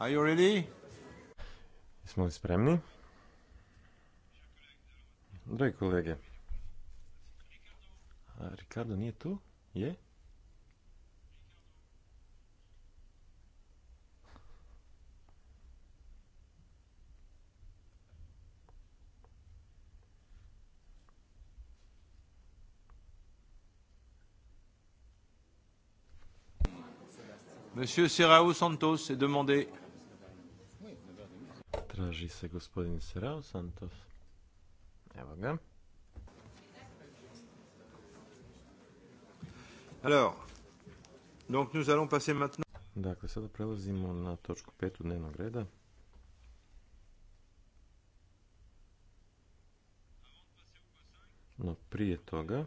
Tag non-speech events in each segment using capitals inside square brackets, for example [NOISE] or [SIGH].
Are you ready? Smo li spremni? Dragi kolege, a Ricardo nije tu? Je? Monsieur Serrao Santos est demandé. Traži se gospodin Serao Santos. Evo ga. Alors, donc nous allons Dakle, sada prelazimo na točku petu dnevnog reda. No prije toga,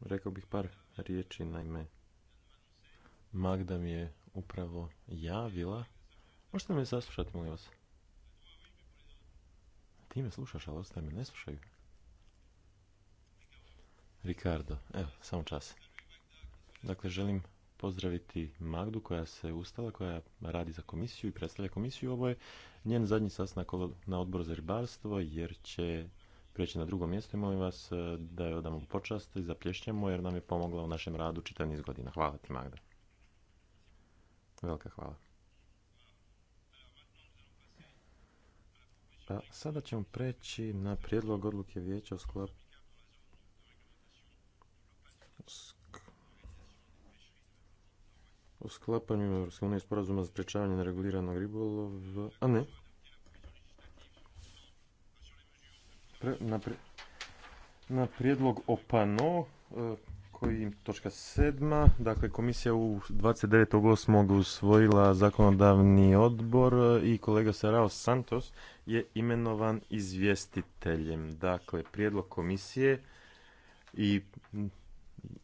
rekao bih par riječi, naime, Magda mi je upravo javila Možete me saslušati, molim vas? Ti me slušaš, ali ostaje me ne slušaju. Ricardo, evo, samo čas. Dakle, želim pozdraviti Magdu koja se ustala, koja radi za komisiju i predstavlja komisiju. Ovo je njen zadnji sastanak na odboru za ribarstvo jer će prijeći na drugo mjesto i molim vas e, da joj odamo počast i zaplješćemo jer nam je pomogla u našem radu čitav niz godina. Hvala ti Magda. Velika hvala. A sada ćemo preći na prijedlog odluke vijeća o o sklapanju Europske unije sporazuma za sprečavanje nereguliranog ribolova, a ne. na prijedlog OPANO, e, i točka sedma. Dakle, komisija u 29.8. usvojila zakonodavni odbor i kolega Sarao Santos je imenovan izvjestiteljem. Dakle, prijedlog komisije i,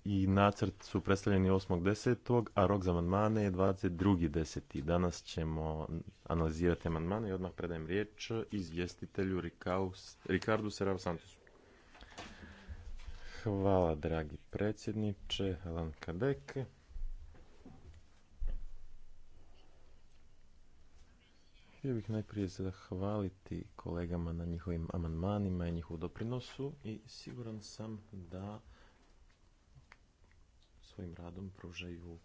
i nacrt su predstavljeni 8.10. a rok za amandmane je 22.10. Danas ćemo analizirati amandmane i odmah predajem riječ izvjestitelju Ricardo Serao Santosu. Hvala, dragi predsjedniče Alan Kadek. Htio bih najprije zahvaliti kolegama na njihovim amandmanima i njihovu doprinosu i siguran sam da svojim radom pružaju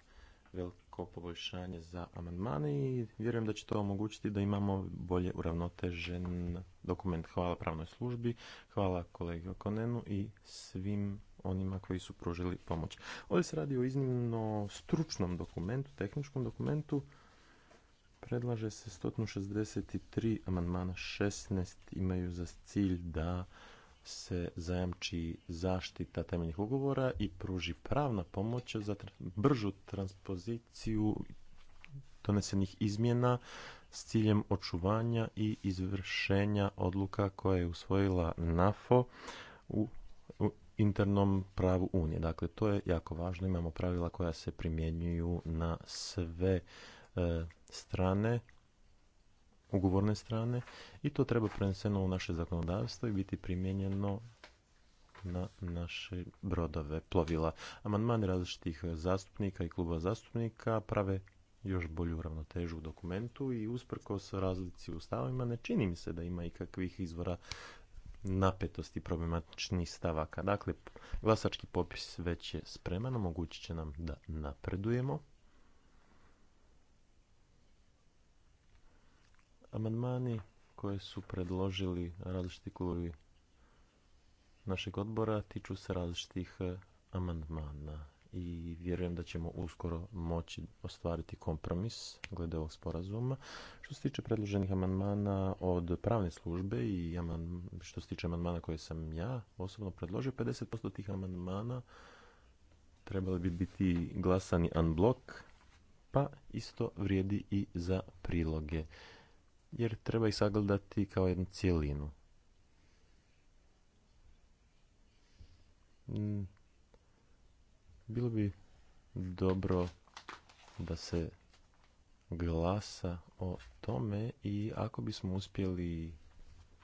velik poboljšanje za amandmane i vjerujem da će to omogućiti da imamo bolje uravnotežen dokument. Hvala pravnoj službi, hvala kolegi Okonenu i svim onima koji su pružili pomoć. Ovdje se radi o iznimno stručnom dokumentu, tehničkom dokumentu. Predlaže se 163 amandmana, 16 imaju za cilj da se zajamči zaštita temeljnih ugovora i pruži pravna pomoć za bržu transpoziciju donesenih izmjena s ciljem očuvanja i izvršenja odluka koje je usvojila NAFO u, internom pravu Unije. Dakle, to je jako važno. Imamo pravila koja se primjenjuju na sve e, strane ugovorne strane i to treba preneseno u naše zakonodavstvo i biti primijenjeno na naše brodove, plovila. Amandmani različitih zastupnika i kluba zastupnika prave još bolju ravnotežu u dokumentu i usprkos razlici u stavovima ne čini mi se da ima ikakvih izvora napetosti problematičnih stavaka. Dakle, glasački popis već je spreman, omogućit će nam da napredujemo. Amandmani koje su predložili različiti klubovi našeg odbora tiču se različitih e, amandmana i vjerujem da ćemo uskoro moći ostvariti kompromis glede ovog sporazuma. Što se tiče predloženih amandmana od pravne službe i što se tiče amandmana koje sam ja osobno predložio, 50% tih amandmana trebali bi biti glasani unblock, pa isto vrijedi i za priloge jer treba ih sagledati kao jednu cijelinu. Mm. Bilo bi dobro da se glasa o tome i ako bismo uspjeli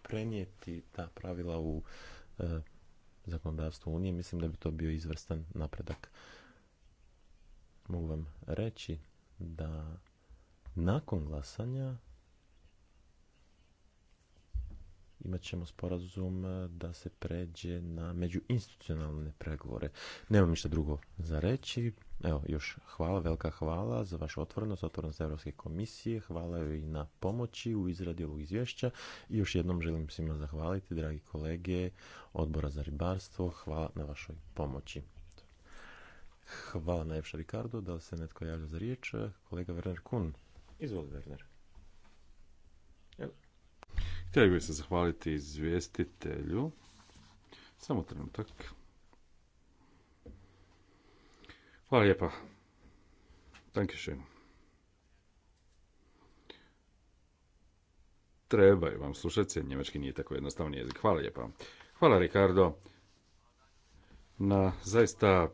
prenijeti ta pravila u e, Unije, mislim da bi to bio izvrstan napredak. Mogu vam reći da nakon glasanja imat ćemo sporazum e, da se pređe na međuinstitucionalne pregovore. Nemam ništa drugo za reći. Evo, još hvala, velika hvala za vašu otvorenost, otvornost Europske komisije. Hvala joj i na pomoći u izradi ovog izvješća. I još jednom želim svima zahvaliti, dragi kolege odbora za ribarstvo. Hvala na vašoj pomoći. Hvala najljepša Ricardo. Da li se netko javlja za riječ? Kolega Werner Kun. Izvoli Werner. Htio bih se zahvaliti izvjestitelju. Samo trenutak. Hvala lijepa. Treba Trebaju vam slušati, njemački nije tako jednostavni jezik. Hvala lijepa. Hvala Ricardo na zaista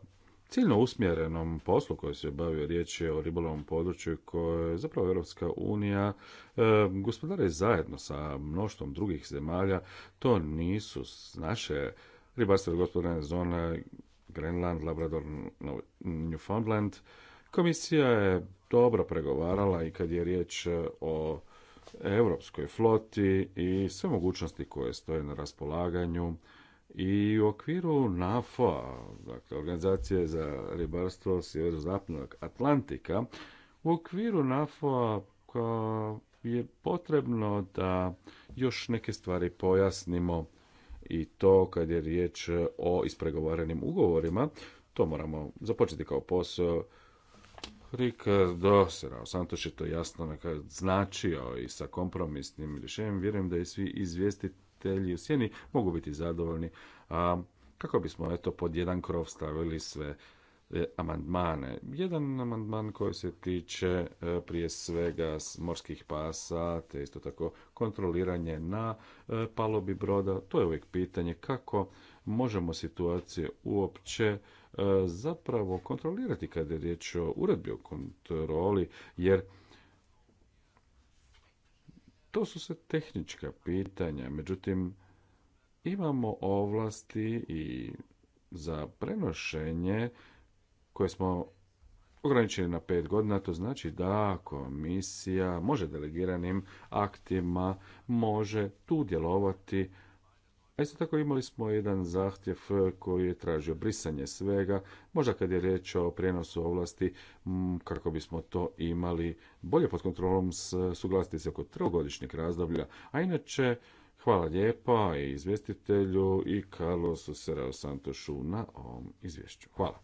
ciljno usmjerenom poslu koji se bavio riječ je o ribolovnom području koje je zapravo Europska unija e, gospodare zajedno sa mnoštvom drugih zemalja. To nisu naše ribarstvo gospodarne zone Grenland, Labrador, Newfoundland. Komisija je dobro pregovarala i kad je riječ o europskoj floti i sve mogućnosti koje stoje na raspolaganju i u okviru NAFO, dakle Organizacije za ribarstvo sjeverozapadnog Atlantika, u okviru NAFO je potrebno da još neke stvari pojasnimo i to kad je riječ o ispregovaranim ugovorima, to moramo započeti kao posao. Ricardo Serao Santoš je to jasno značio i sa kompromisnim rješenjem. Vjerujem da je svi izvijestiti obitelji u sjeni mogu biti zadovoljni, a kako bismo eto pod jedan krov stavili sve e, amandmane. Jedan amandman koji se tiče e, prije svega morskih pasa, te isto tako kontroliranje na e, palobi broda. To je uvijek pitanje kako možemo situacije uopće zapravo kontrolirati kada je riječ o uredbi o kontroli, jer to su se tehnička pitanja, međutim, imamo ovlasti i za prenošenje koje smo ograničili na pet godina, to znači da komisija može delegiranim aktima, može tu djelovati a isto tako imali smo jedan zahtjev eh, koji je tražio brisanje svega, možda kad je riječ o prijenosu ovlasti, mm, kako bismo to imali bolje pod kontrolom, suglasiti se oko trogodišnjeg razdoblja, a inače Hvala lijepa i izvjestitelju i Carlosu Serao Santošu na ovom izvješću. Hvala.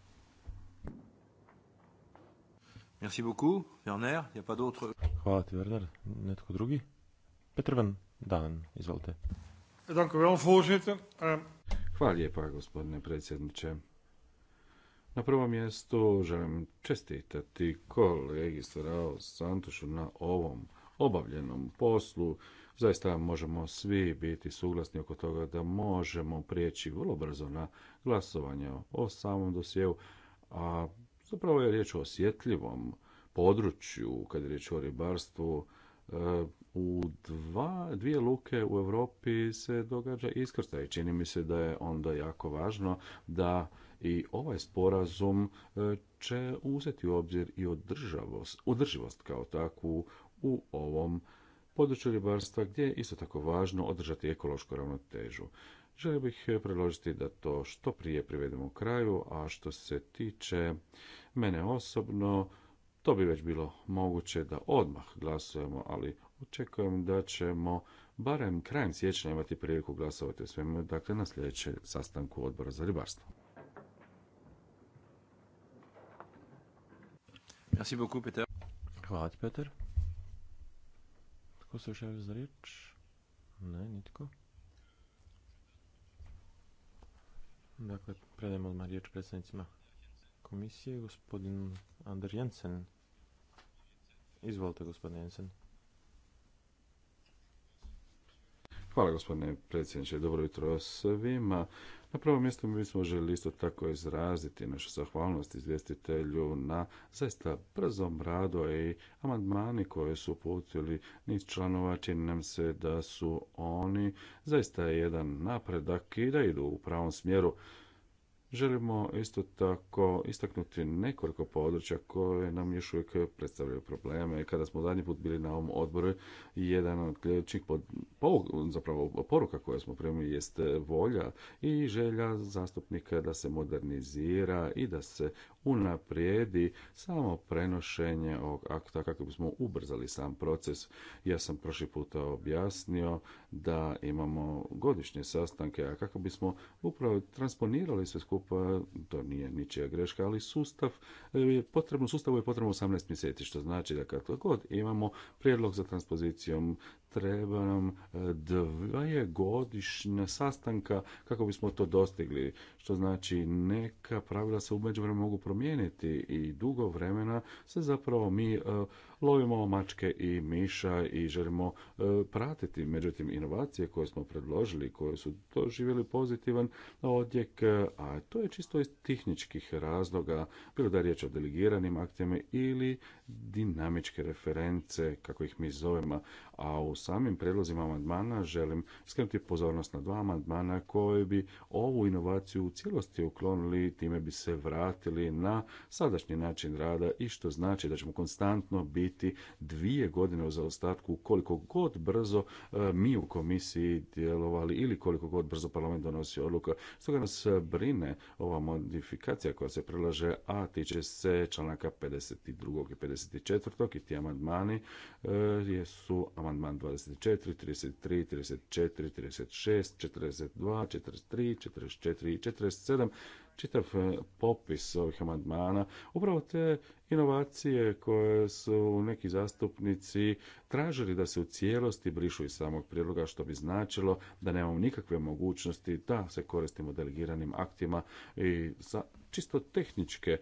Merci beaucoup, a pas Hvala ti, Werner. Netko drugi? Petrvan Dan, izvolite. Ehm, Hvala lijepa, gospodine predsjedniče. Na prvom mjestu želim čestitati kolegi Sarao Santušu na ovom obavljenom poslu. Zaista možemo svi biti suglasni oko toga da možemo prijeći vrlo brzo na glasovanje o samom dosjeu, a zapravo je riječ o osjetljivom području, kad je riječ o ribarstvu, ehm, u dva, dvije luke u Europi se događa iskrsta i čini mi se da je onda jako važno da i ovaj sporazum e, će uzeti u obzir i održavost, održivost kao takvu u ovom području ribarstva gdje je isto tako važno održati ekološku ravnotežu. Želio bih predložiti da to što prije privedemo kraju, a što se tiče mene osobno, to bi već bilo moguće da odmah glasujemo, ali očekujem da ćemo barem krajem siječnja imati priliku glasovati o svemu, dakle na sljedećem sastanku odbora za ribarstvo. Merci Hvala ti, Peter. Tko se još za riječ? Ne, nitko. Dakle, predajemo odmah riječ predstavnicima komisije, gospodin Ander Jensen Izvolite, gospodine Jensen. Hvala gospodine predsjedniče, dobro jutro svima. Na prvom mjestu mi smo želi isto tako izraziti našu zahvalnost izvjestitelju na zaista brzom radu i amandmani koje su uputili niz članova. Čini nam se da su oni zaista jedan napredak i da idu u pravom smjeru. Želimo isto tako istaknuti nekoliko područja koje nam još uvijek predstavljaju probleme. Kada smo zadnji put bili na ovom odboru, jedan od ključnih zapravo poruka koja smo primili jest volja i želja zastupnika da se modernizira i da se unaprijedi samo prenošenje ovog akta kako bismo ubrzali sam proces. Ja sam prošli puta objasnio da imamo godišnje sastanke, a kako bismo upravo transponirali sve skupa, to nije ničija greška, ali sustav je potrebno, sustavu je potrebno 18 mjeseci, što znači da kad god imamo prijedlog za transpozicijom treba nam e, dvije godišnje sastanka kako bismo to dostigli. Što znači neka pravila se u međuvremenu mogu promijeniti i dugo vremena se zapravo mi e, lovimo mačke i miša i želimo e, pratiti. Međutim, inovacije koje smo predložili, koje su doživjeli pozitivan odjek, e, a to je čisto iz tehničkih razloga, bilo da je riječ o delegiranim akcijama ili dinamičke reference, kako ih mi zovemo, a u samim predlozima amandmana želim skrenuti pozornost na dva amandmana koji bi ovu inovaciju u cijelosti uklonili, time bi se vratili na sadašnji način rada i što znači da ćemo konstantno biti biti dvije godine u zaostatku koliko god brzo e, mi u komisiji djelovali ili koliko god brzo parlament donosi odluka. Stoga nas brine ova modifikacija koja se prilaže, a tiče se članaka 52. i 54. i ti amandmani e, su amandman 24, 33, 34, 36, 42, 43, 44 i 47 čitav popis ovih amandmana, upravo te inovacije koje su neki zastupnici tražili da se u cijelosti brišu iz samog prijedloga, što bi značilo da nemamo nikakve mogućnosti da se koristimo delegiranim aktima i za čisto tehničke e,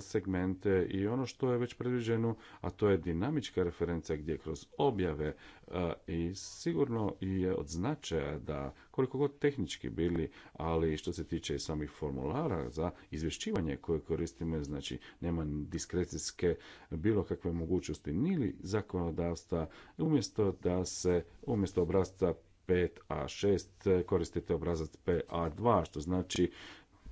segmente i ono što je već predviđeno, a to je dinamička referenca gdje kroz objave e, i sigurno je od značaja da koliko god tehnički bili, ali što se tiče i samih formulara za izvješćivanje koje koristimo, znači nema diskrecije diskrecijske bilo kakve mogućnosti nili zakonodavstva umjesto da se umjesto obrazca 5A6 koristite obrazac PA2 što znači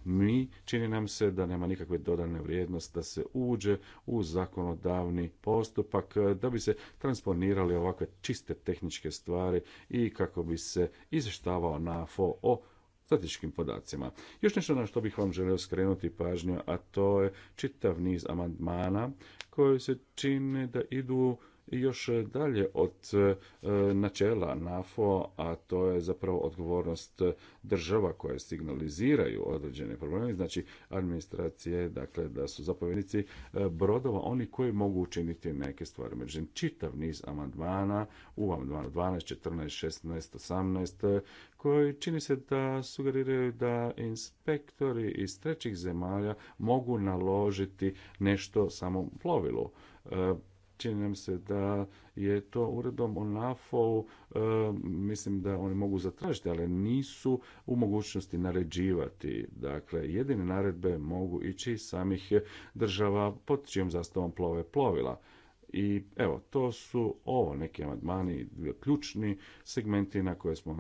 mi čini nam se da nema nikakve dodane vrijednosti da se uđe u zakonodavni postupak da bi se transponirali ovakve čiste tehničke stvari i kako bi se izvještavao na o Statičkim podacima. Još nešto na što bih vam želio skrenuti pažnju, a to je čitav niz amandmana koji se čine da idu još e, dalje od e, e, načela NAFO, a to je zapravo odgovornost država koje signaliziraju određene probleme, znači administracije, dakle da su zapovjednici brodova oni koji mogu učiniti neke stvari. Međutim, čitav niz amandmana u amandmanu 12, 14, 16, 18, koji čini se da sugeriraju da inspektori iz trećih zemalja mogu naložiti nešto samom plovilu Čini nam se da je to uredom u e, mislim da oni mogu zatražiti, ali nisu u mogućnosti naređivati. Dakle, jedine naredbe mogu ići iz samih država pod čijom zastavom plove plovila. I evo, to su ovo neki amandmani, ključni segmenti na koje smo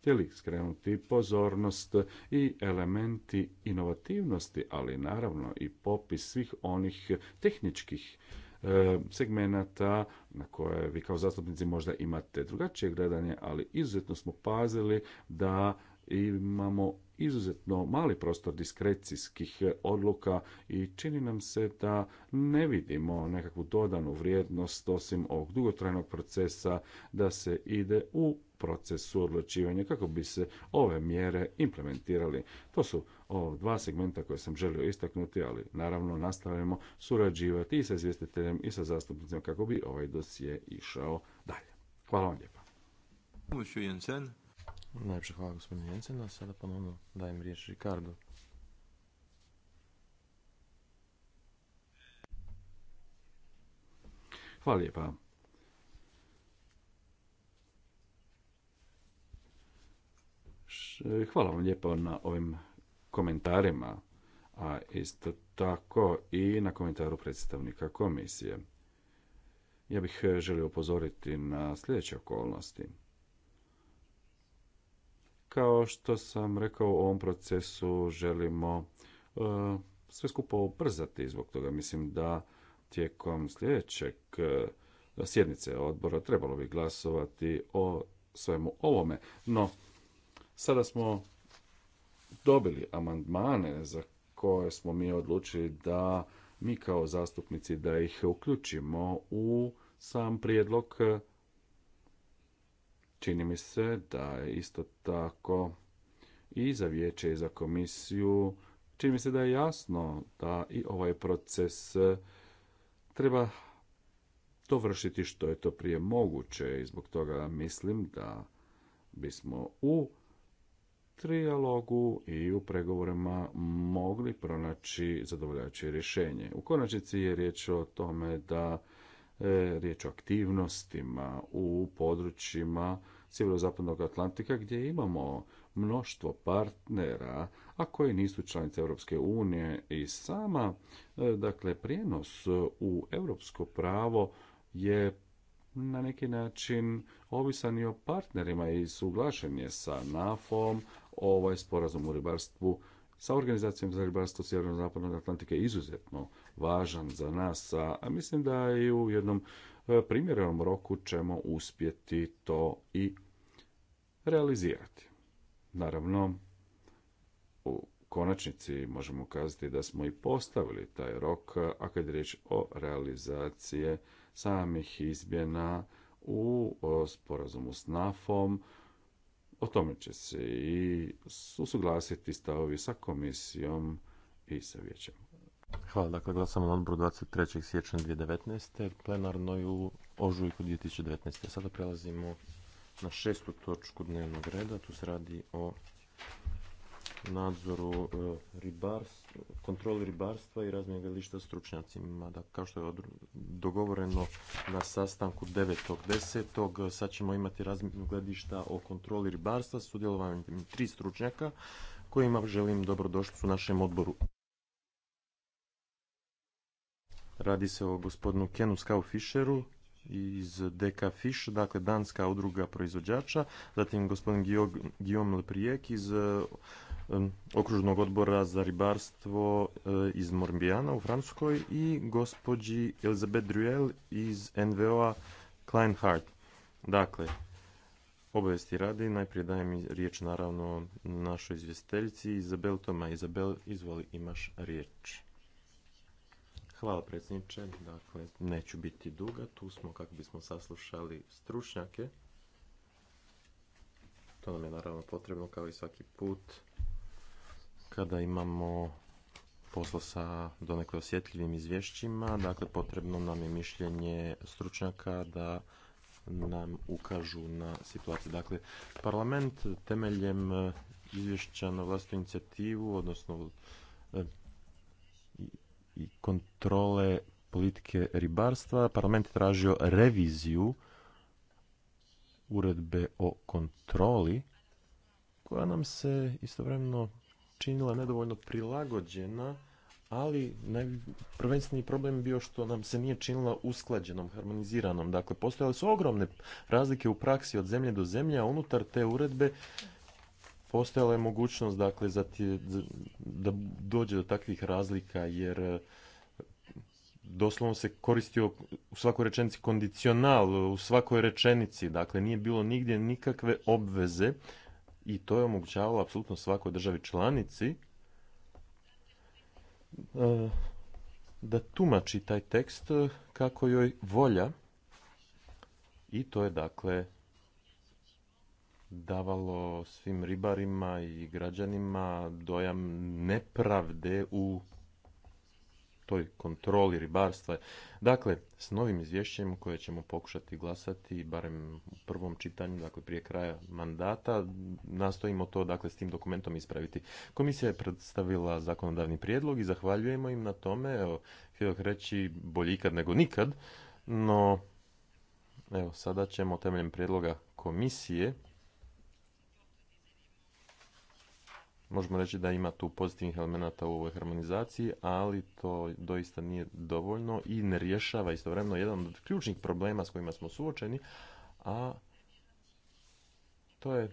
htjeli skrenuti pozornost i elementi inovativnosti, ali naravno i popis svih onih tehničkih E, segmenata na koje vi kao zastupnici možda imate drugačije gledanje, ali izuzetno smo pazili da imamo izuzetno mali prostor diskrecijskih eh, odluka i čini nam se da ne vidimo nekakvu dodanu vrijednost osim ovog dugotrajnog procesa da se ide u procesu odlučivanja kako bi se ove mjere implementirali. To su ovo dva segmenta koje sam želio istaknuti, ali naravno nastavljamo surađivati i sa izvjestiteljem i sa zastupnicima kako bi ovaj dosije išao dalje. Hvala vam lijepa. Najpše hvala gospodinu Jensenu, a sada ponovno dajem riječ Ricardo. Hvala lijepa. Hvala vam lijepo na ovim komentarima, a isto tako i na komentaru predstavnika komisije. Ja bih eh, želio upozoriti na sljedeće okolnosti. Kao što sam rekao, u ovom procesu želimo e, sve skupo ubrzati. Zbog toga mislim da tijekom sljedećeg e, sjednice odbora trebalo bi glasovati o svemu ovome. No, sada smo dobili amandmane za koje smo mi odlučili da mi kao zastupnici da ih uključimo u sam prijedlog Čini mi se da je isto tako i za vijeće i za komisiju, čini mi se da je jasno da i ovaj proces e, treba dovršiti što je to prije moguće i zbog toga mislim da bismo u trijalogu i u pregovorima mogli pronaći zadovoljavajuće rješenje. U konačnici je riječ o tome da E, riječ o aktivnostima u područjima sjeverozapadnog Atlantika gdje imamo mnoštvo partnera, a koji nisu članice Europske unije i sama e, dakle prijenos u europsko pravo je na neki način ovisan i o partnerima i suglašen je sa NAFOM ovaj sporazum u ribarstvu sa organizacijom za ribarstvo Sjeverno-Zapadnog Atlantika izuzetno važan za nas, a mislim da i u jednom e, primjerenom roku ćemo uspjeti to i realizirati. Naravno, u konačnici možemo kazati da smo i postavili taj rok, a kad je riječ o realizacije samih izbjena u sporazumu s NAF-om, o tome će se i usuglasiti stavovi sa komisijom i sa vijećem. Hvala, dakle glasamo na odboru 23. siječnja 2019. plenarnoj u ožujku 2019. Sada prelazimo na šestu točku dnevnog reda. Tu se radi o nadzoru e, kontroli ribarstva i razmjene gledišta stručnjacima. Da, kao što je dogovoreno na sastanku 9.10. sad ćemo imati razmjenu gledišta o kontroli ribarstva s sudjelovanjem tri stručnjaka kojima želim dobrodošlicu našem odboru. Radi se o gospodinu Kenu Skau iz DK Fish, dakle Danska udruga proizvođača, zatim gospodin Guillaume Leprijek iz okružnog odbora za ribarstvo eh, iz Morbijana u Francuskoj i gospođi Elizabeth Druel iz NVO-a Kleinhardt. Dakle, obavesti radi, najprije dajem riječ naravno našoj izvjestiteljici Izabel Toma. Izabel, izvoli, imaš riječ. Hvala predsjedniče. Dakle, neću biti duga. Tu smo kako bismo saslušali stručnjake. To nam je naravno potrebno kao i svaki put kada imamo posla sa donekle osjetljivim izvješćima. Dakle, potrebno nam je mišljenje stručnjaka da nam ukažu na situaciju. Dakle, parlament temeljem izvješća na vlastnu inicijativu, odnosno i kontrole politike ribarstva. Parlament je tražio reviziju uredbe o kontroli koja nam se istovremeno činila nedovoljno prilagođena, ali prvenstveni problem je bio što nam se nije činila usklađenom, harmoniziranom. Dakle, postojale su ogromne razlike u praksi od zemlje do zemlje, a unutar te uredbe postojala je mogućnost dakle, za da dođe do takvih razlika, jer eh, doslovno se koristio u svakoj rečenici kondicional, u svakoj rečenici, dakle nije bilo nigdje nikakve obveze i to je omogućavalo apsolutno svakoj državi članici eh, da tumači taj tekst eh, kako joj volja i to je dakle davalo svim ribarima i građanima dojam nepravde u toj kontroli ribarstva. Dakle, s novim izvješćem koje ćemo pokušati glasati, barem u prvom čitanju, dakle prije kraja mandata, nastojimo to dakle s tim dokumentom ispraviti. Komisija je predstavila zakonodavni prijedlog i zahvaljujemo im na tome. Evo, htio reći bolje ikad nego nikad, no evo, sada ćemo temeljem prijedloga komisije možemo reći da ima tu pozitivnih elemenata u ovoj harmonizaciji, ali to doista nije dovoljno i ne rješava istovremeno jedan od ključnih problema s kojima smo suočeni, a to je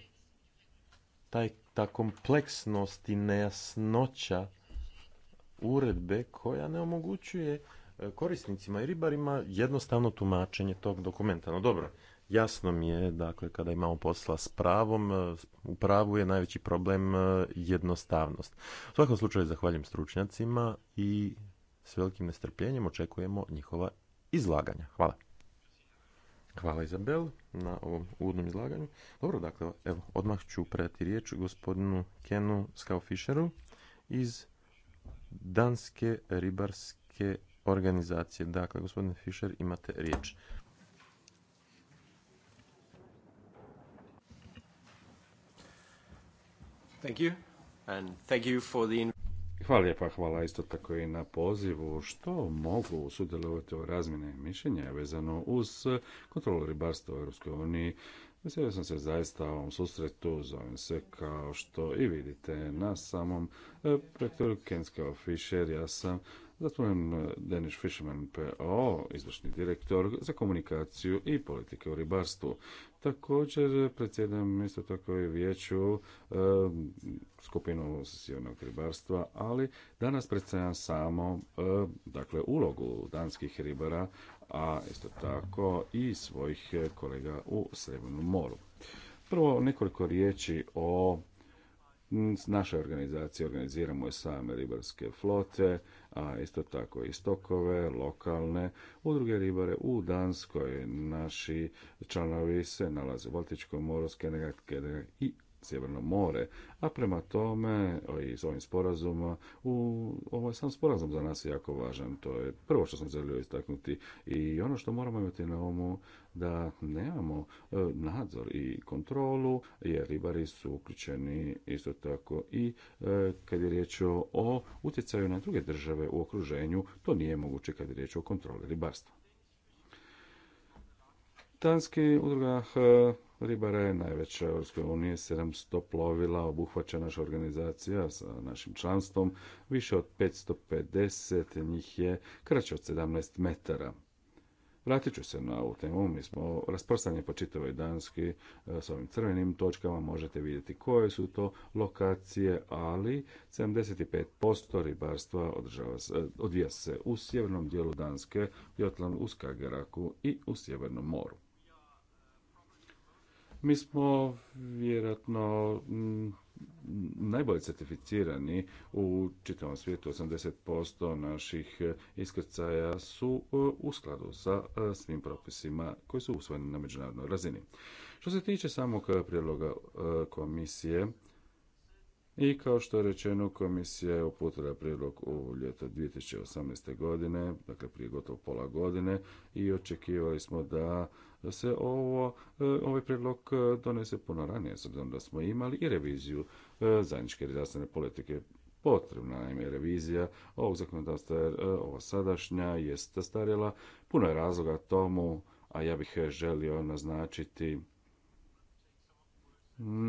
taj, ta kompleksnost i nejasnoća uredbe koja ne omogućuje e, korisnicima i ribarima jednostavno tumačenje tog dokumenta. No dobro, Jasno mi je, dakle, kada imamo posla s pravom, u pravu je najveći problem e, jednostavnost. U svakom slučaju zahvaljujem stručnjacima i s velikim nestrpljenjem očekujemo njihova izlaganja. Hvala. Hvala Izabel na ovom uvodnom izlaganju. Dobro, dakle, evo, odmah ću predati riječ gospodinu Kenu Skaufisheru iz Danske ribarske organizacije. Dakle, gospodine Fisher, imate riječ. Thank you. And thank you for the... Hvala lijepa, hvala isto tako i na pozivu što mogu sudjelovati u razmjene mišljenja vezano uz kontrolu ribarstva u Europskoj uniji. Veselio sam se zaista ovom susretu, zovem se kao što i vidite na samom e, projektoru Kenske Fisher, ja sam Gospodin eh, Danish Fisherman PO, izvršni direktor za komunikaciju i politike u ribarstvu. Također eh, predsjedam isto tako i vijeću e, skupinu ribarstva, ali danas predstavljam samo dakle, ulogu danskih ribara, a isto tako i svojih kolega u Srebrnom moru. Prvo nekoliko riječi o Mm, naše organizacije organiziramo i same ribarske flote, a isto tako i stokove, lokalne udruge ribare u Danskoj. Naši članovi se nalaze u Baltičkom moru, i Sjeverno more, a prema tome i s ovim sporazuma, u, ovaj sam sporazum za nas je jako važan, to je prvo što sam želio istaknuti i ono što moramo imati na umu da nemamo e, nadzor i kontrolu, jer ribari su uključeni isto tako i e, kad je riječ o utjecaju na druge države u okruženju, to nije moguće kad je riječ o kontroli ribarstva. Danski udruga e, ribara je najveća u Europskoj uniji, 700 plovila obuhvaća naša organizacija sa našim članstvom, više od 550 njih je kraće od 17 metara. Vratit ću se na ovu temu, mi smo rasprostanje po čitavoj Danski e, s ovim crvenim točkama, možete vidjeti koje su to lokacije, ali 75% ribarstva održava e, odvija se u sjevernom dijelu Danske, Jotlan, u Skageraku i u Sjevernom moru. Mi smo vjerojatno mm, najbolje certificirani u čitavom svijetu. 80% naših e, iskrcaja su e, u skladu sa e, svim propisima koji su usvojeni na međunarodnoj razini. Što se tiče samog prijedloga komisije, i kao što je rečeno, komisija je uputila prijedlog u ljeto 2018. godine, dakle prije gotovo pola godine, i očekivali smo da da se ovo, e, ovaj prijedlog e, donese puno ranije, s obzirom da smo imali i reviziju e, zajedničke redarstvene politike potrebna. je revizija ovog zakonodavstva, ova sadašnja, jeste starjela. Puno je razloga tomu, a ja bih želio naznačiti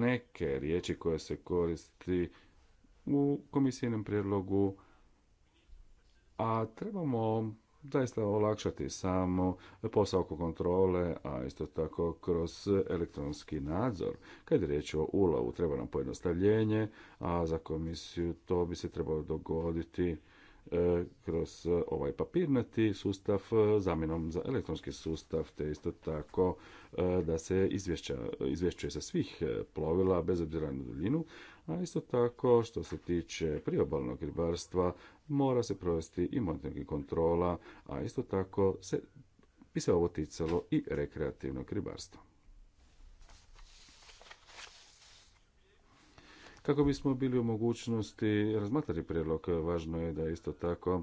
neke riječi koje se koristi u komisijenom prijedlogu, a trebamo zaista olakšati samo posao oko kontrole, a isto tako kroz elektronski nadzor. Kad je riječ o ulovu, treba nam pojednostavljenje, a za komisiju to bi se trebalo dogoditi e, kroz ovaj papirnati sustav e, zamjenom za elektronski sustav, te isto tako e, da se izvješćuje sa svih plovila bez obzira na duljinu, a isto tako, što se tiče priobalnog ribarstva, mora se provesti i monitoring kontrola, a isto tako se, bi se ovo ticalo i rekreativnog ribarstva. Kako bismo bili u mogućnosti razmatrati prijedlog, važno je da isto tako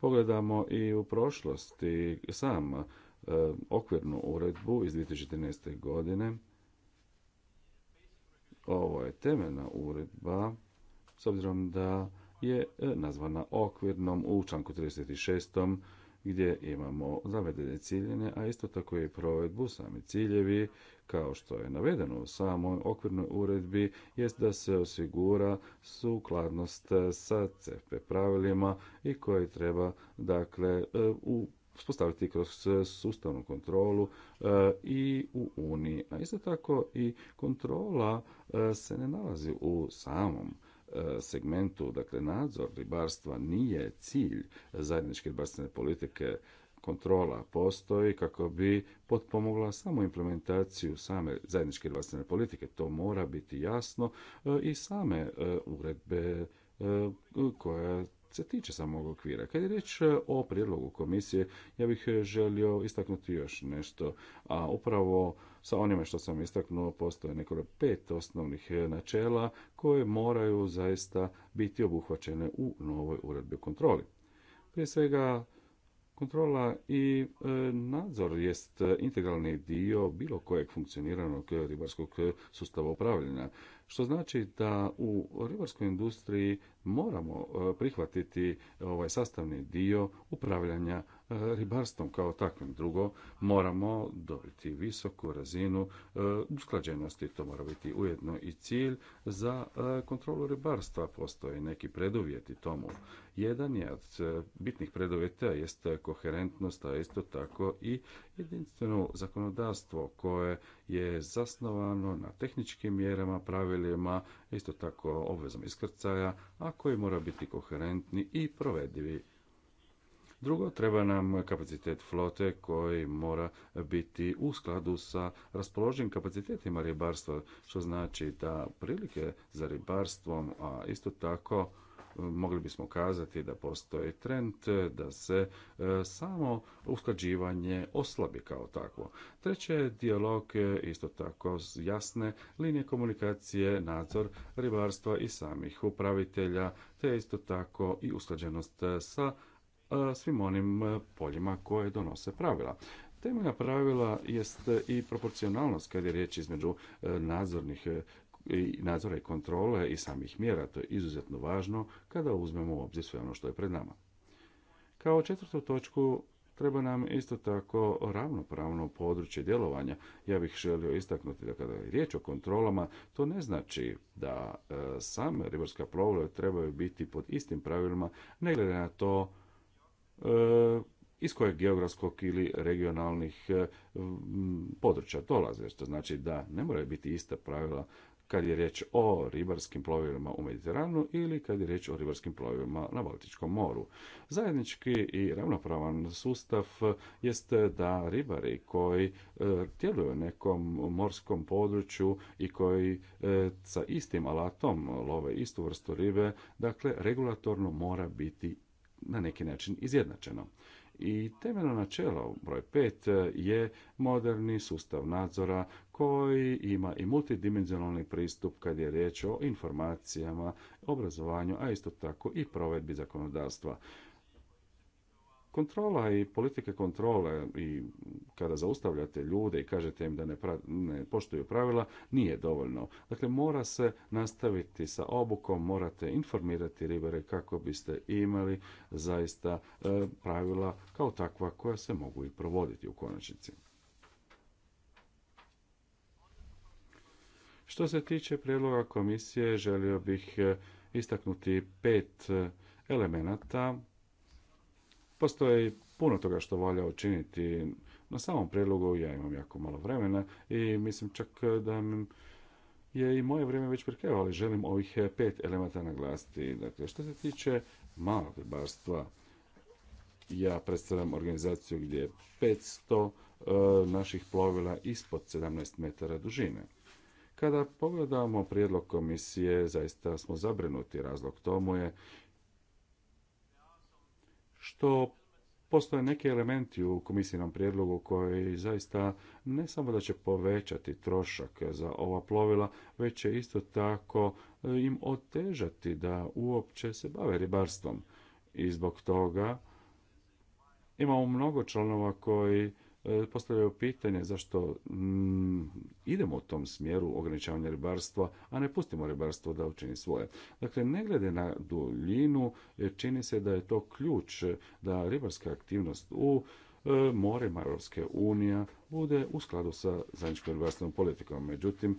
pogledamo i u prošlosti sam e, okvirnu uredbu iz 2014. godine ovo je temeljna uredba, s obzirom da je e, nazvana okvirnom u članku 36 gdje imamo zavedene ciljene, a isto tako i provedbu, sami ciljevi, kao što je navedeno u samoj okvirnoj uredbi, jest da se osigura sukladnost sa CFP pravilima i koje treba dakle e, u uspostaviti kroz sustavnu kontrolu e, i u Uniji. A isto tako i kontrola e, se ne nalazi u samom e, segmentu, dakle nadzor ribarstva nije cilj zajedničke ribarstvene politike kontrola postoji kako bi potpomogla samo implementaciju same zajedničke ribarstvene politike. To mora biti jasno i same uredbe koje se tiče samog okvira. Kad je riječ e, o prijedlogu komisije, ja bih e, želio istaknuti još nešto, a upravo sa onime što sam istaknuo postoje nekoliko pet osnovnih e, načela koje moraju zaista biti obuhvaćene u novoj uredbi o kontroli. Prije svega, kontrola i nadzor jest integralni dio bilo kojeg funkcioniranog ribarskog sustava upravljanja što znači da u ribarskoj industriji moramo e, prihvatiti ovaj sastavni dio upravljanja e, ribarstvom kao takvim. Drugo, moramo dobiti visoku razinu e, usklađenosti, to mora biti ujedno i cilj za kontrolu ribarstva. Postoje neki preduvjeti tomu. Jedan je od bitnih preduvjeta jest koherentnost, a isto tako i jedinstveno zakonodavstvo koje je zasnovano na tehničkim mjerama, pravilima, isto tako obvezom iskrcaja, a koji mora biti koherentni i provedivi. Drugo, treba nam kapacitet flote koji mora biti u skladu sa raspoloženim kapacitetima ribarstva, što znači da prilike za ribarstvom, a isto tako mogli bismo kazati da postoji trend da se e, samo usklađivanje oslabi kao takvo. Treće je dijalog, e, isto tako jasne linije komunikacije, nadzor ribarstva i samih upravitelja, te isto tako i usklađenost e, sa svim onim poljima koje donose pravila. Temeljna pravila jest i proporcionalnost kada je riječ između nadzornih i nadzora i kontrole i samih mjera. To je izuzetno važno kada uzmemo u obzir sve ono što je pred nama. Kao četvrtu točku treba nam isto tako ravnopravno područje djelovanja. Ja bih želio istaknuti da kada je riječ o kontrolama, to ne znači da sam e, same ribarska plovila trebaju biti pod istim pravilima, ne glede na to e, iz kojeg geografskog ili regionalnih e, područja dolaze, što znači da ne moraju biti ista pravila kad je riječ o ribarskim plovilima u Mediteranu ili kad je riječ o ribarskim plovilima na Baltičkom moru. Zajednički i ravnopravan sustav jest da ribari koji djeluju e, nekom morskom području i koji e, sa istim alatom love istu vrstu ribe, dakle regulatorno mora biti na neki način izjednačeno. I temeljno načelo broj pet, je moderni sustav nadzora koji ima i multidimenzionalni pristup kad je riječ o informacijama, obrazovanju, a isto tako i provedbi zakonodavstva. Kontrola i politike kontrole i kada zaustavljate ljude i kažete im da ne, ne poštuju pravila, nije dovoljno. Dakle, mora se nastaviti sa obukom, morate informirati ribare kako biste imali zaista e, pravila kao takva koja se mogu i provoditi u konačnici. Što se tiče prijedloga komisije, želio bih e, istaknuti pet e, elemenata Postoji puno toga što valja učiniti. Na samom prijedlogu ja imam jako malo vremena i mislim čak da je i moje vrijeme već prekreva, ali želim ovih pet elemata naglasiti. Dakle, što se tiče malog ribarstva, ja predstavljam organizaciju gdje je 500 e, naših plovila ispod 17 metara dužine. Kada pogledamo prijedlog komisije, zaista smo zabrinuti. Razlog tomu je što postoje neki elementi u komisijnom prijedlogu koji zaista ne samo da će povećati trošak za ova plovila, već će isto tako e, im otežati da uopće se bave ribarstvom. I zbog toga imamo mnogo članova koji E, postavljaju pitanje zašto mm, idemo u tom smjeru ograničavanja ribarstva, a ne pustimo ribarstvo da učini svoje. Dakle, ne glede na duljinu, e, čini se da je to ključ e, da ribarska aktivnost u more Europske unije bude u skladu sa zajedničkom ribarstvenom politikom. Međutim,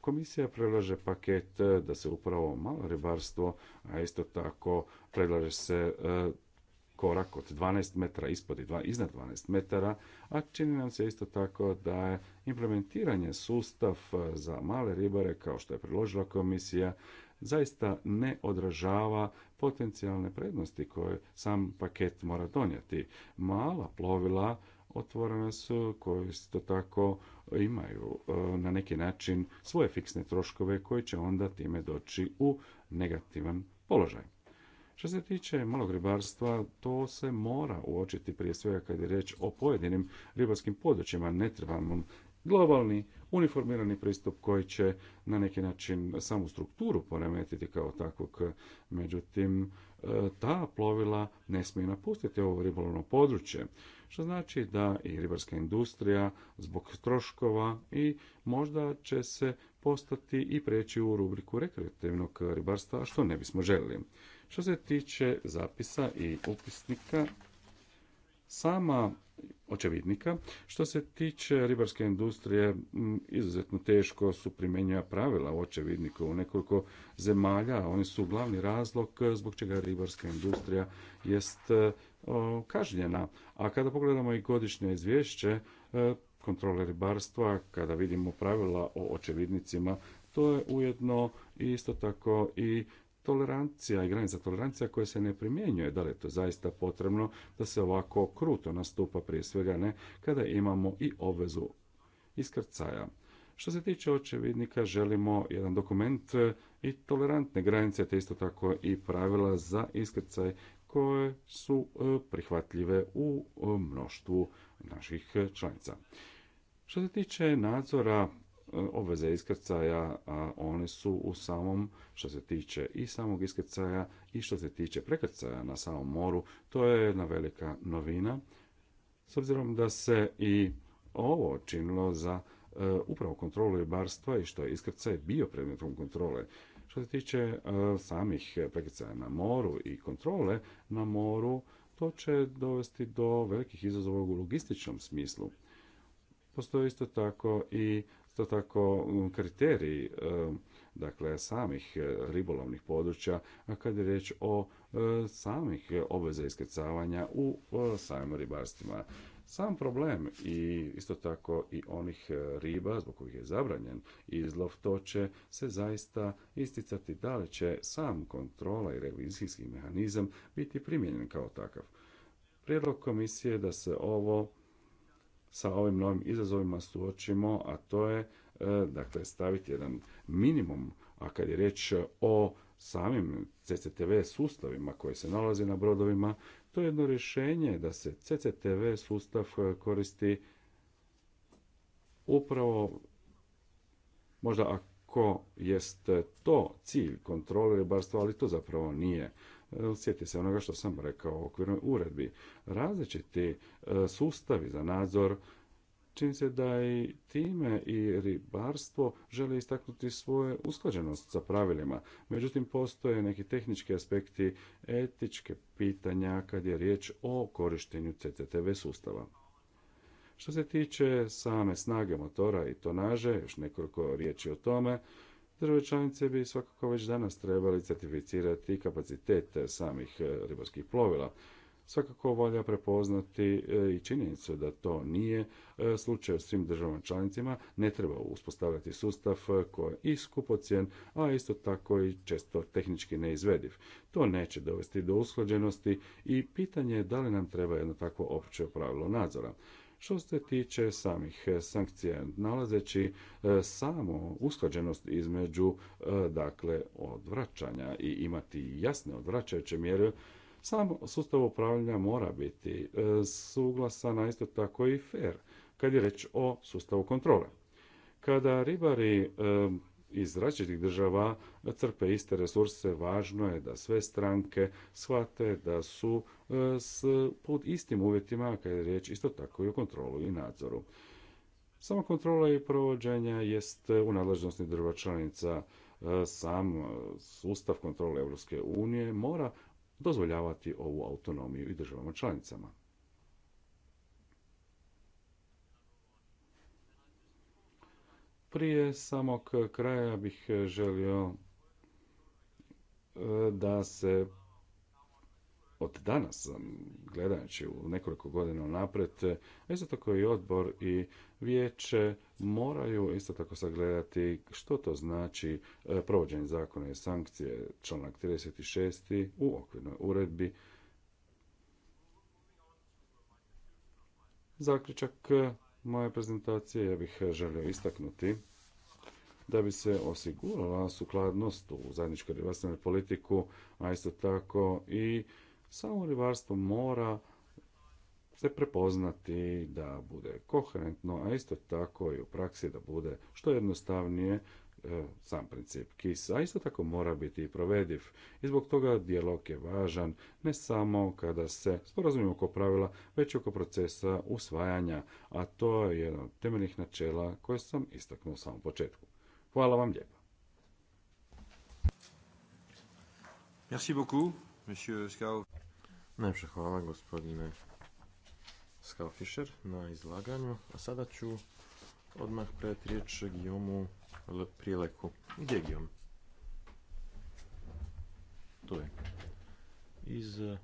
komisija predlaže paket da se upravo malo ribarstvo, a isto tako predlaže se korak od 12 metara ispod i dva, iznad 12 metara, a čini nam se isto tako da je implementiranje sustav e, za male ribare kao što je priložila komisija zaista ne odražava potencijalne prednosti koje sam paket mora donijeti. Mala plovila otvorena su koje isto tako imaju e, na neki način svoje fiksne troškove koji će onda time doći u negativan položaj. Što se tiče malog ribarstva, to se mora uočiti prije svega kad je reč o pojedinim ribarskim područjima. Ne trebamo globalni, uniformirani pristup koji će na neki način samu strukturu poremetiti kao takvog. Međutim, e, ta plovila ne smije napustiti ovo ribolovno područje, što znači da i ribarska industrija zbog troškova i možda će se postati i preći u rubriku rekreativnog ribarstva, što ne bismo željeli. Što se tiče zapisa i upisnika, sama očevidnika. Što se tiče ribarske industrije, izuzetno teško su primjenjiva pravila u očevidniku u nekoliko zemalja. Oni su glavni razlog zbog čega ribarska industrija jest e, kažnjena. A kada pogledamo i godišnje izvješće e, kontrole ribarstva, kada vidimo pravila o očevidnicima, to je ujedno isto tako i tolerancija i granica tolerancija koja se ne primjenjuje. Da li je to zaista potrebno da se ovako kruto nastupa prije svega ne kada imamo i obvezu iskrcaja. Što se tiče očevidnika, želimo jedan dokument e, i tolerantne granice, te isto tako i pravila za iskrcaj koje su e, prihvatljive u e, mnoštvu naših članica. Što se tiče nadzora E, obveze iskrcaja, a one su u samom, što se tiče i samog iskrcaja i što se tiče prekrcaja na samom moru, to je jedna velika novina, s obzirom da se i ovo činilo za e, upravo kontrolu ribarstva i što je iskrcaj bio predmetom kontrole. Što se tiče e, samih prekrcaja na moru i kontrole na moru, to će dovesti do velikih izazova u logističnom smislu. Postoji isto tako i Isto tako mm, kriteriji dakle samih e, ribolovnih područja a kad je reč o e, samih obveza iskrcavanja u e, samim ribarstvima. Sam problem i isto tako i onih riba zbog kojih je zabranjen izlov, to će se zaista isticati da li će sam kontrola i revizijski mehanizam biti primijenjen kao takav. Prijedlog komisije da se ovo sa ovim novim izazovima suočimo, a to je e, dakle staviti jedan minimum, a kad je riječ o samim CCTV sustavima koji se nalaze na brodovima, to je jedno rješenje da se CCTV sustav e, koristi upravo možda ako jest to cilj kontrole ribarstva, ali to zapravo nije Sjeti se onoga što sam rekao u okvirnoj uredbi. Različiti e, sustavi za nadzor čini se da i time i ribarstvo žele istaknuti svoju usklađenost sa pravilima. Međutim, postoje neki tehnički aspekti, etičke pitanja kad je riječ o korištenju CCTV sustava. Što se tiče same snage motora i tonaže, još nekoliko riječi o tome, Države članice bi svakako već danas trebali certificirati kapacitet samih e, ribarskih plovila. Svakako valja prepoznati e, i činjenicu da to nije e, slučaj u svim državama članicama. Ne treba uspostavljati sustav koji je i skupocjen, a isto tako i često tehnički neizvediv. To neće dovesti do usklađenosti i pitanje je da li nam treba jedno takvo opće pravilo nadzora. Što se tiče samih e, sankcija, nalazeći e, samo usklađenost između e, dakle odvraćanja i imati jasne odvraćajuće mjere, sam sustav upravljanja mora biti suglasan, a isto tako i fer, kad je reč o sustavu kontrole. Kada ribari iz različitih država crpe iste resurse. Važno je da sve stranke shvate da su e, s, pod istim uvjetima, kada je riječ isto tako i o kontrolu i nadzoru. Sama kontrola i provođenja jest u nadležnosti država članica. E, sam e, sustav kontrole Europske unije mora dozvoljavati ovu autonomiju i državama članicama. Prije samog kraja bih e, želio e, da se od danas, gledajući u nekoliko godina napred, e, isto tako i odbor i vijeće moraju isto tako sagledati što to znači provođenje zakona i sankcije, članak 36. u okvirnoj uredbi. Zaključak moje prezentacije, ja bih e, želio istaknuti da bi se osigurala sukladnost u zajedničkoj ribarstvenoj politiku, a isto tako i samo ribarstvo mora se prepoznati da bude koherentno, a isto tako i u praksi da bude što jednostavnije sam princip KIS, a isto tako mora biti i provediv. I zbog toga dijalog je važan ne samo kada se sporazumimo oko pravila, već oko procesa usvajanja, a to je jedno od temeljnih načela koje sam istaknuo u samom početku. Hvala vam lijepo. Merci beaucoup, monsieur Skau. Najpša hvala gospodine Skau Fischer na izlaganju, a sada ću odmah pred riječ Gijomu Prileku. Gdje je Tu je. Iz e,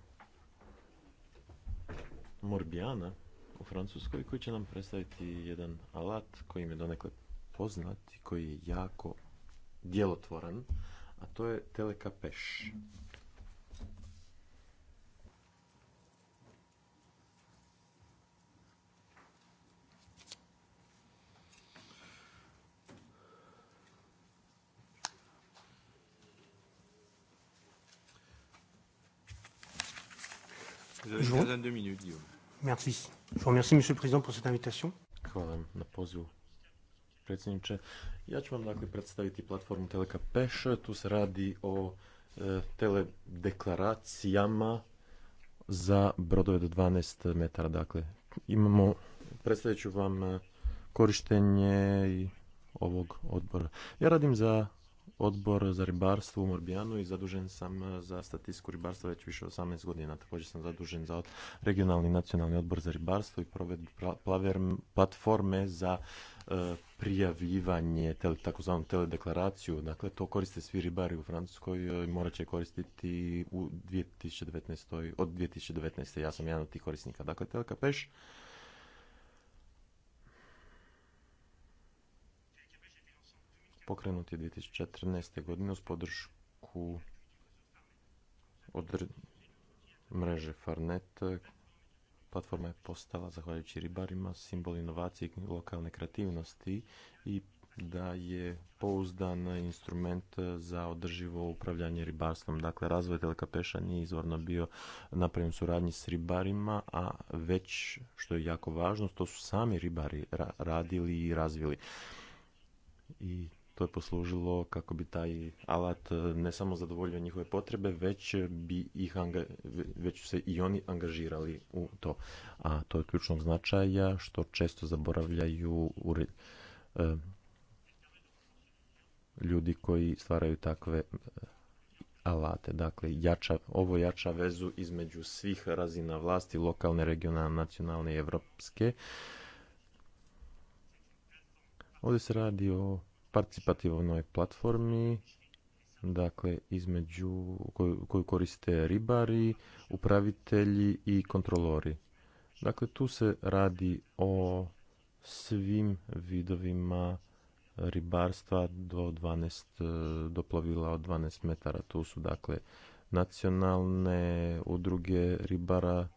Morbijana u Francuskoj koji će nam predstaviti jedan alat koji im je donekle poznat i koji je jako djelotvoran, a to je telekapeš. Vous avez une de minutes, Guillaume. Merci. Je vous remercie, Monsieur le Président, pour cette invitation. na pozivu, predsjedniče. Ja ću vam dakle predstaviti platformu Teleka Peš. Tu se radi o e, teledeklaracijama za brodove do 12 metara. Dakle, imamo, predstavit ću vam e, korištenje ovog odbora. Ja radim za odbor za ribarstvo u Morbijanu i zadužen sam e, za statistiku ribarstva već više od 18 godina. Također sam zadužen za regionalni nacionalni odbor za ribarstvo i provedbu platforme za e, prijavljivanje takozvanom teledeklaraciju. Dakle, to koriste svi ribari u Francuskoj i e, morat će koristiti u 2019. od 2019. Ja sam jedan od tih korisnika. Dakle, Telekapeš pokrenut je 2014. godine uz podršku od mreže Farnet. Platforma je postala, zahvaljujući ribarima, simbol inovacije i lokalne kreativnosti i da je pouzdan instrument za održivo upravljanje ribarstvom. Dakle, razvoj Telekapeša nije izvorno bio napravljen suradnji s ribarima, a već, što je jako važno, to su sami ribari radili i razvili. I to je poslužilo kako bi taj alat e, ne samo zadovoljio njihove potrebe, već bi ih anga, već se i oni angažirali u to. A to je ključnog značaja što često zaboravljaju e, ljudi koji stvaraju takve e, alate. Dakle, jača, ovo jača vezu između svih razina vlasti, lokalne, regionalne, nacionalne i evropske. Ovdje se radi o participativnoj platformi dakle između koju, koriste ribari, upravitelji i kontrolori. Dakle tu se radi o svim vidovima ribarstva do 12 do plovila od 12 metara. Tu su dakle nacionalne udruge ribara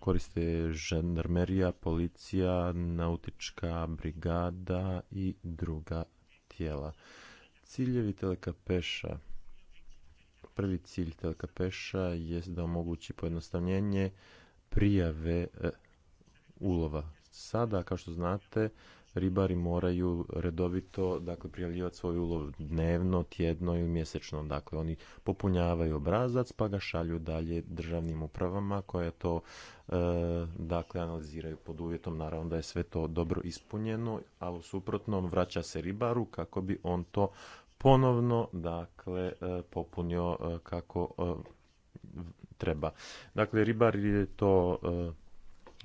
koriste žandarmerija, policija, nautička brigada i druga tijela. Ciljevi telekapeša. Prvi cilj telekapeša je da omogući pojednostavljenje prijave e, ulova. Sada, kao što znate, ribari moraju redovito dakle, prijavljivati svoj ulov dnevno, tjedno ili mjesečno. Dakle, oni popunjavaju obrazac pa ga šalju dalje državnim upravama koje to e, dakle, analiziraju pod uvjetom. Naravno da je sve to dobro ispunjeno, a u suprotnom vraća se ribaru kako bi on to ponovno dakle, e, popunio e, kako treba. Dakle, ribar je to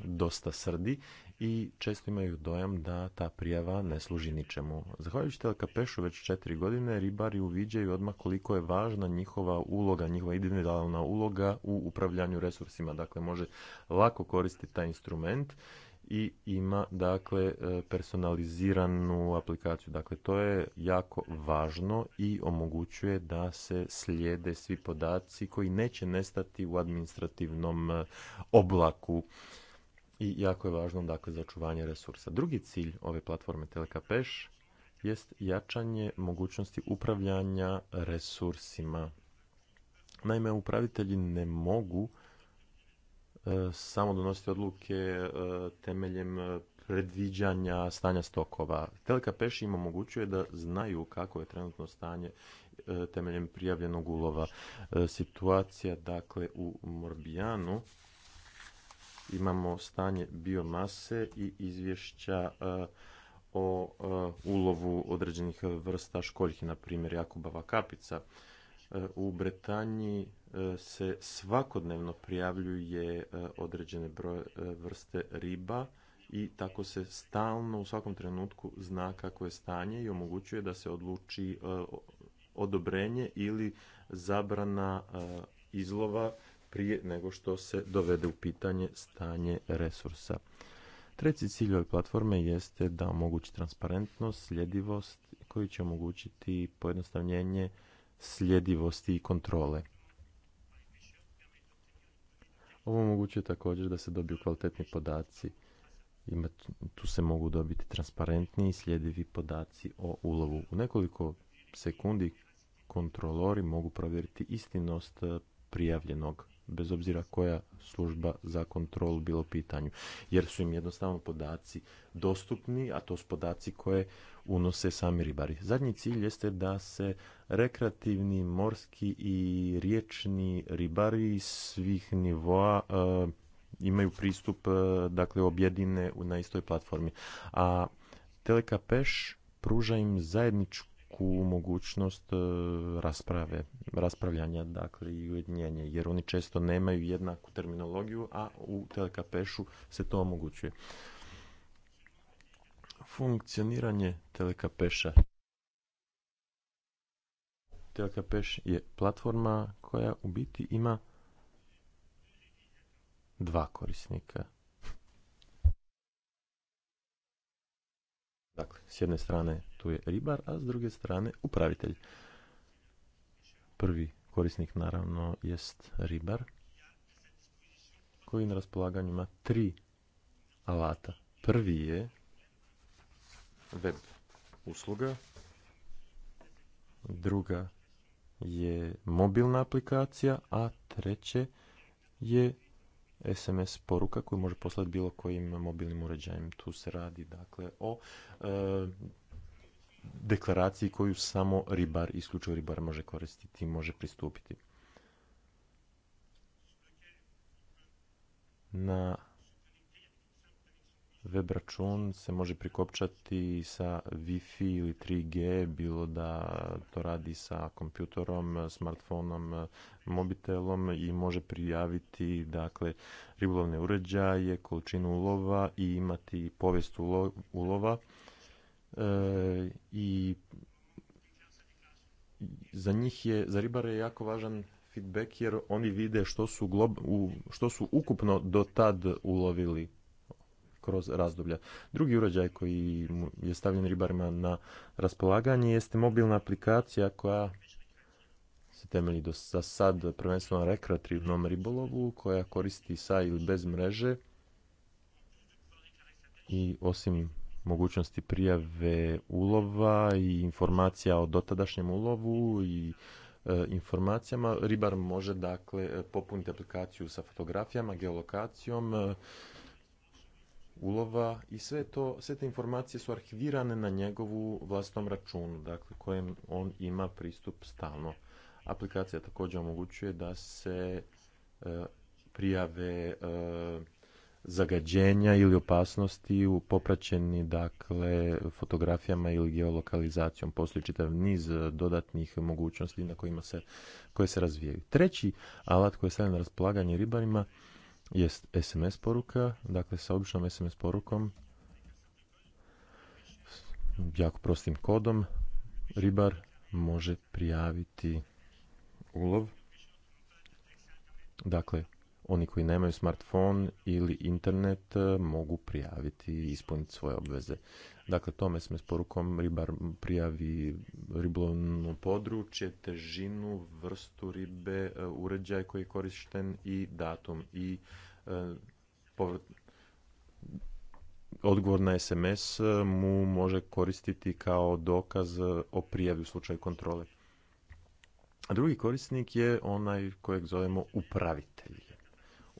dosta srdi i često imaju dojam da ta prijava ne služi ničemu. Zahvaljujući Telekapešu već četiri godine ribari uviđaju odmah koliko je važna njihova uloga, njihova individualna uloga u upravljanju resursima. Dakle, može lako koristiti taj instrument i ima dakle e, personaliziranu aplikaciju. Dakle, to je jako važno i omogućuje da se slijede svi podaci koji neće nestati u administrativnom e, oblaku i jako je važno dakle, za očuvanje resursa. Drugi cilj ove platforme Telekapeš jest jačanje mogućnosti upravljanja resursima. Naime, upravitelji ne mogu e, samo donositi odluke e, temeljem predviđanja stanja stokova. Telekapeš im omogućuje da znaju kako je trenutno stanje e, temeljem prijavljenog ulova. Situacija dakle u Morbijanu imamo stanje biomase i izvješća e, o e, ulovu određenih vrsta školjki, na primjer Jakubava kapica. E, u Bretanji se svakodnevno prijavljuje određene broje vrste riba i tako se stalno u svakom trenutku zna kako je stanje i omogućuje da se odluči odobrenje ili zabrana izlova prije nego što se dovede u pitanje stanje resursa. Treći cilj ove platforme jeste da omogući transparentnost, sljedivost koji će omogućiti pojednostavljenje sljedivosti i kontrole. Ovo omogućuje također da se dobiju kvalitetni podaci. tu se mogu dobiti transparentni i sljedivi podaci o ulovu. U nekoliko sekundi kontrolori mogu provjeriti istinost prijavljenog bez obzira koja služba za kontrolu bilo pitanju. Jer su im jednostavno podaci dostupni, a to su podaci koje unose sami ribari. Zadnji cilj jeste da se rekreativni, morski i riječni ribari svih nivoa e, imaju pristup, e, dakle, objedine na istoj platformi. A Telekapeš pruža im zajedničku u mogućnost e, rasprave, raspravljanja dakle i ujedinjenja jer oni često nemaju jednaku terminologiju, a u telekapešu se to omogućuje. Funkcioniranje telekapeša. Telekapeš je platforma koja u biti ima dva korisnika. Dakle, s jedne strane tu je ribar, a s druge strane upravitelj. Prvi korisnik naravno jest ribar koji na raspolaganju ima tri alata. Prvi je web usluga, druga je mobilna aplikacija, a treće je SMS poruka koju može poslati bilo kojim mobilnim uređajem. Tu se radi dakle o e, deklaraciji koju samo ribar, isključivo ribar može koristiti i može pristupiti. Na web račun se može prikopčati sa Wi-Fi ili 3G, bilo da to radi sa kompjutorom, smartfonom, mobitelom i može prijaviti dakle, ribolovne uređaje, količinu ulova i imati povijest ulova i za njih je, za ribare je jako važan feedback jer oni vide što su, u, što su ukupno do tad ulovili kroz razdoblja. Drugi uređaj koji je stavljen ribarima na raspolaganje jeste mobilna aplikacija koja se temelji do sa sad prvenstveno rekreativnom ribolovu koja koristi sa ili bez mreže i osim mogućnosti prijave ulova i informacija o dotadašnjem ulovu i e, informacijama. Ribar može dakle e, popuniti aplikaciju sa fotografijama, geolokacijom e, ulova i sve, to, sve te informacije su arhivirane na njegovu vlastnom računu, dakle kojem on ima pristup stalno. Aplikacija također omogućuje da se prijave zagađenja ili opasnosti u popraćeni dakle fotografijama ili geolokalizacijom postoji čitav niz e, dodatnih mogućnosti na kojima se koje se razvijaju. Treći alat koji je na raspolaganje ribarima jest SMS poruka, dakle sa običnom SMS porukom jako prostim kodom ribar može prijaviti ulov. Dakle, oni koji nemaju smartfon ili internet e, mogu prijaviti i ispuniti svoje obveze. Dakle, tome smo s porukom ribar prijavi ribolovno područje, težinu, vrstu ribe, e, uređaj koji je korišten i datum. I e, odgovor na SMS e, mu može koristiti kao dokaz o prijavi u slučaju kontrole. A drugi korisnik je onaj kojeg zovemo upravitelj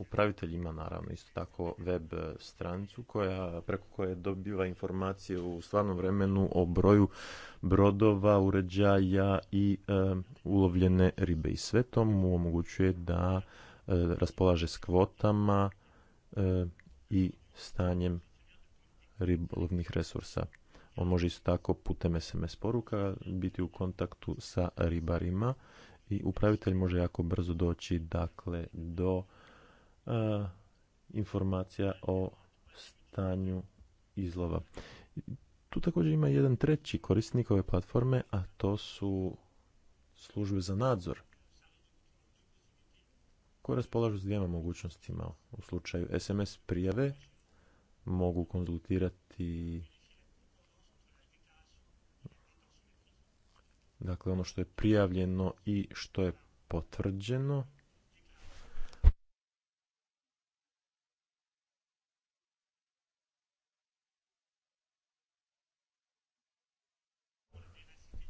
upravitelj ima naravno isto tako web e, strancu koja, preko koje dobiva informacije u stvarnom vremenu o broju brodova, uređaja i e, ulovljene ribe. I sve to mu omogućuje da e, raspolaže s kvotama e, i stanjem ribolovnih resursa. On može isto tako putem SMS poruka biti u kontaktu sa ribarima i upravitelj može jako brzo doći dakle do informacija o stanju izlova. Tu također ima jedan treći korisnik ove platforme, a to su službe za nadzor koje raspolažu s dvijema mogućnostima. U slučaju SMS prijave mogu konzultirati dakle ono što je prijavljeno i što je potvrđeno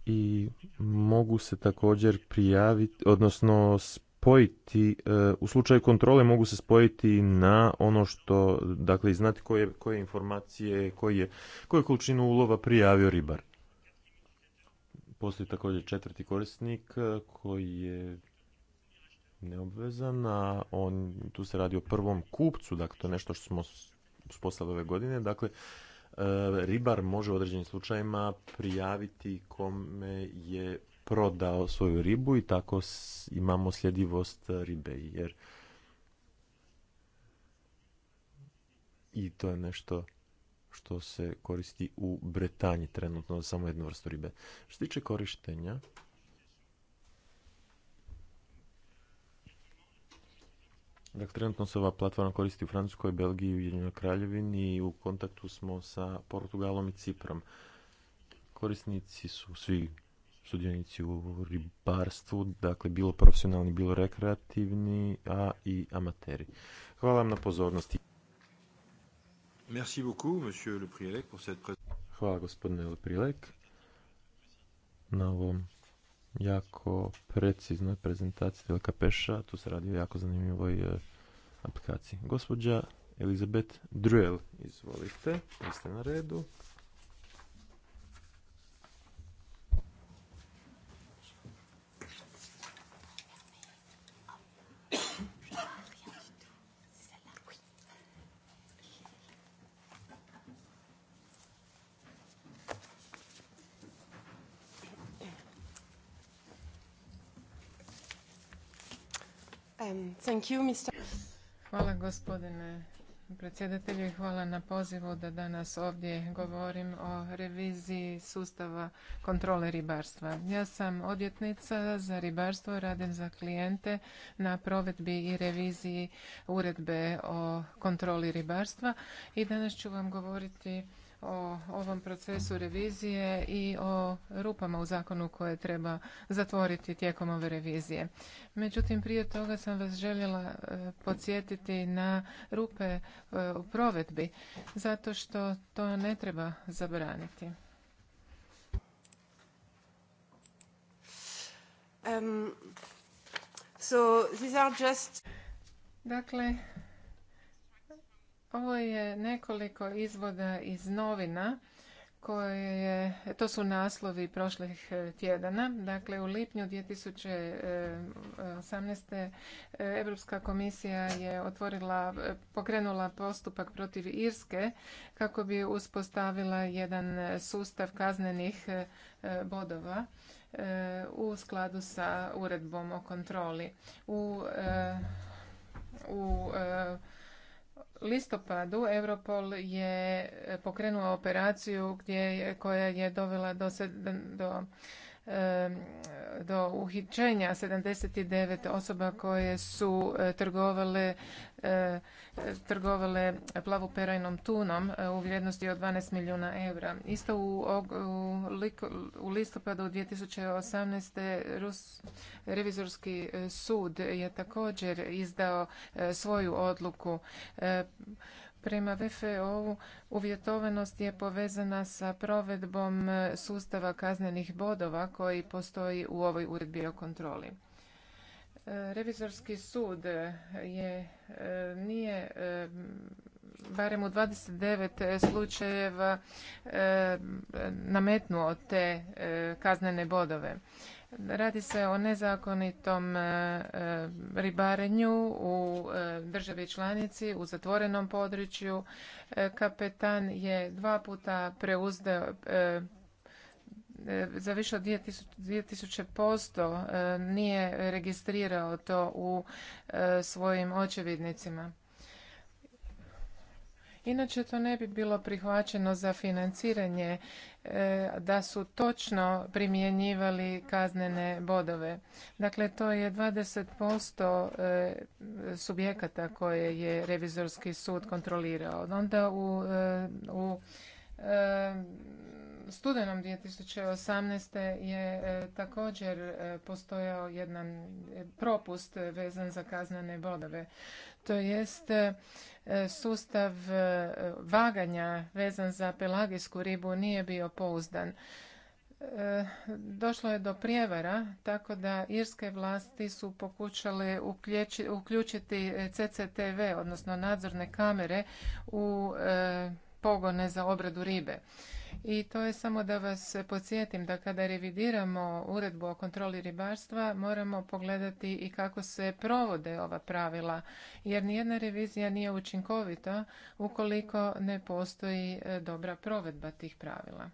i mogu se također prijaviti, odnosno spojiti, e, u slučaju kontrole mogu se spojiti na ono što, dakle, i znati koje, koje informacije, koje, koju količinu ulova prijavio ribar. Postoji također četvrti korisnik e, koji je neobvezan, a on, tu se radi o prvom kupcu, dakle, to je nešto što smo uspostavili ove godine, dakle, E, ribar može u određenim slučajima prijaviti kome je prodao svoju ribu i tako imamo sljedivost ribe jer i to je nešto što se koristi u Bretanji trenutno samo jednu vrstu ribe. Što se tiče korištenja Dakle, trenutno se ova platforma koristi u Francuskoj, Belgiji i Ujedinjenoj Kraljevini i u kontaktu smo sa Portugalom i Ciprom. Korisnici su svi sudionici u ribarstvu, dakle bilo profesionalni, bilo rekreativni, a i amateri. Hvala vam na pozornosti. Merci beaucoup, le Hvala gospodine Leprilec na ovom jako preciznoj prezentaciji Delka Peša. Tu se radi o jako zanimljivoj e, aplikaciji. Gospođa Elizabeth Druel, izvolite, vi ste na redu. Hvala gospodine predsjedatelju i hvala na pozivu da danas ovdje govorim o reviziji sustava kontrole ribarstva. Ja sam odjetnica za ribarstvo, radim za klijente na provedbi i reviziji uredbe o kontroli ribarstva i danas ću vam govoriti o ovom procesu revizije i o rupama u zakonu koje treba zatvoriti tijekom ove revizije. Međutim, prije toga sam vas željela e, podsjetiti na rupe e, u provedbi, zato što to ne treba zabraniti. Um, dakle, ovo je nekoliko izvoda iz novina koje je, to su naslovi prošlih e, tjedana. Dakle, u lipnju 2018. E, e, Europska komisija je otvorila, pokrenula postupak protiv Irske kako bi uspostavila jedan sustav kaznenih bodova u skladu sa uredbom o kontroli. U, u listopadu Europol je pokrenuo operaciju gdje, koja je dovela do, do do uhićenja 79 osoba koje su e, trgovale e, trgovale perajnom tunom e, u vrijednosti od 12 milijuna eura. Isto u, u listopadu 2018. Rus, revizorski sud je također izdao svoju odluku Prema VFO-u uvjetovanost je povezana sa provedbom sustava kaznenih bodova koji postoji u ovoj uredbi o kontroli. E, revizorski sud je e, nije e, barem u 29 slučajeva nametnuo te kaznene bodove. Radi se o nezakonitom e, e, ribarenju u e, državi članici, u zatvorenom području. Kapetan je dva puta preuzdeo za više od 2000% nije registrirao to u svojim očevidnicima. Inače to ne bi bilo prihvaćeno za financiranje e, da su točno primjenjivali kaznene bodove. Dakle, to je 20% e, subjekata koje je revizorski sud kontrolirao. Onda u, e, u studenom 2018. je također postojao jedan propust vezan za kaznene bodove to jest e, sustav e, vaganja vezan za pelagijsku ribu nije bio pouzdan. E, došlo je do prijevara, tako da irske vlasti su pokušale uključiti CCTV, odnosno nadzorne kamere, u pogone za obradu ribe. I to je samo da vas podsjetim da kada revidiramo uredbu o kontroli ribarstva moramo pogledati i kako se provode ova pravila jer nijedna revizija nije učinkovita ukoliko ne postoji e, dobra provedba tih pravila.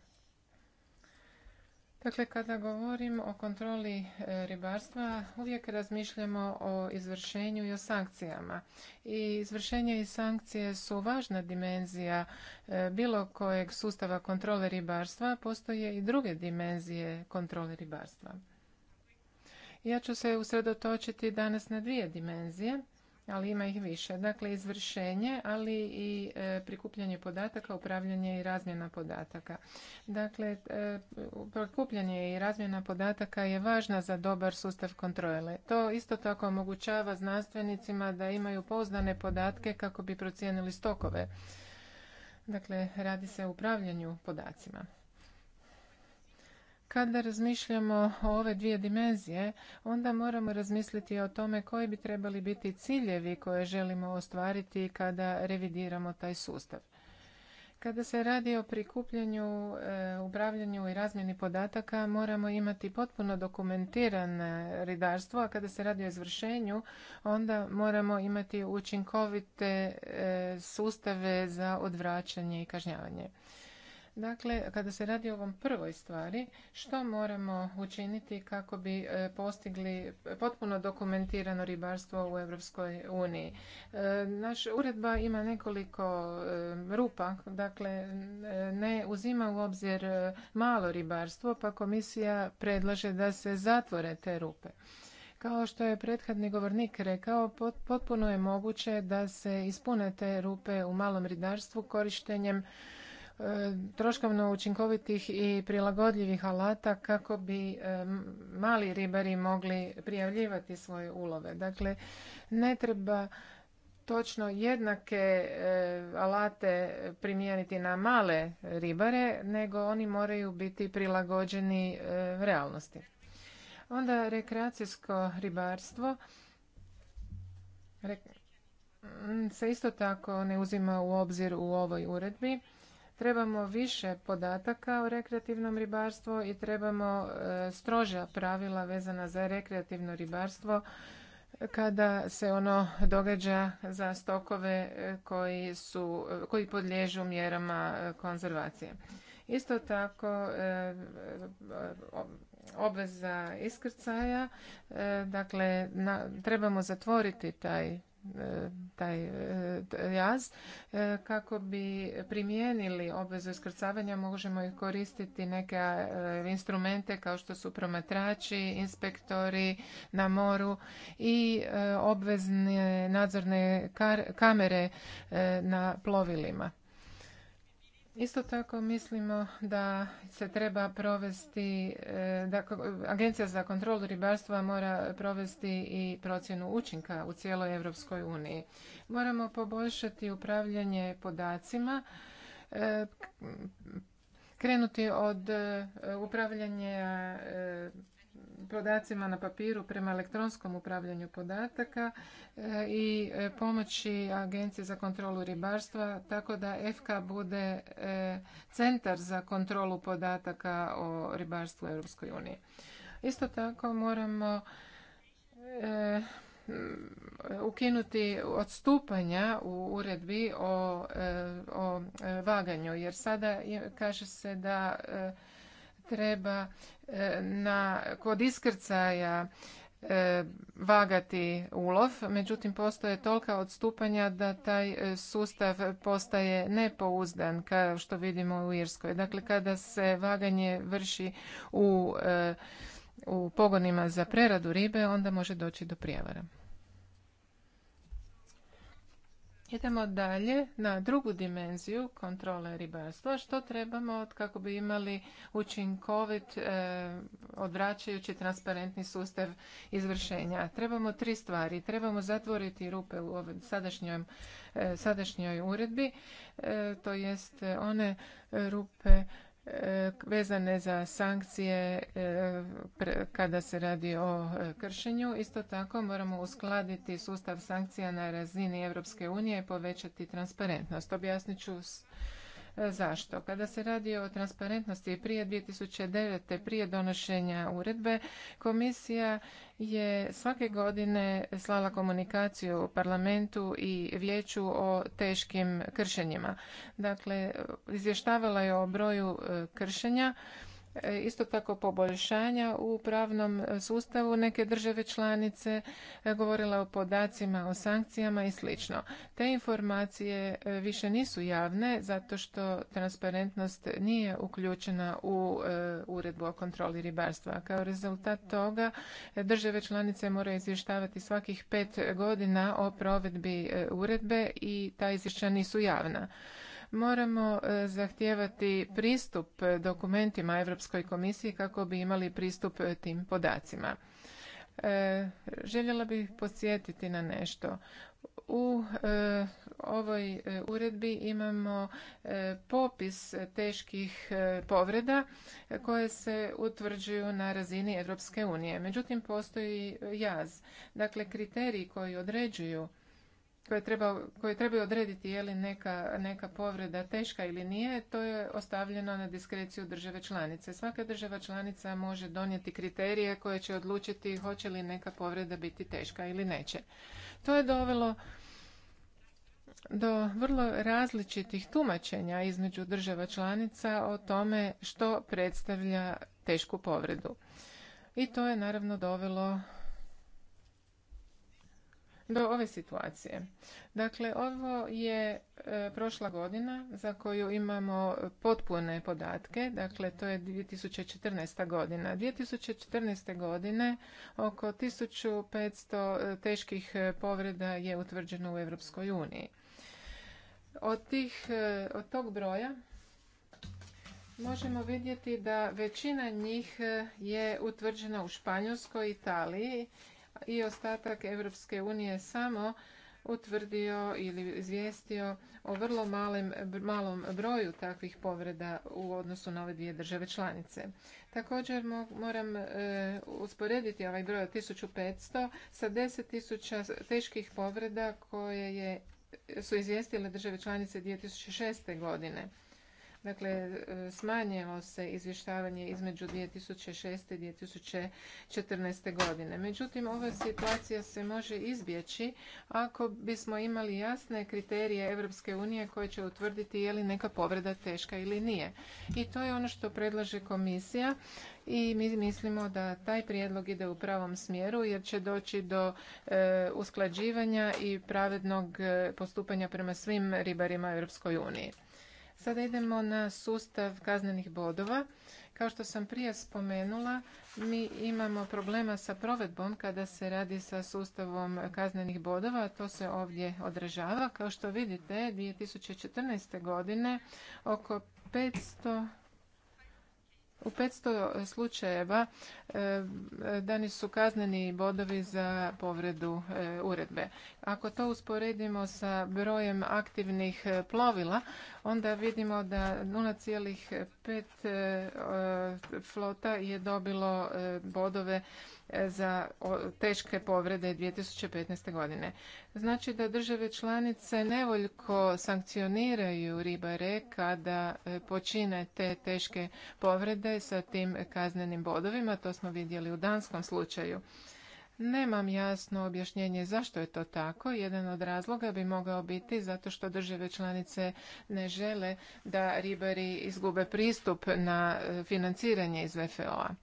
Dakle, kada govorim o kontroli e, ribarstva, uvijek razmišljamo o izvršenju i o sankcijama. I izvršenje i sankcije su važna dimenzija e, bilo kojeg sustava kontrole ribarstva, postoje i druge dimenzije kontrole ribarstva. Ja ću se usredotočiti danas na dvije dimenzije ali ima ih više. Dakle, izvršenje, ali i e, prikupljanje podataka, upravljanje i razmjena podataka. Dakle, e, prikupljanje i razmjena podataka je važna za dobar sustav kontrole. To isto tako omogućava znanstvenicima da imaju pouzdane podatke kako bi procijenili stokove. Dakle, radi se o upravljanju podacima. Kada razmišljamo o ove dvije dimenzije, onda moramo razmisliti o tome koji bi trebali biti ciljevi koje želimo ostvariti kada revidiramo taj sustav. Kada se radi o prikupljanju, e, upravljanju i razmjeni podataka, moramo imati potpuno dokumentiran ridarstvo, a kada se radi o izvršenju, onda moramo imati učinkovite e, sustave za odvraćanje i kažnjavanje. Dakle, kada se radi o ovom prvoj stvari, što moramo učiniti kako bi e, postigli potpuno dokumentirano ribarstvo u Europskoj uniji? E, naš uredba ima nekoliko e, rupa, dakle ne uzima u obzir malo ribarstvo, pa komisija predlaže da se zatvore te rupe. Kao što je prethodni govornik rekao, potpuno je moguće da se ispune te rupe u malom ribarstvu korištenjem troškovno učinkovitih i prilagodljivih alata kako bi e, mali ribari mogli prijavljivati svoje ulove. Dakle, ne treba točno jednake e, alate primijeniti na male ribare, nego oni moraju biti prilagođeni e, realnosti. Onda rekreacijsko ribarstvo se isto tako ne uzima u obzir u ovoj uredbi Trebamo više podataka o rekreativnom ribarstvu i trebamo e, stroža pravila vezana za rekreativno ribarstvo kada se ono događa za stokove e, koji, su, podliježu mjerama e, konzervacije. Isto tako obveza iskrcaja, dakle trebamo zatvoriti taj E, taj e, jaz. E, kako bi primijenili obvezu iskrcavanja možemo ih koristiti neke instrumente kao što su promatrači, inspektori na moru i obvezne nadzorne kamere na plovilima. Isto tako mislimo da se treba provesti, e, da Agencija za kontrolu ribarstva mora provesti i procjenu učinka u cijeloj Europskoj uniji. Moramo poboljšati upravljanje podacima, e, krenuti od e, upravljanja podacima na papiru prema elektronskom upravljanju podataka e, i e, pomoći Agencije za kontrolu ribarstva tako da FK bude e, centar za kontrolu podataka o ribarstvu u Europskoj Isto tako moramo ukinuti odstupanja u uredbi o, o vaganju jer sada kaže se da treba e, na, kod iskrcaja e, vagati ulov, međutim postoje tolika odstupanja da taj e, sustav postaje nepouzdan kao što vidimo u Irskoj. Dakle, kada se vaganje vrši u, u pogonima za preradu ribe, onda može doći do prijevara. Idemo dalje na drugu dimenziju kontrole ribarstva, što trebamo kako bi imali učinkovit, e, odvraćajući, transparentni sustav izvršenja. Trebamo tri stvari. Trebamo zatvoriti rupe u sadašnjoj, e, sadašnjoj uredbi, e, to jest one rupe vezane za sankcije e, kada se radi o e, kršenju. Isto tako moramo uskladiti sustav sankcija na razini Europske unije i povećati transparentnost. Objasnit ću e, zašto. Kada se radi o transparentnosti prije 2009. prije donošenja uredbe, komisija je svake godine slala komunikaciju parlamentu i vijeću o teškim kršenjima. Dakle, izvještavala je o broju e, kršenja E, isto tako poboljšanja u pravnom sustavu neke države članice, e, govorila o podacima, o sankcijama i slično. Te informacije e, više nisu javne zato što transparentnost nije uključena u uredbu o kontroli ribarstva. Kao rezultat toga države članice moraju izvještavati svakih pet godina o provedbi uredbe i ta izvješća nisu javna moramo e, zahtijevati pristup dokumentima Europskoj komisiji kako bi imali pristup e, tim podacima. E, željela bih podsjetiti na nešto. U ovoj uredbi imamo popis teških povreda koje se utvrđuju na razini Europske unije. Međutim, postoji jaz. Dakle, kriteriji koji određuju koje, treba, koje trebaju odrediti je li neka, neka povreda teška ili nije, to je ostavljeno na diskreciju države članice. Svaka država članica može donijeti kriterije koje će odlučiti hoće li neka povreda biti teška ili neće. To je dovelo do vrlo različitih tumačenja između država članica o tome što predstavlja tešku povredu. I to je naravno dovelo do ove situacije. Dakle, ovo je e, prošla godina za koju imamo potpune podatke, dakle to je 2014. godina. 2014. godine oko 1500 e, teških e, povreda je utvrđeno u Europskoj uniji. Od, tih, od tog broja možemo vidjeti da većina njih je utvrđena u Španjolskoj, Italiji i ostatak Europske unije samo utvrdio ili izvijestio o vrlo malom broju takvih povreda u odnosu na ove dvije države članice. Također moram e, usporediti ovaj broj od 1500 sa 10.000 teških povreda koje je, su izvijestile države članice 2006. godine. Dakle, e, smanjilo se izvještavanje između 2006. i 2014. godine. Međutim, ova situacija se može izbjeći ako bismo imali jasne kriterije Europske unije koje će utvrditi je li neka povreda teška ili nije. I to je ono što predlaže komisija i mi mislimo da taj prijedlog ide u pravom smjeru jer će doći do e, usklađivanja i pravednog e, postupanja prema svim ribarima Europskoj uniji. Sada idemo na sustav kaznenih bodova. Kao što sam prije spomenula, mi imamo problema sa provedbom kada se radi sa sustavom kaznenih bodova, to se ovdje odražava. Kao što vidite, 2014. godine oko 500 u 500 slučajeva e, dani su kazneni bodovi za povredu e, uredbe. Ako to usporedimo sa brojem aktivnih e, plovila, onda vidimo da 0,5 flota je dobilo bodove za teške povrede 2015. godine. Znači da države članice nevoljko sankcioniraju ribare kada e, počine te teške povrede sa tim kaznenim bodovima. To smo vidjeli u danskom slučaju. Nemam jasno objašnjenje zašto je to tako. Jedan od razloga bi mogao biti zato što države članice ne žele da ribari izgube pristup na e, financiranje iz VFO-a.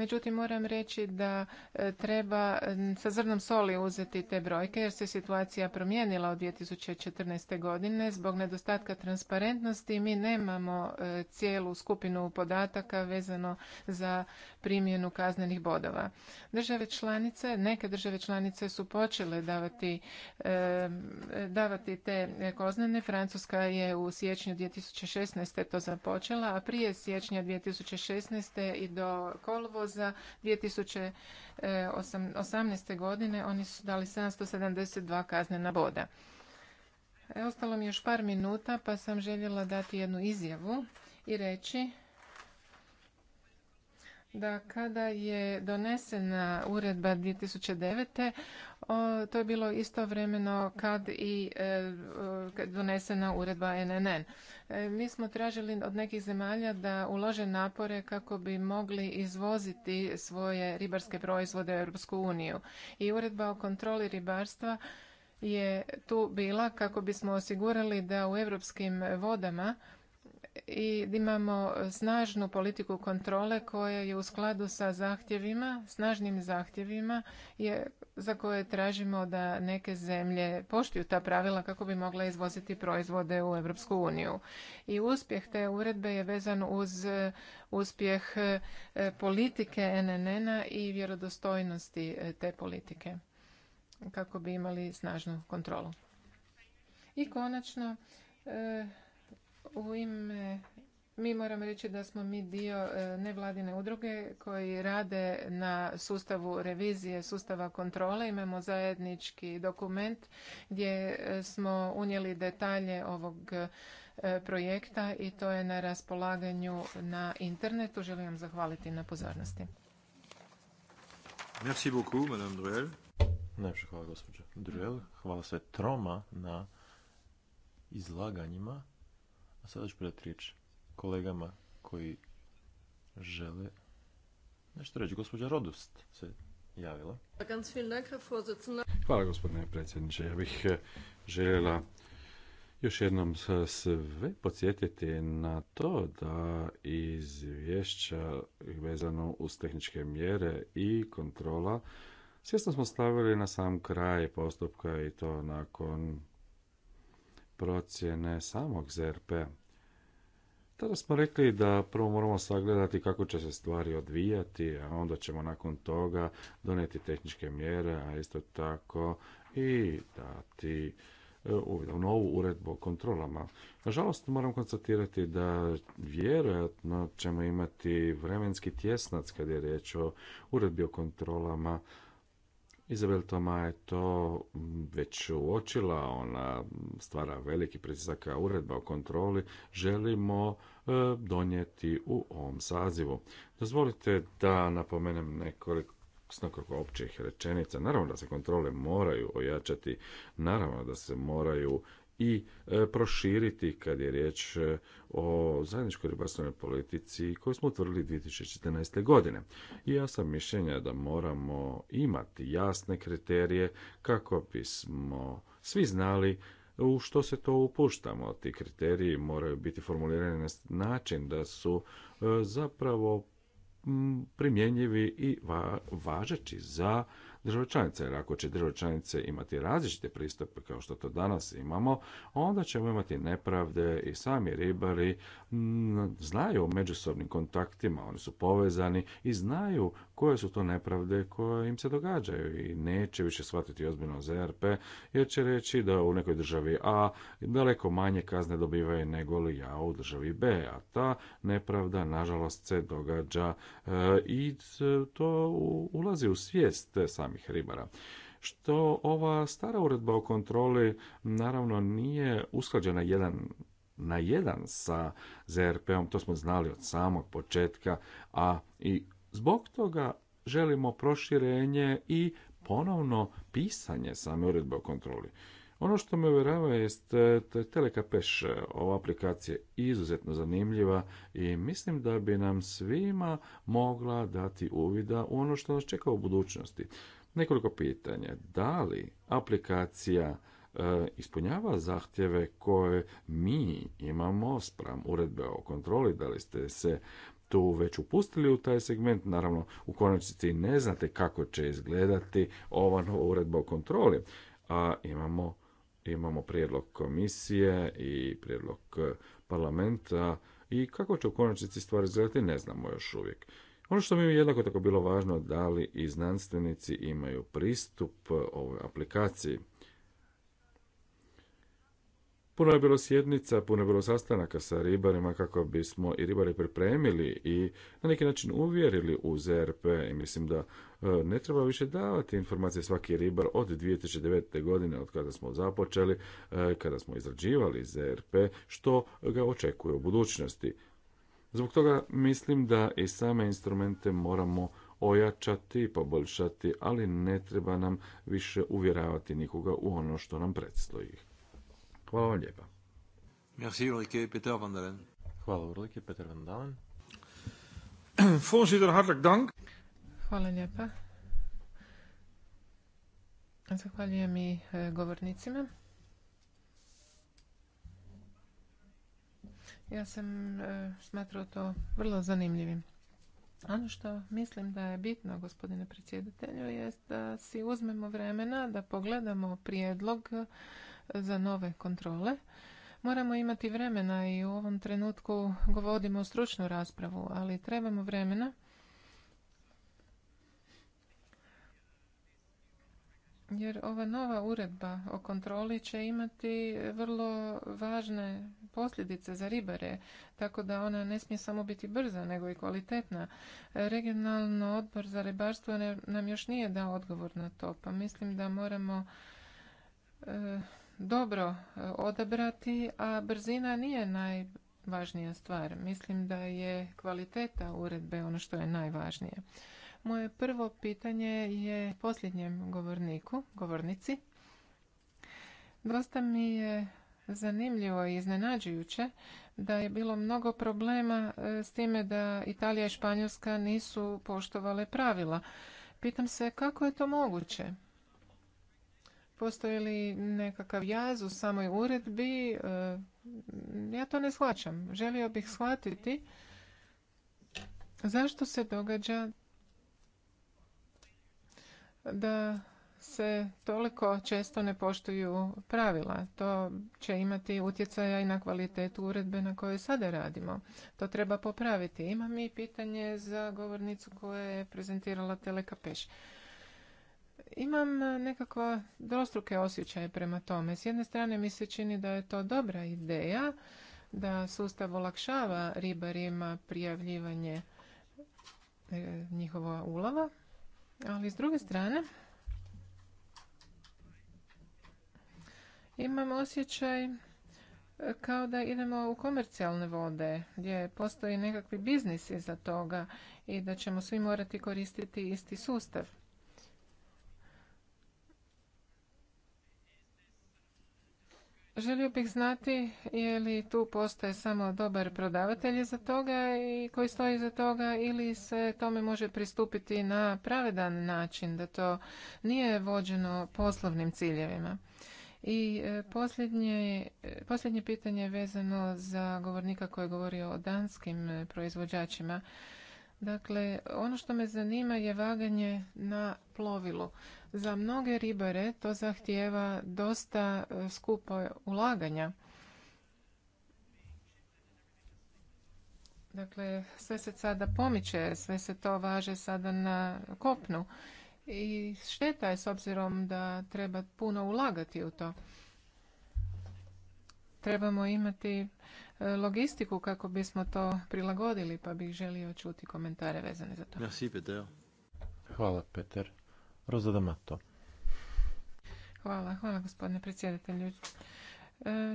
Međutim, moram reći da e, treba sa zrnom soli uzeti te brojke jer se situacija promijenila od 2014. godine. Zbog nedostatka transparentnosti mi nemamo e, cijelu skupinu podataka vezano za primjenu kaznenih bodova. Države članice, neke države članice su počele davati, e, davati te koznene. Francuska je u siječnju 2016. to započela, a prije siječnja 2016. i do kolovoza izvoza 2018. godine oni su dali 772 kaznena boda. E, ostalo mi još par minuta pa sam željela dati jednu izjavu i reći da kada je donesena uredba 2009. to je bilo istovremeno kad i e, e, donesena uredba NNN. E, mi smo tražili od nekih zemalja da ulože napore kako bi mogli izvoziti svoje ribarske proizvode u Europsku uniju. I uredba o kontroli ribarstva je tu bila kako bismo osigurali da u europskim vodama i imamo snažnu politiku kontrole koja je u skladu sa zahtjevima, snažnim zahtjevima je, za koje tražimo da neke zemlje poštuju ta pravila kako bi mogle izvoziti proizvode u Europsku uniju. I uspjeh te uredbe je vezan uz e, uspjeh e, politike NNN-a i vjerodostojnosti e, te politike kako bi imali snažnu kontrolu. I konačno, u ime mi moramo reći da smo mi dio e, nevladine udruge koji rade na sustavu revizije, sustava kontrole. Imamo zajednički dokument gdje e, smo unijeli detalje ovog e, projekta i to je na raspolaganju na internetu. Želim vam zahvaliti na pozornosti. Merci beaucoup, madame Druel. Druel. Hvala sve troma na izlaganjima sada ću predati riječ kolegama koji žele nešto reći. Gospođa Rodust se javila. Hvala gospodine predsjedniče. Ja bih eh, željela još jednom sve podsjetiti na to da iz izvješća vezano uz tehničke mjere i kontrola svjesno smo stavili na sam kraj postupka i to nakon procjene samog ZRP-a. Tada smo rekli da prvo moramo sagledati kako će se stvari odvijati, a onda ćemo nakon toga doneti tehničke mjere, a isto tako i dati e, u novu uredbu o kontrolama. Nažalost, moram konstatirati da vjerojatno ćemo imati vremenski tjesnac kad je riječ o uredbi o kontrolama Izabel Toma je to već uočila, ona stvara veliki pritisak, uredba o kontroli želimo e, donijeti u ovom sazivu. Dozvolite da napomenem nekoliko nekoliko općih rečenica. Naravno da se kontrole moraju ojačati, naravno da se moraju i e, proširiti kad je riječ e, o zajedničkoj ribarstvenoj politici koju smo utvrdili 2014. godine. I ja sam mišljenja da moramo imati jasne kriterije kako bismo svi znali u što se to upuštamo. Ti kriteriji moraju biti formulirani na način da su e, zapravo primjenjivi i važeći za države članice. Jer ako će države članice imati različite pristupe kao što to danas imamo, onda ćemo imati nepravde i sami ribari znaju o međusobnim kontaktima, oni su povezani i znaju koje su to nepravde koje im se događaju i neće više shvatiti ozbiljno ZRP jer će reći da u nekoj državi A daleko manje kazne dobivaju nego li ja u državi B, a ta nepravda nažalost se događa e, i to ulazi u svijest samih ribara što ova stara uredba o kontroli naravno nije usklađena jedan na jedan sa ZRP-om, to smo znali od samog početka, a i Zbog toga želimo proširenje i ponovno pisanje same uredbe o kontroli. Ono što me uvjerava e, je Telekapeš, e, ova aplikacija je izuzetno zanimljiva i mislim da bi nam svima mogla dati uvida u ono što nas čeka u budućnosti. Nekoliko pitanja. Da li aplikacija e, ispunjava zahtjeve koje mi imamo spram uredbe o kontroli, da li ste se tu već upustili u taj segment. Naravno, u konačnici ne znate kako će izgledati ova nova uredba o kontroli. A imamo, imamo prijedlog komisije i prijedlog parlamenta i kako će u konačnici stvari izgledati ne znamo još uvijek. Ono što mi je jednako tako bilo važno da li i znanstvenici imaju pristup ovoj aplikaciji. Puno je bilo sjednica, puno je bilo sastanaka sa ribarima kako bismo i ribare pripremili i na neki način uvjerili u ZRP i mislim da e, ne treba više davati informacije svaki ribar od 2009. godine od kada smo započeli, e, kada smo izrađivali ZRP, što ga očekuje u budućnosti. Zbog toga mislim da i same instrumente moramo ojačati i poboljšati, ali ne treba nam više uvjeravati nikoga u ono što nam predstoji. Hvala vam lijepa. Merci Ulrike, Peter van Dalen. Hvala Ulrike, Peter van Dalen. [CLEARS THROAT] Voorzitter, hartelijk dank. Hvala lijepa. Zahvaljujem i e, govornicima. Ja sam e, smatrao to vrlo zanimljivim. Ono što mislim da je bitno, gospodine predsjedatelju, jest da si uzmemo vremena da pogledamo prijedlog za nove kontrole. Moramo imati vremena i u ovom trenutku govorimo stručnu raspravu, ali trebamo vremena jer ova nova uredba o kontroli će imati vrlo važne posljedice za ribare, tako da ona ne smije samo biti brza, nego i kvalitetna. Regionalno odbor za ribarstvo nam još nije dao odgovor na to, pa mislim da moramo e, dobro e, odabrati, a brzina nije najvažnija stvar. Mislim da je kvaliteta uredbe ono što je najvažnije. Moje prvo pitanje je posljednjem govorniku, govornici. Dosta mi je zanimljivo i iznenađujuće da je bilo mnogo problema e, s time da Italija i Španjolska nisu poštovale pravila. Pitam se kako je to moguće? Postoji li nekakav jaz u samoj uredbi? E, ja to ne shvaćam. Želio bih shvatiti zašto se događa da se toliko često ne poštuju pravila. To će imati utjecaja i na kvalitetu uredbe na kojoj sada radimo. To treba popraviti. Imam i pitanje za govornicu koja je prezentirala Telekapeš imam e, nekakva dvostruke osjećaje prema tome. S jedne strane mi se čini da je to dobra ideja, da sustav olakšava ribarima prijavljivanje e, njihova ulova, ali s druge strane imam osjećaj e, kao da idemo u komercijalne vode gdje postoji nekakvi biznis iza toga i da ćemo svi morati koristiti isti sustav. Želio bih znati je li tu postoje samo dobar prodavatelj za toga i koji stoji za toga ili se tome može pristupiti na pravedan način, da to nije vođeno poslovnim ciljevima. I e, posljednje, e, posljednje pitanje je vezano za govornika koji je govorio o danskim e, proizvođačima. Dakle, ono što me zanima je vaganje na plovilu. Za mnoge ribare to zahtijeva dosta e, skupo ulaganja. Dakle, sve se sada pomiče, sve se to važe sada na kopnu. I šteta je s obzirom da treba puno ulagati u to. Trebamo imati e, logistiku kako bismo to prilagodili, pa bih želio čuti komentare vezane za to. Hvala, Peter. Hvala, hvala gospodine predsjedatelju. E,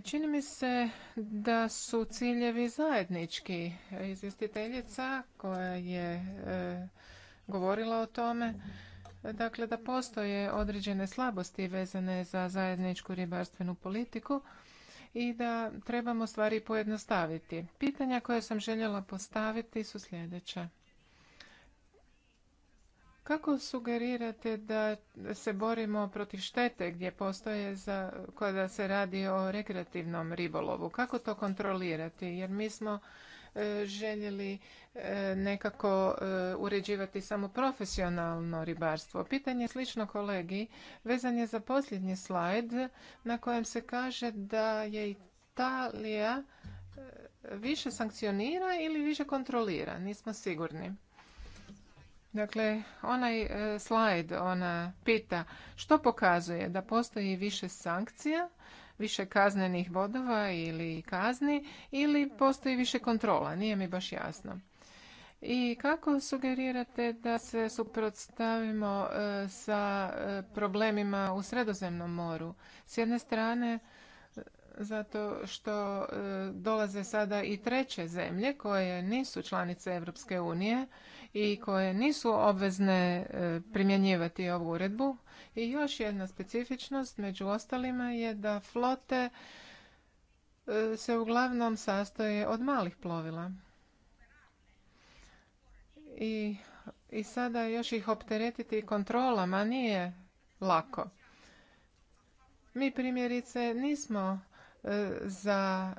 čini mi se da su ciljevi zajednički. Izvjestiteljica koja je e, govorila o tome, dakle da postoje određene slabosti vezane za zajedničku ribarstvenu politiku i da trebamo stvari pojednostaviti. Pitanja koje sam željela postaviti su sljedeća. Kako sugerirate da se borimo protiv štete gdje postoje za, kada se radi o rekreativnom ribolovu? Kako to kontrolirati? Jer mi smo e, željeli e, nekako e, uređivati samo profesionalno ribarstvo. Pitanje slično kolegi vezan je za posljednji slajd na kojem se kaže da je Italija više sankcionira ili više kontrolira. Nismo sigurni. Dakle, onaj e, slajd, ona pita što pokazuje da postoji više sankcija, više kaznenih bodova ili kazni ili postoji više kontrola, nije mi baš jasno. I kako sugerirate da se suprotstavimo e, sa e, problemima u Sredozemnom moru? S jedne strane zato što e, dolaze sada i treće zemlje koje nisu članice Europske unije i koje nisu obvezne e, primjenjivati ovu uredbu. I još jedna specifičnost među ostalima je da flote e, se uglavnom sastoje od malih plovila. I, i sada još ih opteretiti kontrolama nije lako. Mi primjerice nismo za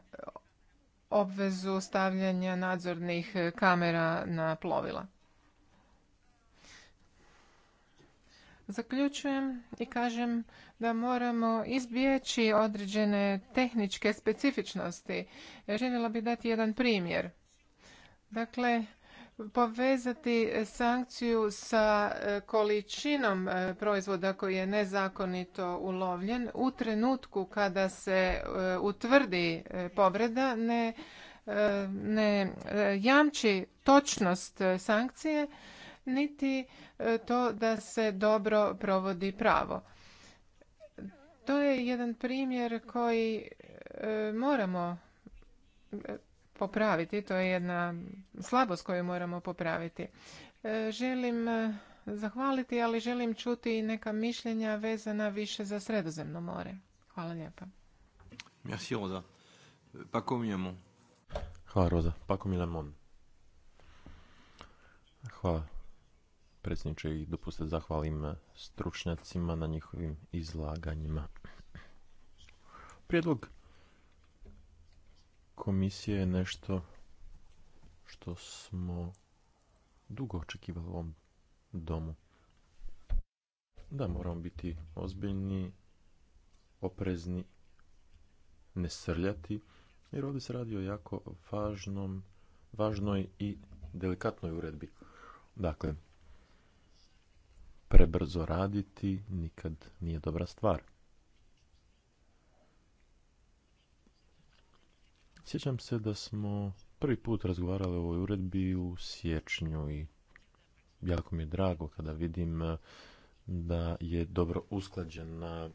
obvezu stavljanja nadzornih kamera na plovila. Zaključujem i kažem da moramo izbjeći određene tehničke specifičnosti. Željela bih dati jedan primjer. Dakle, povezati sankciju sa e, količinom e, proizvoda koji je nezakonito ulovljen u trenutku kada se e, utvrdi povreda ne, ne jamči točnost sankcije niti to da se dobro provodi pravo. To je jedan primjer koji moramo popraviti. To je jedna slabost koju moramo popraviti. E, želim e, zahvaliti, ali želim čuti i neka mišljenja vezana više za sredozemno more. Hvala lijepa. Merci Rosa. Paco mon? Hvala Roza. Paco mon? Hvala predsjedniče i dopustite zahvalim stručnjacima na njihovim izlaganjima. Prijedlog komisije je nešto što smo dugo očekivali u ovom domu. Da, moramo biti ozbiljni, oprezni, ne srljati, jer ovdje se radi o jako važnom, važnoj i delikatnoj uredbi. Dakle, prebrzo raditi nikad nije dobra stvar. Sjećam se da smo prvi put razgovarali o ovoj uredbi u siječnju i jako mi je drago kada vidim eh, da je dobro usklađena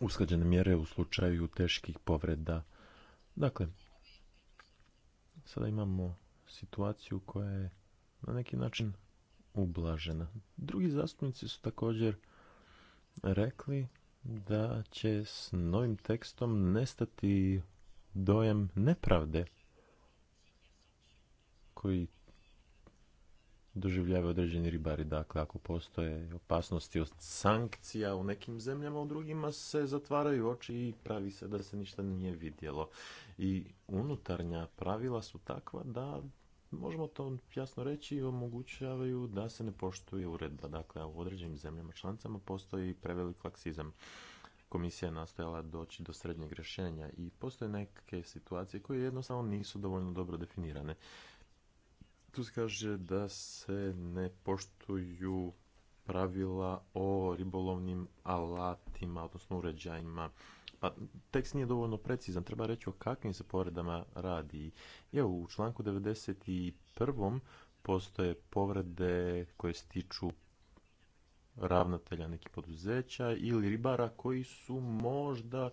usklađene mjere u slučaju teških povreda. Dakle, sada imamo situaciju koja je na neki način ublažena. Drugi zastupnici su također rekli da će s novim tekstom nestati dojem nepravde koji doživljavaju određeni ribari. Dakle, ako postoje opasnosti od sankcija u nekim zemljama, u drugima se zatvaraju oči i pravi se da se ništa nije vidjelo. I unutarnja pravila su takva da možemo to jasno reći omogućavaju da se ne poštuje uredba. Dakle, u određenim zemljama članicama postoji prevelik laksizam komisija je nastojala doći do srednjeg rješenja i postoje neke situacije koje jednostavno nisu dovoljno dobro definirane. Tu se kaže da se ne poštuju pravila o ribolovnim alatima, odnosno uređajima. Pa tekst nije dovoljno precizan, treba reći o kakvim se povredama radi. Evo, u članku 91. postoje povrede koje stiču ravnatelja nekih poduzeća ili ribara koji su možda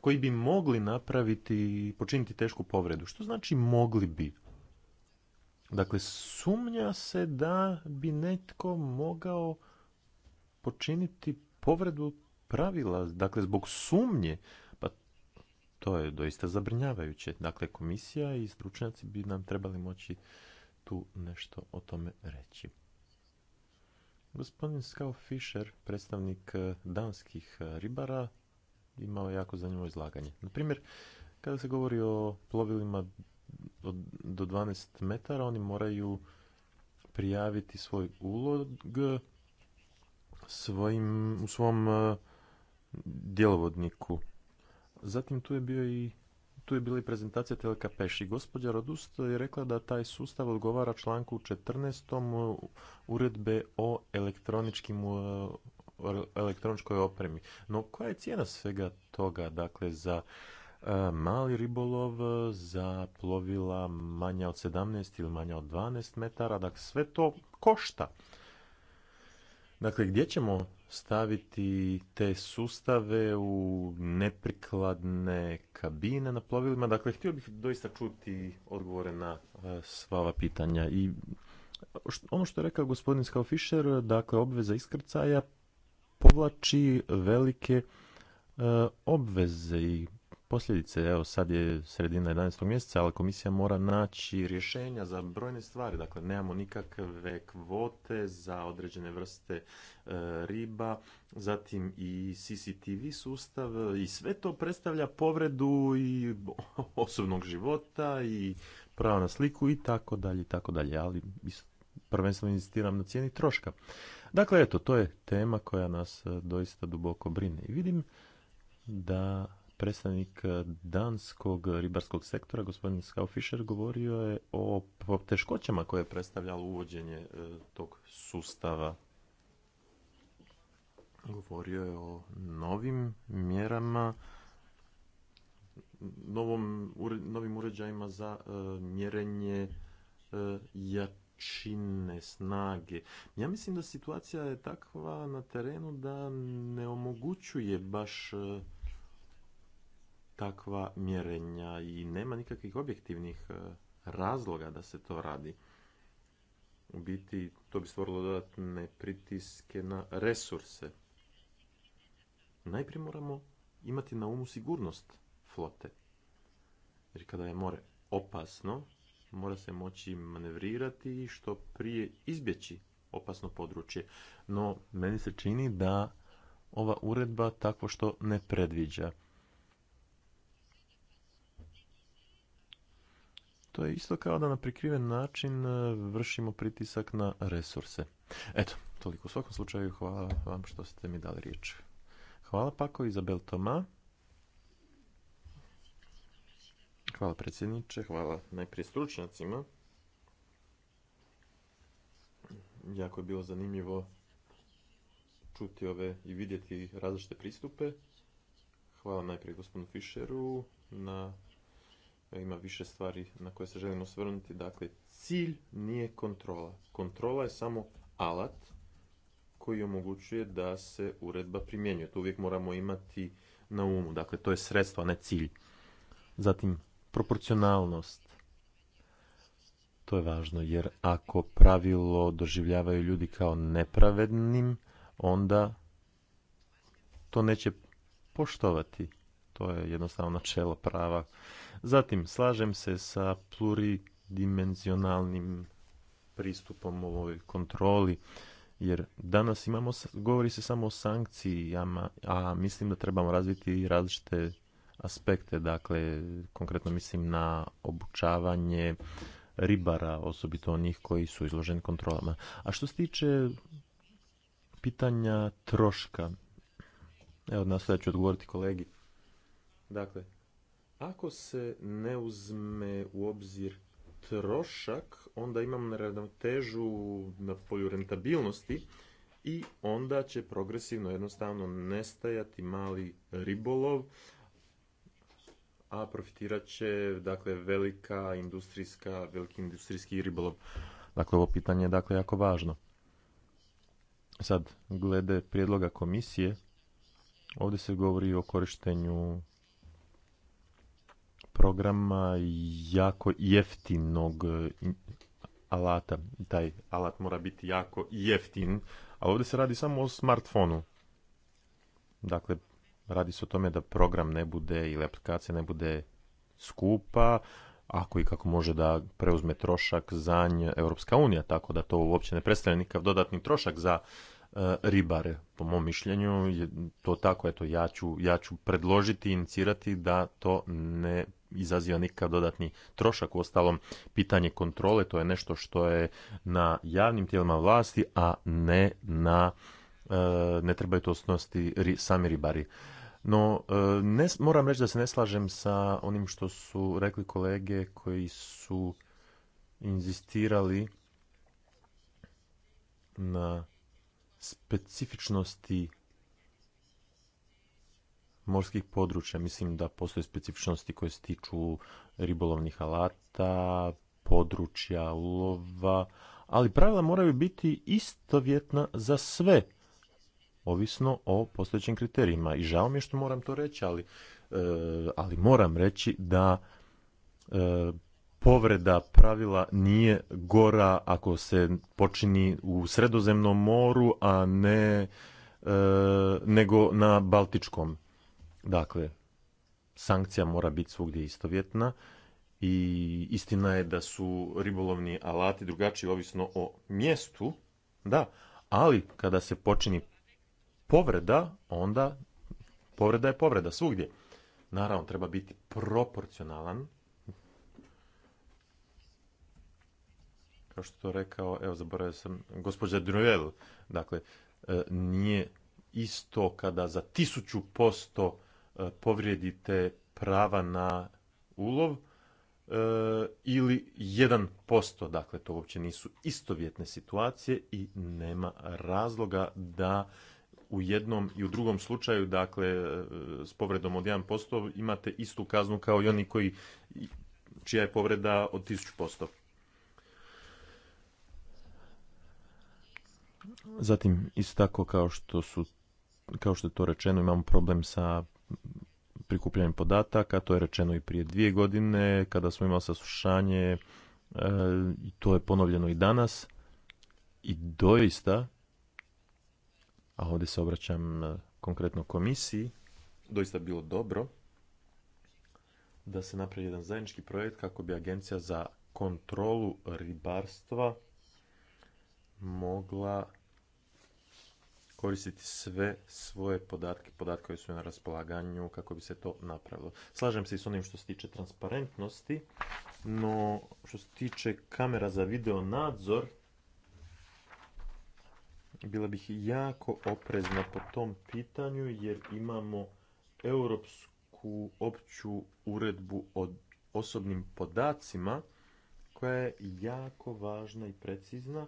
koji bi mogli napraviti počiniti tešku povredu. Što znači mogli bi? Dakle, sumnja se da bi netko mogao počiniti povredu pravila, dakle, zbog sumnje, pa to je doista zabrinjavajuće. Dakle, komisija i stručnjaci bi nam trebali moći tu nešto o tome reći. Gospodin Skao Fischer, predstavnik e, danskih e, ribara, imao jako zanimljivo izlaganje. Na primjer, kada se govori o plovilima do 12 metara, oni moraju prijaviti svoj ulog e, svojim, u svom djelovodniku. Zatim tu je bio i tu je bila i prezentacija Teleka Peši. Gospođa Rodust je rekla da taj sustav odgovara članku 14. uredbe o elektroničkim e, elektroničkoj opremi. No koja je cijena svega toga, dakle za e, mali ribolov, za plovila manja od 17 ili manja od 12 metara, dakle sve to košta. Dakle, gdje ćemo staviti te sustave u neprikladne kabine na plovilima. Dakle, htio bih doista čuti odgovore na e, sva ova pitanja. I ono što je rekao gospodin Skao dakle, obveza iskrcaja povlači velike e, obveze i posljedice. Evo sad je sredina 11. mjeseca, ali komisija mora naći rješenja za brojne stvari. Dakle, nemamo nikakve kvote za određene vrste e, riba, zatim i CCTV sustav i sve to predstavlja povredu i [LAUGHS] osobnog života i prava na sliku i tako dalje i tako dalje, ali prvenstveno insistiram na cijeni troška. Dakle, eto, to je tema koja nas e, doista duboko brine. I vidim da predstavnik eh, danskog ribarskog sektora, gospodin Skao Fischer, govorio je o teškoćama koje je predstavljalo uvođenje eh, tog sustava. Govorio je o novim mjerama, novom, novim uređajima za eh, mjerenje jačine, snage. Ja mislim da situacija je takva na terenu da ne omogućuje baš takva mjerenja i nema nikakvih objektivnih e, razloga da se to radi. U biti to bi stvorilo dodatne pritiske na resurse. Najprije moramo imati na umu sigurnost flote. Jer kada je more opasno, mora se moći manevrirati i što prije izbjeći opasno područje. No, meni se čini da ova uredba tako što ne predviđa. To je isto kao da na prikriven način e, vršimo pritisak na resurse. Eto, toliko u svakom slučaju hvala vam što ste mi dali riječ. Hvala Pako, Izabel Toma. Hvala predsjedniče, hvala najprije stručnjacima. Jako je bilo zanimljivo čuti ove i vidjeti različite pristupe. Hvala najprije gospodinu Fischeru na ima više stvari na koje se želimo svrnuti. Dakle, cilj nije kontrola. Kontrola je samo alat koji omogućuje da se uredba primjenjuje. To uvijek moramo imati na umu. Dakle, to je sredstvo, a ne cilj. Zatim, proporcionalnost. To je važno, jer ako pravilo doživljavaju ljudi kao nepravednim, onda to neće poštovati. To je jednostavno načelo prava. Zatim, slažem se sa pluridimenzionalnim pristupom ovoj kontroli, jer danas imamo, govori se samo o sankcijama, a mislim da trebamo razviti različite aspekte, dakle, konkretno mislim na obučavanje ribara, osobito onih koji su izloženi kontrolama. A što se tiče pitanja troška, evo nastojat ću odgovoriti kolegi. Dakle, ako se ne uzme u obzir trošak, onda imam težu na polju rentabilnosti i onda će progresivno jednostavno nestajati mali ribolov, a profitirat će dakle, velika industrijska, veliki industrijski ribolov. Dakle, ovo pitanje je dakle jako važno. Sad, glede prijedloga komisije, ovdje se govori o korištenju programa jako jeftinog e, alata. Taj alat mora biti jako jeftin, a ovdje se radi samo o smartfonu. Dakle, radi se o tome da program ne bude ili aplikacija ne bude skupa, ako i kako može da preuzme trošak za nj Europska unija, tako da to uopće ne predstavlja nikakav dodatni trošak za e, ribare, po mom mišljenju, je to tako, eto, ja ću, ja ću predložiti, inicirati da to ne izaziva nikakav dodatni trošak. Uostalom, pitanje kontrole to je nešto što je na javnim tijelima vlasti, a ne na e, ne trebaju to snositi sami ribari. No, e, ne, moram reći da se ne slažem sa onim što su rekli kolege koji su inzistirali na specifičnosti morskih područja. Mislim da postoje specifičnosti koje se tiču ribolovnih alata, područja, ulova, ali pravila moraju biti istovjetna za sve, ovisno o postojećim kriterijima. I žao mi je što moram to reći, ali, e, ali moram reći da e, povreda pravila nije gora ako se počini u Sredozemnom moru, a ne e, nego na Baltičkom. Dakle, sankcija mora biti svugdje istovjetna i istina je da su ribolovni alati drugačiji ovisno o mjestu, da, ali kada se počini povreda, onda povreda je povreda svugdje. Naravno, treba biti proporcionalan. Kao što rekao, evo zaboravio sam, gospođa Druel, dakle, e, nije isto kada za tisuću posto E, povrijedite prava na ulov e, ili 1%, dakle to uopće nisu istovjetne situacije i nema razloga da u jednom i u drugom slučaju, dakle e, s povredom od 1% imate istu kaznu kao i oni koji čija je povreda od 1000%. Zatim, isto tako kao što su kao što je to rečeno, imamo problem sa prikupljanjem podataka, to je rečeno i prije dvije godine kada smo imali saslušanje e, i to je ponovljeno i danas. I doista, a ovdje se obraćam e, konkretno komisiji, doista bilo dobro da se napravi jedan zajednički projekt kako bi agencija za kontrolu ribarstva mogla koristiti sve svoje podatke, podatke koje su na raspolaganju kako bi se to napravilo. Slažem se i s onim što se tiče transparentnosti, no što se tiče kamera za video nadzor, bila bih jako oprezna po tom pitanju jer imamo europsku opću uredbu o osobnim podacima koja je jako važna i precizna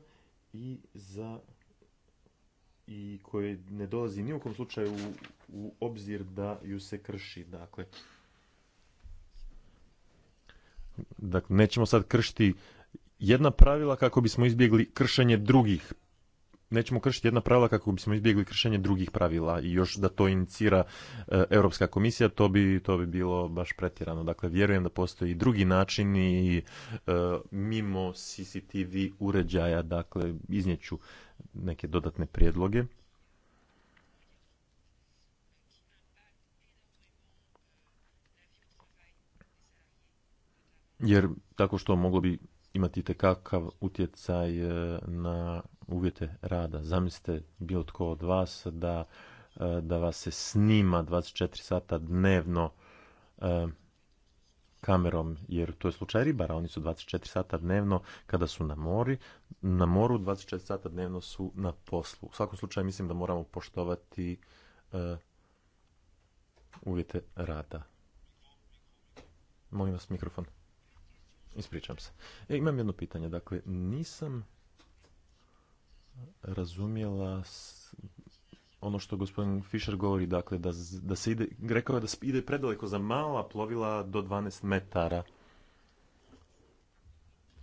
i za i koje ne dolazi ni u kom slučaju u, obzir da ju se krši. Dakle, dakle nećemo sad kršiti jedna pravila kako bismo izbjegli kršenje drugih nećemo kršiti jedna pravila kako bismo izbjegli kršenje drugih pravila i još da to inicira e, Europska komisija, to bi, to bi bilo baš pretjerano. Dakle, vjerujem da postoji drugi način i e, mimo CCTV uređaja, dakle, iznjeću neke dodatne prijedloge. Jer tako što moglo bi imati kakav utjecaj e, na uvjete rada. Zamislite bilo tko od vas da, e, da vas se snima 24 sata dnevno e, kamerom, jer to je slučaj ribara, oni su 24 sata dnevno kada su na mori, na moru 24 sata dnevno su na poslu. U svakom slučaju mislim da moramo poštovati uvjete rada. Molim vas mikrofon. Ispričam se. E, imam jedno pitanje. Dakle, nisam razumjela ono što gospodin Fischer govori, dakle, da, da se ide, rekao je da se ide predaleko za mala plovila do 12 metara.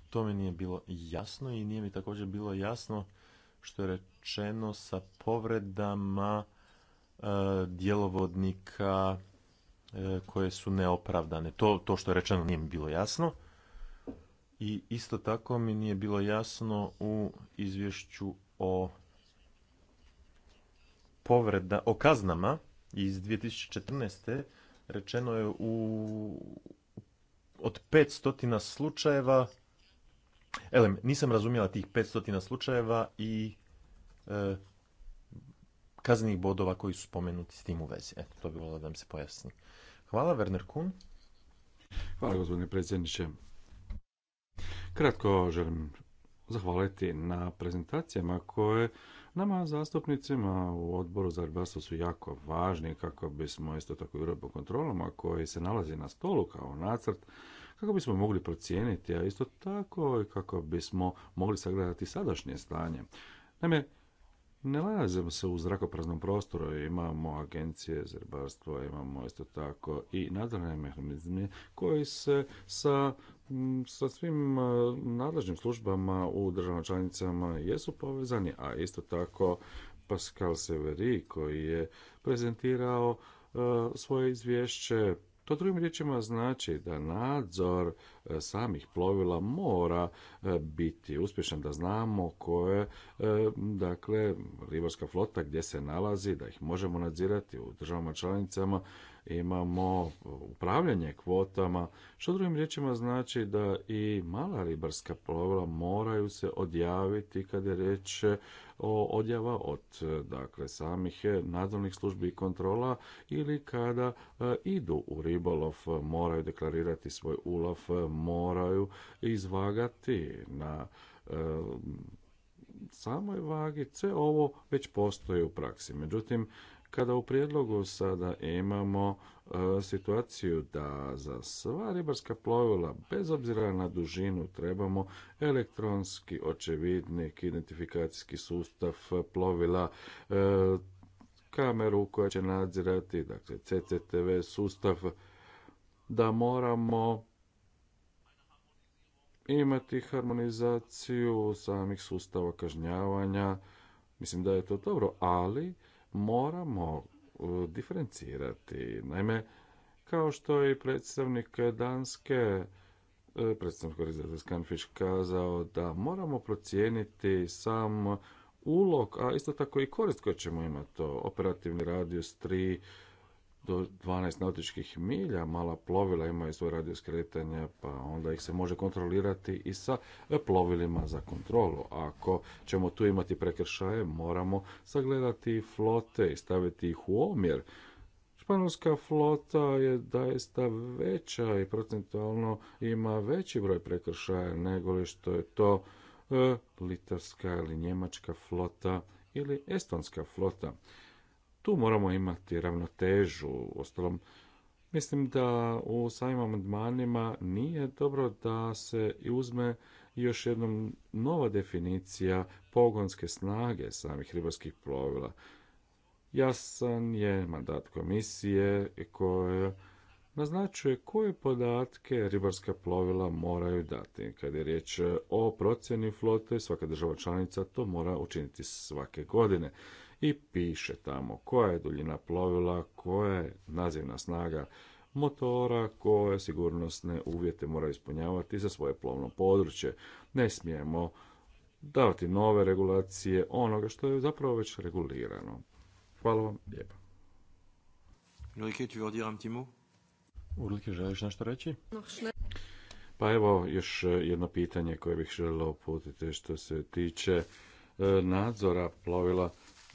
To mi nije bilo jasno i nije mi također bilo jasno što je rečeno sa povredama e, djelovodnika e, koje su neopravdane. To, to što je rečeno nije mi bilo jasno i isto tako mi nije bilo jasno u izvješću o povreda, o kaznama iz 2014. rečeno je u od 500 slučajeva Elem, nisam razumjela tih 500 slučajeva i e, kaznenih bodova koji su spomenuti s tim u vezi. Eto, to bi volio da mi se pojasni. Hvala, Werner Kuhn. Hvala, gospodine predsjedniče. Kratko želim zahvaliti na prezentacijama koje nama zastupnicima u odboru za ribarstvo su jako važni kako bismo isto tako i uredbu kontrolama koji se nalazi na stolu kao nacrt kako bismo mogli procijeniti, a isto tako i kako bismo mogli sagledati sadašnje stanje. Naime, ne nalazimo se u zrakopraznom prostoru, imamo agencije za ribarstvo, imamo isto tako i nadzorne mehanizme koji se sa sa svim e, nadležnim službama u državama članicama jesu povezani, a isto tako Pascal Severi koji je prezentirao e, svoje izvješće to drugim riječima znači da nadzor e, samih plovila mora e, biti uspješan, da znamo koje, e, dakle, ribarska flota gdje se nalazi, da ih možemo nadzirati u državama članicama, imamo upravljanje kvotama, što drugim riječima znači da i mala ribarska plovila moraju se odjaviti kada je riječ odjava od e, dakle samih nadzornih službi i kontrola ili kada e, idu u ribolov moraju deklarirati svoj ulov, moraju izvagati na e, samoj vagi, sve ovo već postoji u praksi. Međutim, kada u prijedlogu sada imamo e, situaciju da za sva ribarska plovila, bez obzira na dužinu, trebamo elektronski očevidnik, identifikacijski sustav plovila, e, kameru koja će nadzirati, dakle CCTV sustav, da moramo imati harmonizaciju samih sustava kažnjavanja. Mislim da je to dobro, ali moramo e, diferencirati. Naime, kao što je i predstavnik Danske, e, predstavnik organizatorska Scanfish, kazao da moramo procijeniti sam ulog, a isto tako i korist koju ćemo imati. Operativni radius do 12 nautičkih milja mala plovila imaju svoj radio kretanja, pa onda ih se može kontrolirati i sa e, plovilima za kontrolu. Ako ćemo tu imati prekršaje, moramo sagledati flote i staviti ih u omjer. Španjolska flota je daista veća i procentualno ima veći broj prekršaja nego li što je to e, litarska ili njemačka flota ili estonska flota. Tu moramo imati ravnotežu, ostalom Mislim da u samim amandmanima nije dobro da se uzme još jednom nova definicija pogonske snage samih ribarskih plovila. Jasan je mandat komisije koja naznačuje koje podatke ribarska plovila moraju dati. Kad je riječ o procjeni flote, svaka država članica to mora učiniti svake godine i piše tamo koja je duljina plovila, koja je nazivna snaga motora, koje sigurnosne uvjete mora ispunjavati za svoje plovno područje. Ne smijemo davati nove regulacije onoga što je zapravo već regulirano. Hvala vam lijepo. Ulrike, želiš nešto reći? Pa evo još jedno pitanje koje bih želio uputiti što se tiče e, nadzora plovila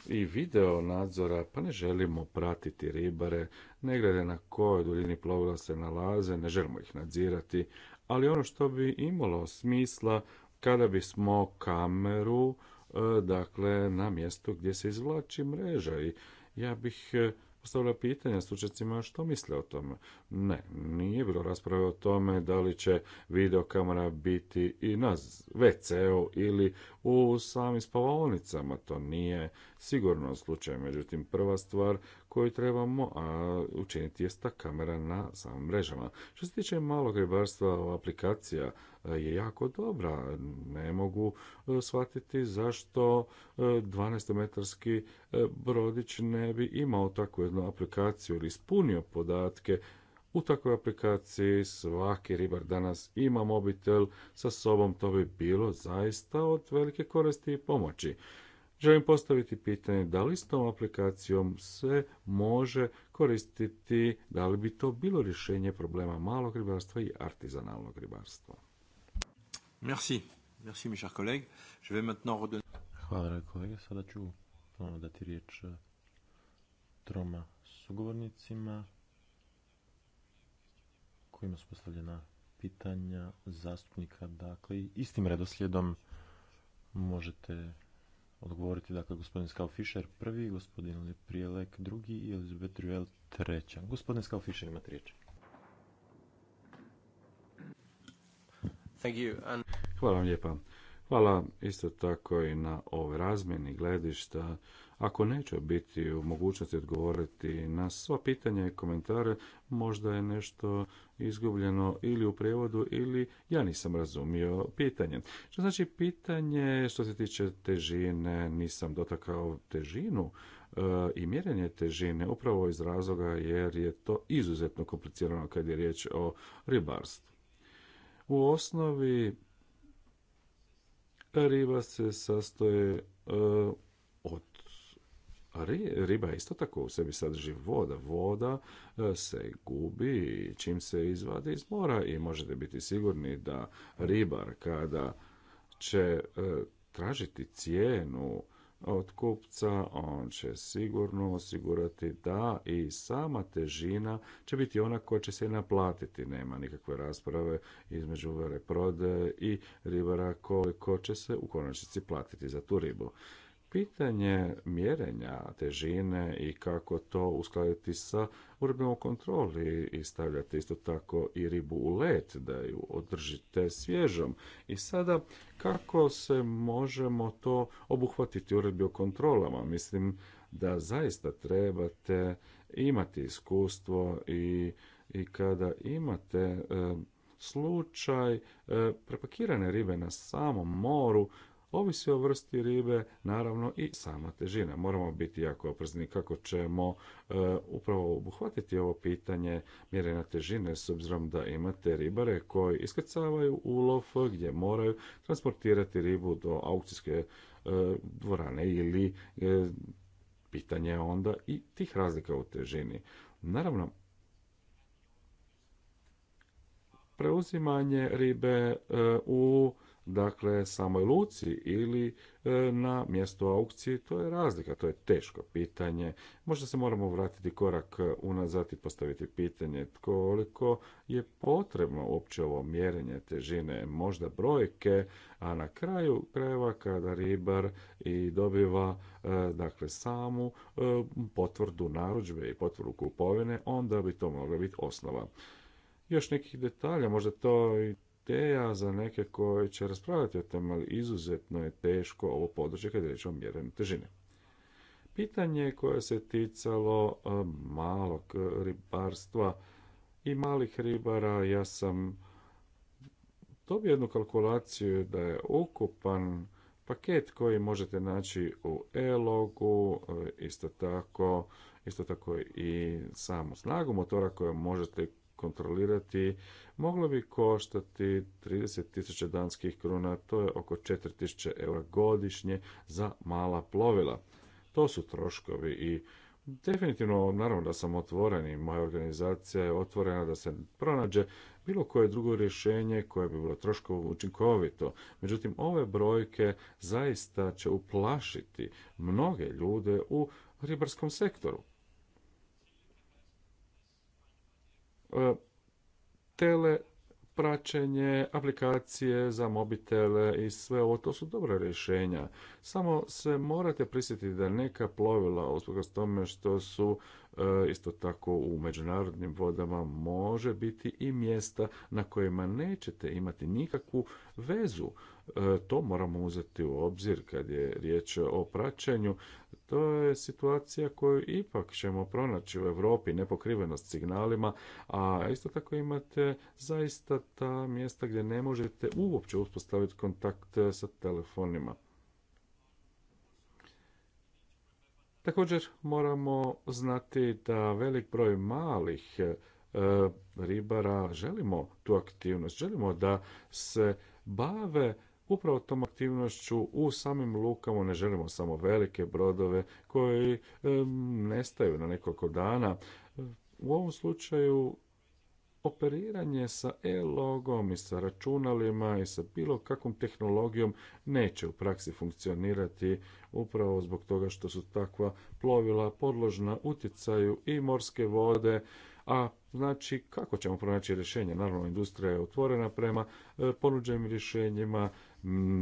i video nadzora, pa ne želimo pratiti ribare, ne glede na kojoj duljini plovila se nalaze, ne želimo ih nadzirati, ali ono što bi imalo smisla kada bismo kameru e, dakle na mjestu gdje se izvlači mreža i ja bih e, postavila pitanja stručnjacima što misle o tome. Ne, nije bilo rasprave o tome da li će videokamera biti i na WC-u ili u samim spavolnicama. To nije sigurno slučaj. Međutim, prva stvar koju trebamo a, učiniti je ta kamera na samim mrežama. Što se tiče malog ribarstva, aplikacija E, je jako dobra. Ne mogu e, shvatiti zašto 12-metarski e, brodić ne bi imao takvu jednu aplikaciju ili ispunio podatke u takvoj aplikaciji svaki ribar danas ima mobitel sa sobom, to bi bilo zaista od velike koristi i pomoći. Želim postaviti pitanje da li s tom aplikacijom se može koristiti, da li bi to bilo rješenje problema malog ribarstva i artizanalnog ribarstva. Merci. Merci, mes chers collègues. Je vais maintenant redonner... Hvala, kolege. Sada ću ponovno dati riječ eh, troma sugovornicima kojima su postavljena pitanja zastupnika. Dakle, istim redoslijedom možete odgovoriti. Dakle, gospodin Skal Fischer prvi, gospodin Prijelek drugi i Elizabeth Ruel treća. Gospodin Skal Fischer imate riječ. Hvala vam lijepa. Hvala isto tako i na ove razmjeni gledišta. Ako neću biti u mogućnosti odgovoriti na sva pitanja i komentare, možda je nešto izgubljeno ili u prijevodu ili ja nisam razumio pitanje. Što znači pitanje što se tiče težine, nisam dotakao težinu eh, i mjerenje težine upravo iz razloga jer je to izuzetno komplicirano kad je riječ o ribarstvu u osnovi riba se sastoje e, od riba isto tako u sebi sadrži voda. Voda e, se gubi čim se izvadi iz mora i možete biti sigurni da ribar kada će e, tražiti cijenu od kupca, on će sigurno osigurati da i sama težina će biti ona koja će se naplatiti. Nema nikakve rasprave između veleprodaje i ribara koliko će se u konačnici platiti za tu ribu. Pitanje mjerenja težine i kako to uskladiti sa uredbom o kontroli i stavljati isto tako i ribu u let da ju održite svježom. I sada kako se možemo to obuhvatiti uredbi o kontrolama? Mislim da zaista trebate imati iskustvo i, i kada imate e, slučaj e, prepakirane ribe na samom moru ovisi o vrsti ribe, naravno i sama težina. Moramo biti jako oprezni kako ćemo e, upravo obuhvatiti ovo pitanje mjerenja težine s obzirom da imate ribare koji iskrcavaju lov gdje moraju transportirati ribu do aukcijske e, dvorane ili e, pitanje onda i tih razlika u težini. Naravno, preuzimanje ribe u dakle samoj luci ili e, na mjestu aukcije, to je razlika, to je teško pitanje. Možda se moramo vratiti korak unazad i postaviti pitanje koliko je potrebno uopće ovo mjerenje težine, možda brojke, a na kraju krajeva kada ribar i dobiva e, dakle samu e, potvrdu narudžbe i potvrdu kupovine, onda bi to mogla biti osnova. Još nekih detalja, možda to i ideja za neke koji će raspravljati o tem, ali izuzetno je teško ovo područje kad je riječ o mjerenju težine. Pitanje koje se ticalo malog ribarstva i malih ribara, ja sam dobio jednu kalkulaciju da je ukupan paket koji možete naći u e-logu, e, isto tako, isto tako i samu snagu motora koju možete kontrolirati moglo bi koštati 30.000 danskih kruna, to je oko 4.000 eura godišnje za mala plovila. To su troškovi i definitivno, naravno da sam otvoren i moja organizacija je otvorena da se pronađe bilo koje drugo rješenje koje bi bilo troškovo učinkovito. Međutim, ove brojke zaista će uplašiti mnoge ljude u ribarskom sektoru. E, tele praćenje, aplikacije za mobitele i sve ovo, to su dobra rješenja. Samo se morate prisjetiti da neka plovila, usprkos tome što su E, isto tako u međunarodnim vodama može biti i mjesta na kojima nećete imati nikakvu vezu. E, to moramo uzeti u obzir kad je riječ o praćenju. To je situacija koju ipak ćemo pronaći u Europi, nepokrivenost signalima, a isto tako imate zaista ta mjesta gdje ne možete uopće uspostaviti kontakt sa telefonima. Također moramo znati da velik broj malih e, ribara želimo tu aktivnost, želimo da se bave upravo tom aktivnošću u samim lukama, ne želimo samo velike brodove koji e, nestaju na nekoliko dana. U ovom slučaju operiranje sa e-logom i sa računalima i sa bilo kakvom tehnologijom neće u praksi funkcionirati upravo zbog toga što su takva plovila podložna utjecaju i morske vode, a znači kako ćemo pronaći rješenje? Naravno, industrija je otvorena prema e, ponuđenim rješenjima,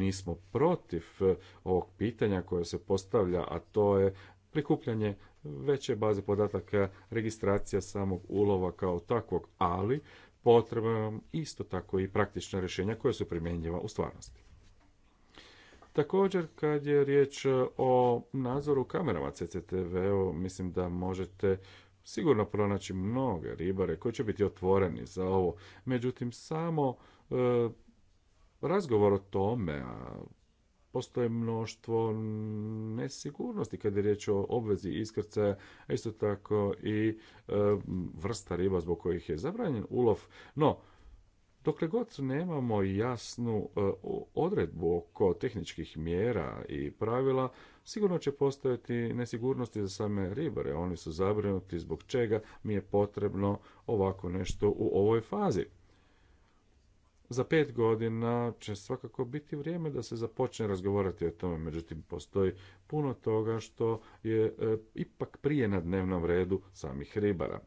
nismo protiv e, ovog pitanja koje se postavlja, a to je prikupljanje veće baze podataka, registracija samog ulova kao takvog, ali potrebno isto tako i praktična rješenja koja su primjenjiva u stvarnosti. Također, kad je riječ o nadzoru kamerama CCTV-u, mislim da možete sigurno pronaći mnoge ribare koji će biti otvoreni za ovo. Međutim, samo e, razgovor o tome, a postoje mnoštvo nesigurnosti kada je riječ o obvezi iskrcaja, a isto tako i e, vrsta riba zbog kojih je zabranjen ulov. No, Dokle god nemamo jasnu e, odredbu oko tehničkih mjera i pravila, sigurno će postojati nesigurnosti za same ribare. Oni su zabrinuti zbog čega mi je potrebno ovako nešto u ovoj fazi za pet godina će svakako biti vrijeme da se započne razgovarati o tome, međutim postoji puno toga što je e, ipak prije na dnevnom redu samih ribara.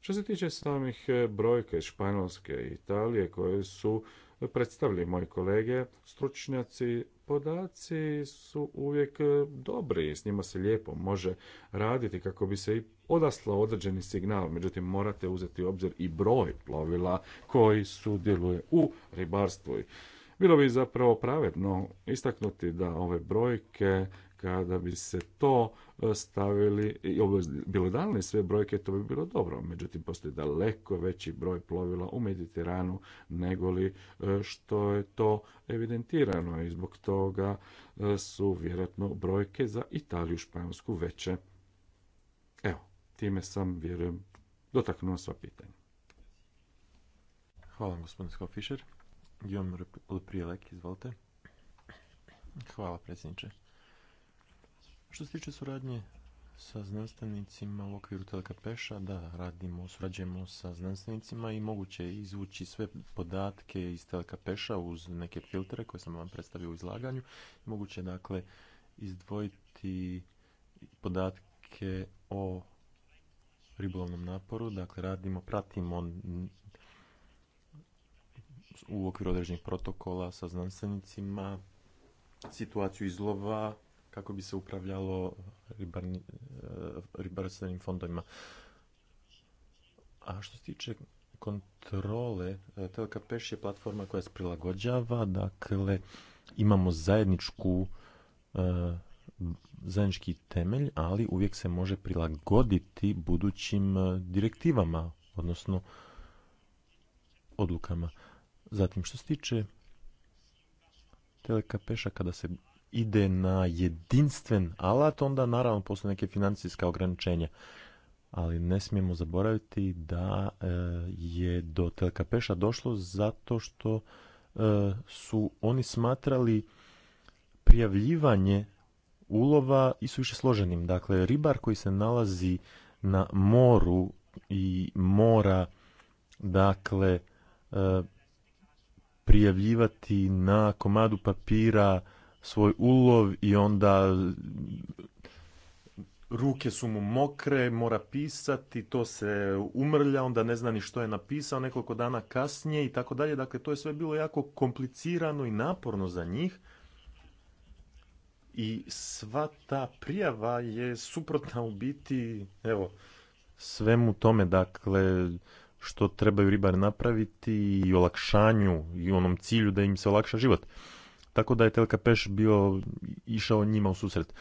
Što se tiče samih e, brojke Španjolske i Italije koje su e, predstavili moji kolege, stručnjaci podaci su uvijek e, dobri, s njima se lijepo može raditi kako bi se i odasla određeni signal, međutim morate uzeti obzir i broj plovila koji sudjeluje u ribarstvu. Bilo bi zapravo pravedno istaknuti da ove brojke kada bi se to e, stavili i dalje sve brojke, to bi bilo dobro. Međutim, postoji daleko veći broj plovila u Mediteranu nego li e, što je to evidentirano i zbog toga e, su vjerojatno brojke za Italiju i Španjolsku veće. Evo, time sam, vjerujem, dotaknuo sva pitanja. Hvala vam, gospodin Skofišer. Jom izvolite. Hvala, predsjedniče. Što se tiče suradnje sa znanstvenicima u okviru Telka Peša, da, radimo, surađujemo sa znanstvenicima i moguće je izvući sve podatke iz Telka Peša uz neke filtere koje sam vam predstavio u izlaganju. Moguće je, dakle, izdvojiti podatke o ribolovnom naporu, dakle, radimo, pratimo u okviru određenih protokola sa znanstvenicima, situaciju izlova, kako bi se upravljalo e, ribarstvenim fondovima. A što se tiče kontrole, e, Teleka Peš je platforma koja se prilagođava, dakle imamo zajedničku e, zajednički temelj, ali uvijek se može prilagoditi budućim direktivama, odnosno odlukama. Zatim, što se tiče teleka peša, kada se ide na jedinstven alat, onda naravno postoje neke financijska ograničenja. Ali ne smijemo zaboraviti da e, je do Telkapeša došlo zato što e, su oni smatrali prijavljivanje ulova i su više složenim. Dakle, ribar koji se nalazi na moru i mora dakle e, prijavljivati na komadu papira svoj ulov i onda ruke su mu mokre, mora pisati, to se umrlja, onda ne zna ni što je napisao nekoliko dana kasnije i tako dalje. Dakle, to je sve bilo jako komplicirano i naporno za njih. I sva ta prijava je suprotna u biti, evo, svemu tome, dakle, što trebaju ribari napraviti i olakšanju i onom cilju da im se olakša život tako da je Telkapeš bio išao njima u susret.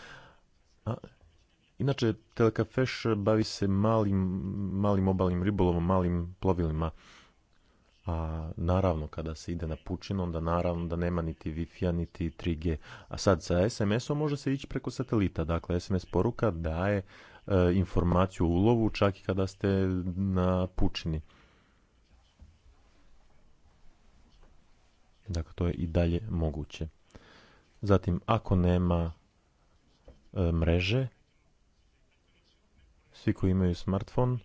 A, inače, Telkapeš bavi se malim, malim obalnim ribolovom, malim plovilima. A naravno, kada se ide na pučinu, onda naravno da nema niti wi niti 3G. A sad, sa SMS-om može se ići preko satelita. Dakle, SMS poruka daje e, informaciju o ulovu čak i kada ste na pučini. Dakle, to je i dalje moguće. Zatim, ako nema e, mreže, svi koji imaju smartphone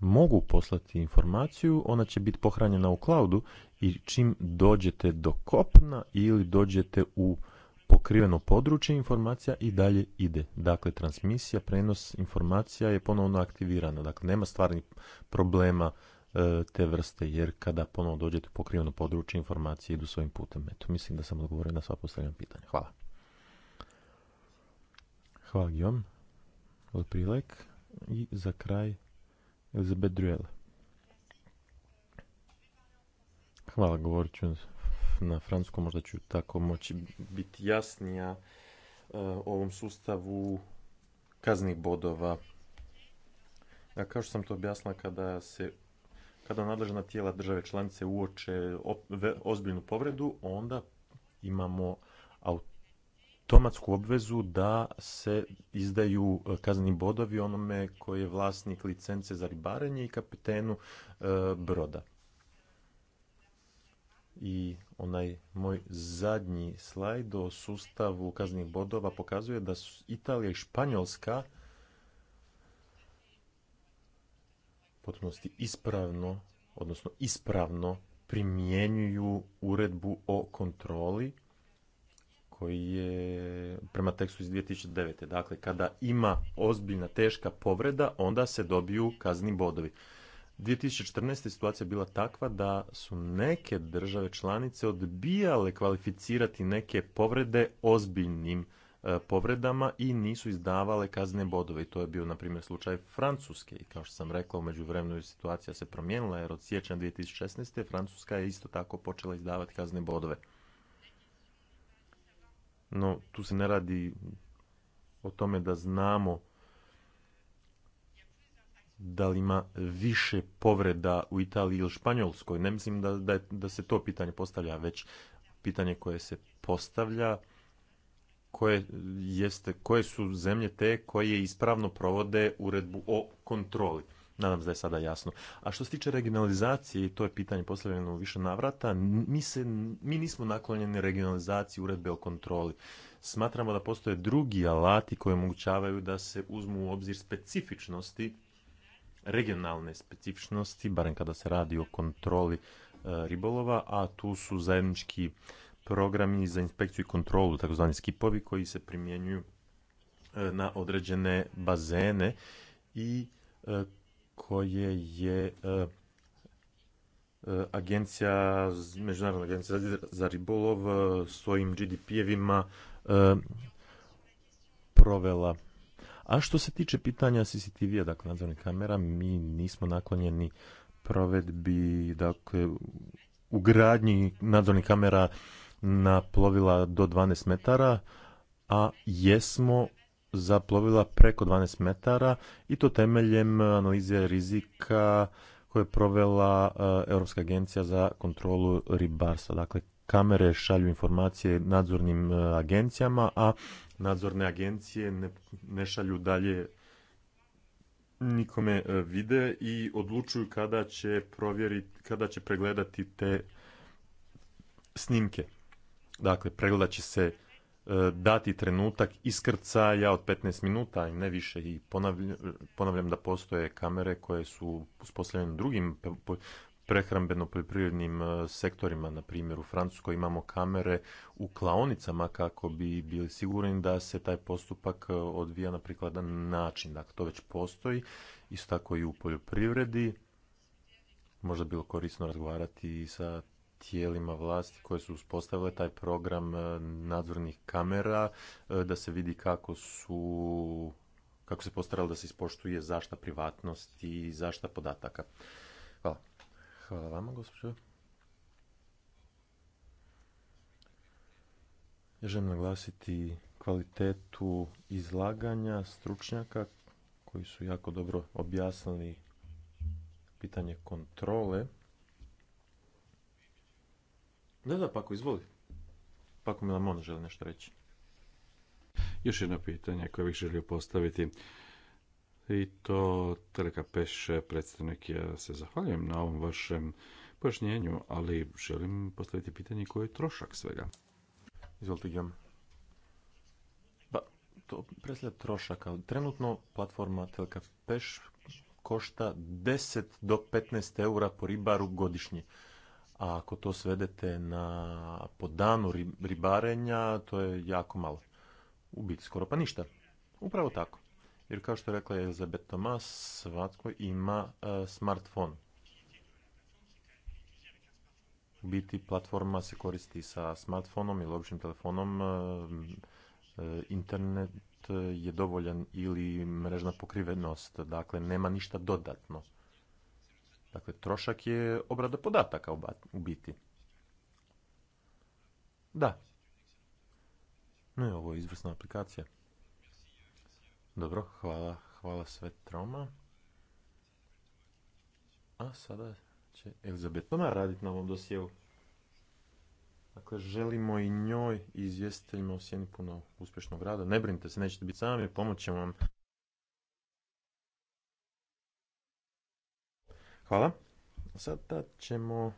mogu poslati informaciju, ona će biti pohranjena u cloudu i čim dođete do kopna ili dođete u pokriveno područje, informacija i dalje ide. Dakle, transmisija, prenos informacija je ponovno aktivirana. Dakle, nema stvarnih problema E, te vrste, jer kada ponovo dođete u pokriveno područje, informacije idu svojim putem. Eto, mislim da sam odgovorio na sva postavljena pitanja. Hvala. Hvala Gijom. Prilek. I za kraj Elizabeth Druel. Hvala, govorit ću na francuskom, možda ću tako moći biti jasnija e, o ovom sustavu kaznih bodova. A kao što sam to objasnila kada se kada nadležna tijela države članice uoče ozbiljnu povredu, onda imamo automatsku obvezu da se izdaju e, kazni bodovi onome koji je vlasnik licence za ribarenje i kapitenu e, broda. I onaj moj zadnji slajd o sustavu kaznih bodova pokazuje da su Italija i Španjolska potpunosti ispravno, odnosno ispravno primjenjuju uredbu o kontroli koji je prema tekstu iz 2009. Dakle, kada ima ozbiljna teška povreda, onda se dobiju kazni bodovi. 2014. situacija je bila takva da su neke države članice odbijale kvalificirati neke povrede ozbiljnim E, povredama i nisu izdavale kazne bodove. I to je bio, na primjer, slučaj Francuske. I kao što sam rekao, u vremenu situacija se promijenila, jer od siječnja 2016. Francuska je isto tako počela izdavati kazne bodove. No, tu se ne radi o tome da znamo da li ima više povreda u Italiji ili Španjolskoj. Ne mislim da se to pitanje postavlja, već pitanje koje se postavlja koje, jeste, koje su zemlje te koje ispravno provode uredbu o kontroli. Nadam se da je sada jasno. A što se tiče regionalizacije, i to je pitanje postavljeno u više navrata, mi, se, mi nismo naklonjeni regionalizaciji uredbe o kontroli. Smatramo da postoje drugi alati koji omogućavaju da se uzmu u obzir specifičnosti, regionalne specifičnosti, barem kada se radi o kontroli e, ribolova, a tu su zajednički programi za inspekciju i kontrolu, takozvani skipovi, koji se primjenjuju e, na određene bazene i e, koje je e, agencija, Međunarodna agencija za ribolov svojim GDP-evima provela. A što se tiče pitanja CCTV-a, dakle nadzornih kamera, mi nismo naklonjeni provedbi, dakle, ugradnji nadzornih kamera na plovila do 12 metara, a jesmo za plovila preko 12 metara i to temeljem analize rizika koje je provela e, Europska agencija za kontrolu ribarstva. Dakle, kamere šalju informacije nadzornim e, agencijama, a nadzorne agencije ne, ne šalju dalje nikome e, vide i odlučuju kada će provjeriti, kada će pregledati te snimke. Dakle, pregledat će se e, dati trenutak iskrcaja od 15 minuta i ne više i ponavljam, da postoje kamere koje su uspostavljene drugim prehrambeno poljoprivrednim e, sektorima na primjer u Francuskoj imamo kamere u klaonicama kako bi bili sigurni da se taj postupak e, odvija na prikladan način dakle to već postoji isto tako i u poljoprivredi možda bilo korisno razgovarati i sa tijelima vlasti koje su uspostavile taj program e, nadzornih kamera e, da se vidi kako su kako se postaralo da se ispoštuje zašta privatnosti i zašta podataka. Hvala. Hvala vama, gospođo. Ja želim naglasiti kvalitetu izlaganja stručnjaka koji su jako dobro objasnili pitanje kontrole da, da, ako izvoli. Pako Milamon želi nešto reći. Još jedno pitanje koje bih želio postaviti. I to Teleka peše predstavnik, ja se zahvaljujem na ovom vašem pojašnjenju, ali želim postaviti pitanje koji je trošak svega. Izvolite, Gijom. Pa, to predstavlja trošak, ali trenutno platforma Teleka Peš košta 10 do 15 eura po ribaru godišnje a ako to svedete na po danu ribarenja, to je jako malo. U biti skoro pa ništa. Upravo tako. Jer kao što je rekla Elizabeth Thomas, svatko ima e, smartfon. U biti platforma se koristi sa smartfonom ili običnim telefonom. E, e, internet je dovoljan ili mrežna pokrivenost. Dakle, nema ništa dodatno. Dakle, trošak je obrada podataka u biti. Da. Ne, ovo je izvrsna aplikacija. Dobro, hvala. Hvala sve troma. A sada će Elizabetona raditi na ovom dosjeu. Dakle, želimo i njoj izvjestiteljima u sjeni puno uspješnog rada. Ne brinite se, nećete biti sami, pomoćemo vam. Hvala. Sada ćemo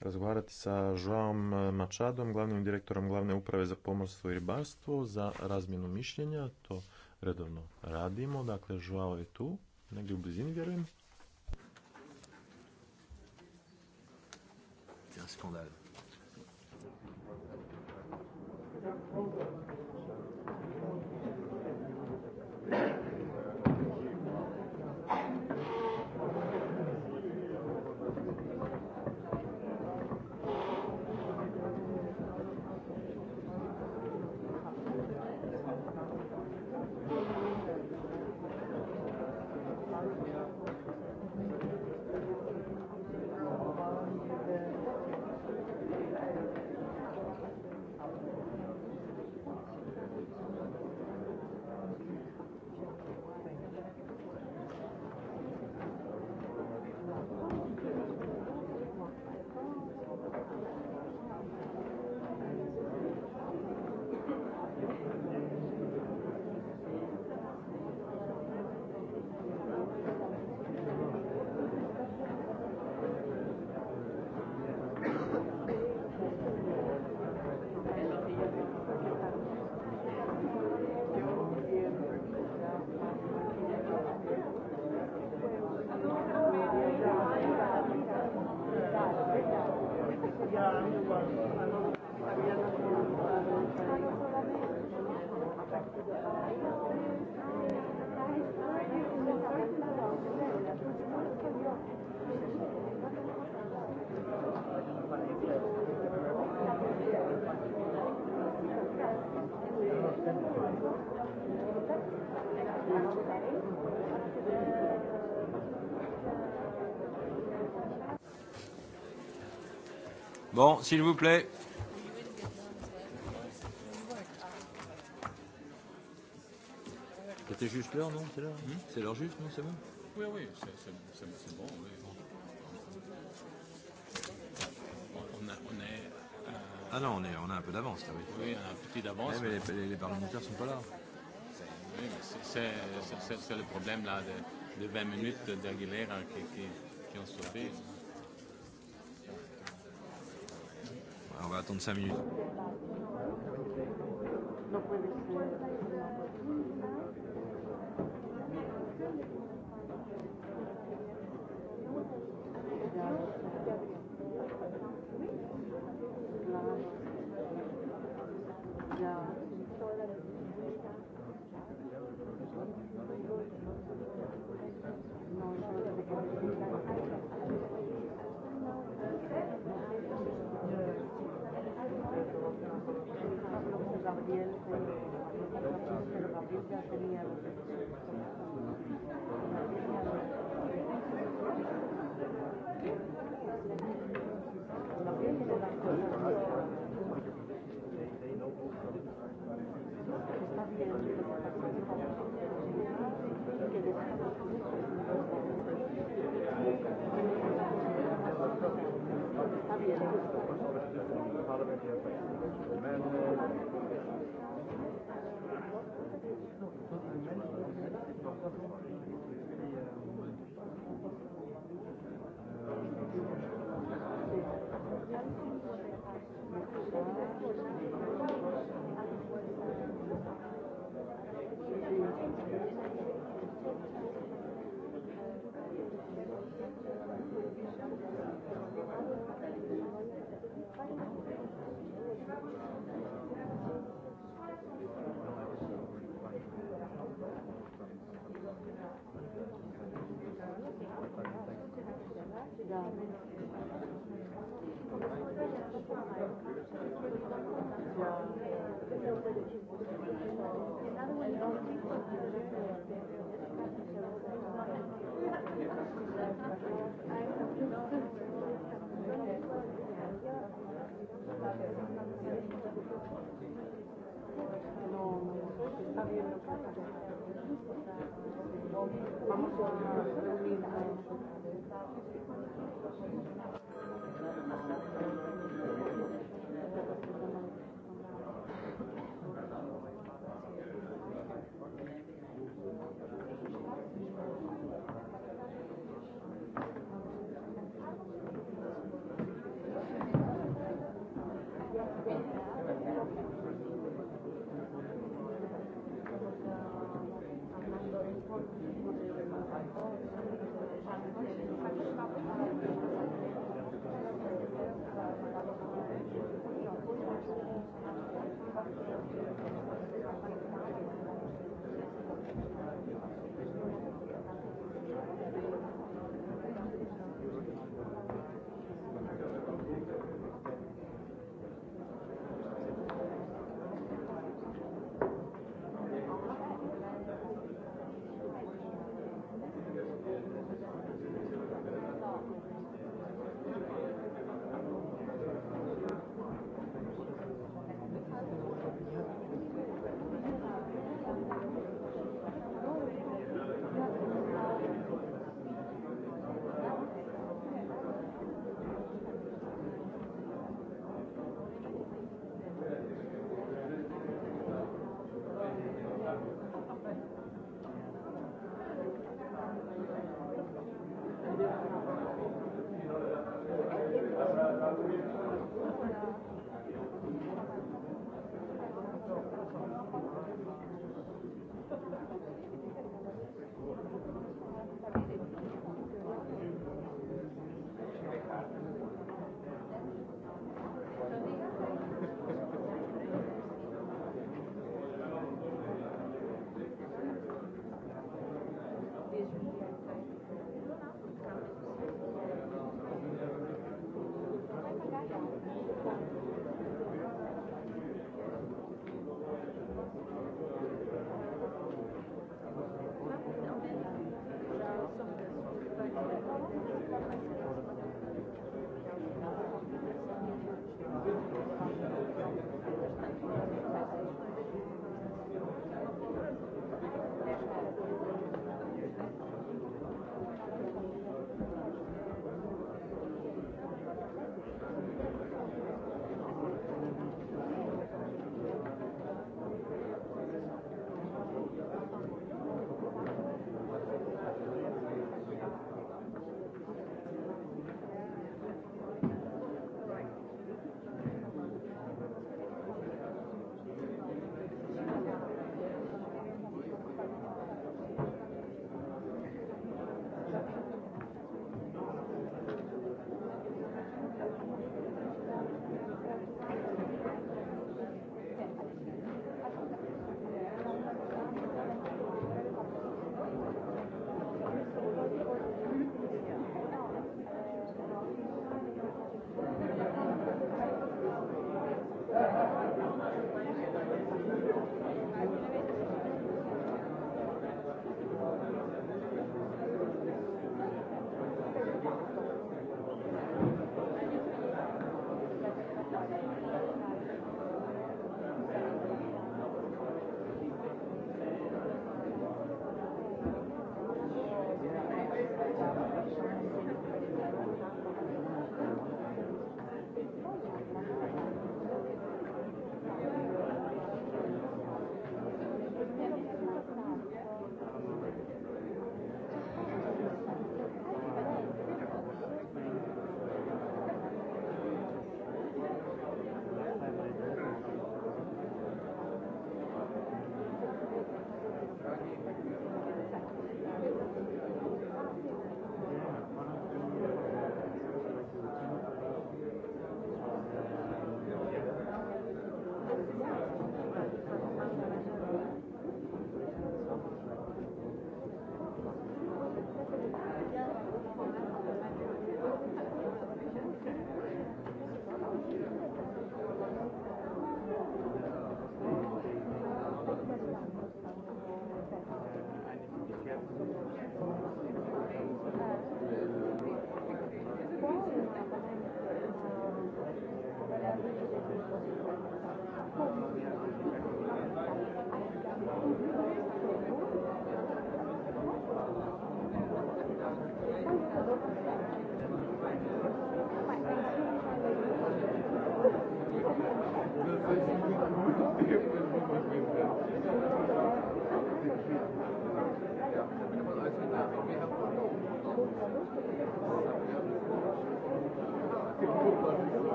razgovarati sa Joaom Mačadom, glavnim direktorom glavne uprave za pomorstvo i ribarstvo za razmjenu mišljenja. To redovno radimo. Dakle, Joao je tu, negdje u blizini, vjerujem. Tiens, Bon, s'il vous plaît. C'était juste l'heure, non C'est l'heure hum C'est l'heure juste, non C'est bon Oui, oui, c'est bon. Oui. On, a, on est. Euh... Ah non, on, est, on a un peu d'avance, là, oui. Oui, on a un petit d'avance. Eh, mais, mais les, les, les, parlementaires sont pas là. Oui, mais c'est le problème, là, de, de 20 minutes d'Aguilera qui, qui, qui ont Là. On va attendre 5 minutes. Yeah. auto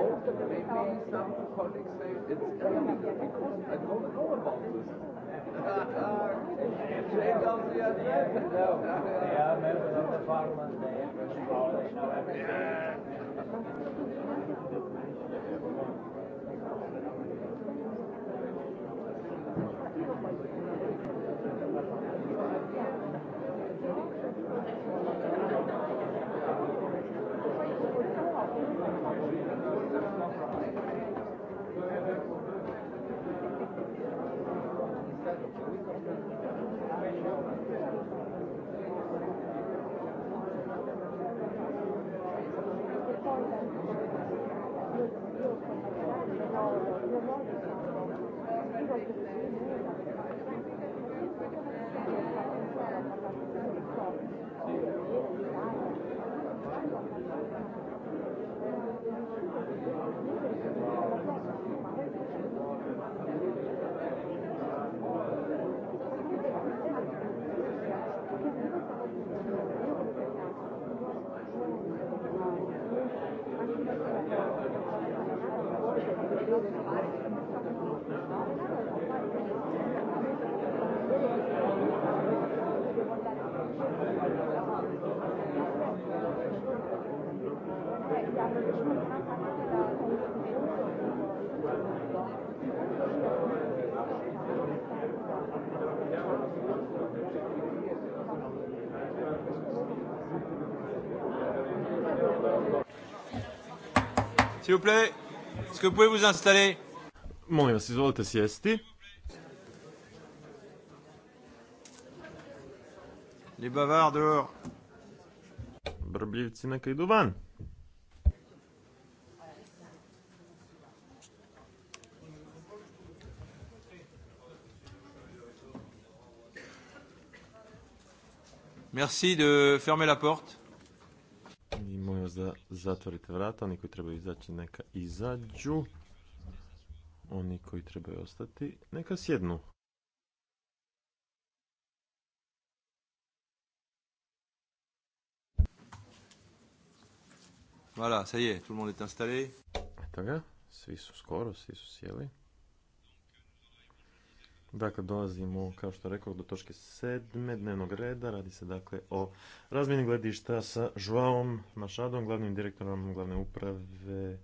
most of maybe some colleagues say it's illegal because I don't know about this. They don't see it. No. They are members of the parliament. They have know everything. S'il vous plaît, est-ce que vous pouvez vous installer Molim vas, izvolite sjesti. Les bavards dehors. Brbljivci neka idu van. Merci de fermer la porte za zatvorite vrata, oni koji trebaju izaći neka izađu, oni koji trebaju ostati neka sjednu. Voilà, ça y est, tout le monde est installé. Eto ga, svi su skoro, svi su sjeli. Dakle, dolazimo, kao što rekao, do točke sedme dnevnog reda. Radi se dakle o razmjeni gledišta sa žvavom Mašadom, glavnim direktorom glavne uprave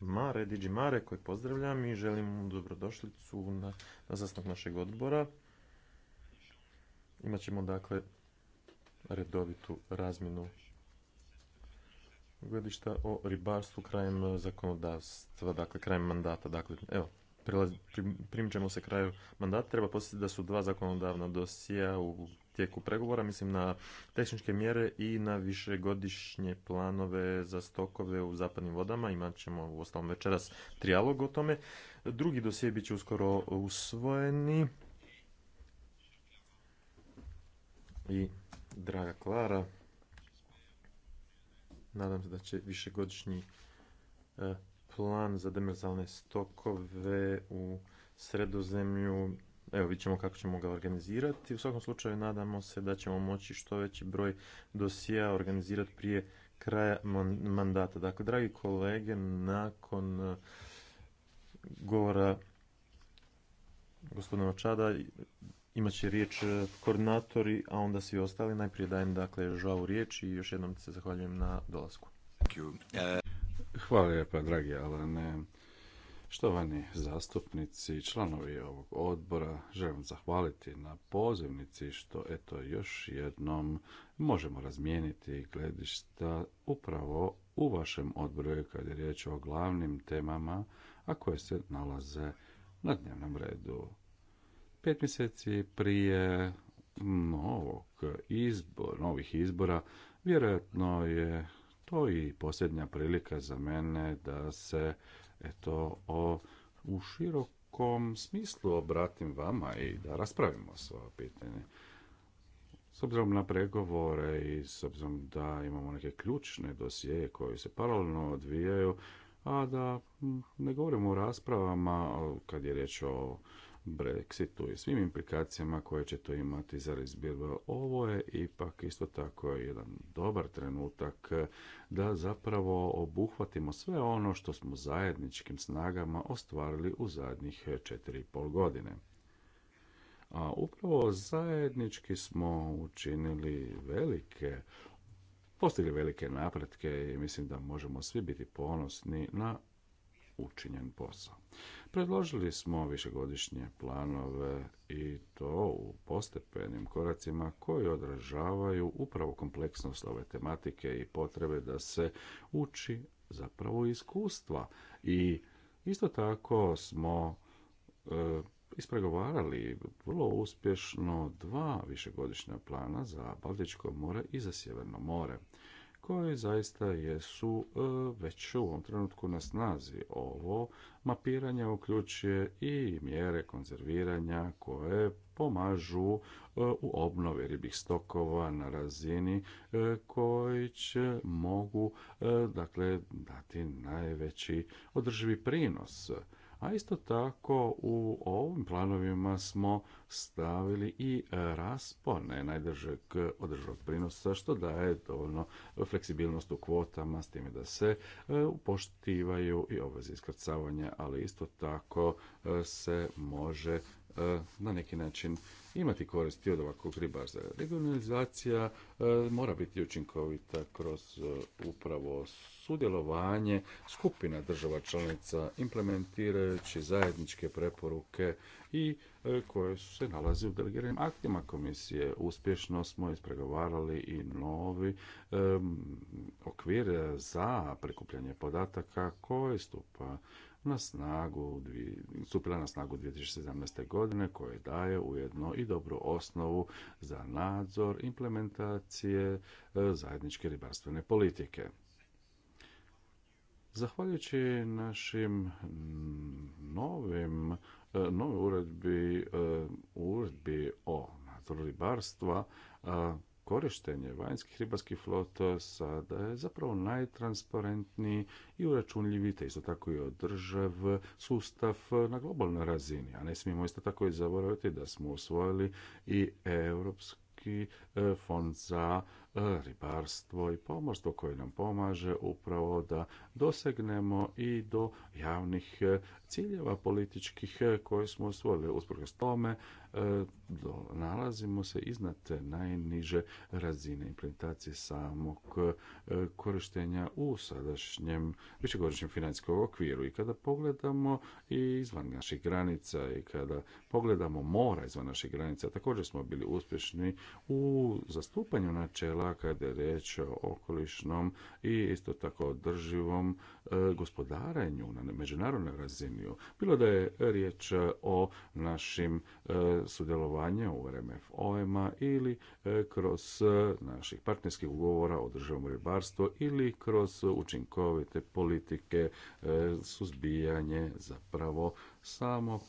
Mare, Digi Mare, koji pozdravljam i želim mu dobrodošlicu na, na našeg odbora. Imaćemo dakle redovitu razmjenu gledišta o ribarstvu krajem zakonodavstva, dakle krajem mandata. Dakle, evo, primit ćemo se kraju mandata. Treba posjetiti da su dva zakonodavna dosija u tijeku pregovora, mislim na tehničke mjere i na višegodišnje planove za stokove u zapadnim vodama. Imat ćemo u ostalom večeras trijalog o tome. Drugi dosije bit će uskoro usvojeni. I draga Klara, nadam se da će višegodišnji eh, plan za demerzalne stokove u sredozemlju. Evo, vidjet ćemo kako ćemo ga organizirati. U svakom slučaju, nadamo se da ćemo moći što veći broj dosija organizirati prije kraja mandata. Dakle, dragi kolege, nakon e, govora gospodina Čada, imat će riječ e, koordinatori, a onda svi ostali. Najprije dajem dakle žavu riječ i još jednom se zahvaljujem na dolasku. E, Hvala lijepa, dragi Alane. Štovani zastupnici, članovi ovog odbora, želim zahvaliti na pozivnici što eto još jednom možemo razmijeniti gledišta upravo u vašem odboru kad je riječ o glavnim temama, a koje se nalaze na dnevnom redu. Pet mjeseci prije novog izbor novih izbora, vjerojatno je to i posljednja prilika za mene da se eto o, u širokom smislu obratim vama i da raspravimo svoje pitanje. S obzirom na pregovore i s obzirom da imamo neke ključne dosije koje se paralelno odvijaju, a da ne govorimo o raspravama kad je riječ o Brexitu i svim implikacijama koje će to imati za Rezbirva. Ovo je ipak isto tako jedan dobar trenutak da zapravo obuhvatimo sve ono što smo zajedničkim snagama ostvarili u zadnjih 4,5 godine. A upravo zajednički smo učinili velike postigli velike napretke i mislim da možemo svi biti ponosni na učinjen posao. Predložili smo višegodišnje planove i to u postepenim koracima koji odražavaju upravo kompleksnost ove tematike i potrebe da se uči zapravo iskustva. I isto tako smo e, ispregovarali vrlo uspješno dva višegodišnja plana za Baltičko more i za Sjeverno more koji zaista jesu e, već u ovom trenutku na snazi. Ovo mapiranje uključuje i mjere konzerviranja koje pomažu e, u obnovi ribih stokova na razini e, koji će mogu dakle dati najveći održivi prinos a isto tako u ovim planovima smo stavili i raspone najdržeg održavog prinosa što daje dovoljno fleksibilnost u kvotama s time da se upoštivaju e, i obveze iskrcavanja, ali isto tako e, se može e, na neki način imati koristi od ovakvog ribarstva. Regionalizacija e, mora biti učinkovita kroz e, upravo sudjelovanje skupina država članica implementirajući zajedničke preporuke i e, koje su se nalaze u delegiranim aktima komisije. Uspješno smo ispregovarali i novi okvir za prikupljanje podataka koje stupa na snagu, stupila na snagu 2017. godine koje daje ujedno i dobru osnovu za nadzor implementacije e, zajedničke ribarstvene politike. Zahvaljujući našim novim, e, novoj uredbi, e, uredbi o nadzoru ribarstva, korištenje vanjskih ribarskih flota sada je zapravo najtransparentniji i uračunljiviji, te isto tako i održav sustav na globalnoj razini. A ne smijemo isto tako i zaboraviti da smo usvojili i europski eh, fond za ribarstvo i pomorstvo koje nam pomaže upravo da dosegnemo i do javnih e, ciljeva političkih e, koje smo osvojili. Usprkos tome e, nalazimo se iznad najniže razine implementacije samog korištenja u sadašnjem višegodišnjem financijskom okviru. I kada pogledamo i izvan naših granica i kada pogledamo mora izvan naših granica, također smo bili uspješni u zastupanju načela kada je riječ o okolišnom i isto tako održivom e, gospodarenju na međunarodnoj razini. Bilo da je riječ o našim e, sudjelovanjem u RMF-ovima ili e, kroz naših partnerskih ugovora o državnom ribarstvu ili kroz učinkovite politike suzbijanje zapravo samog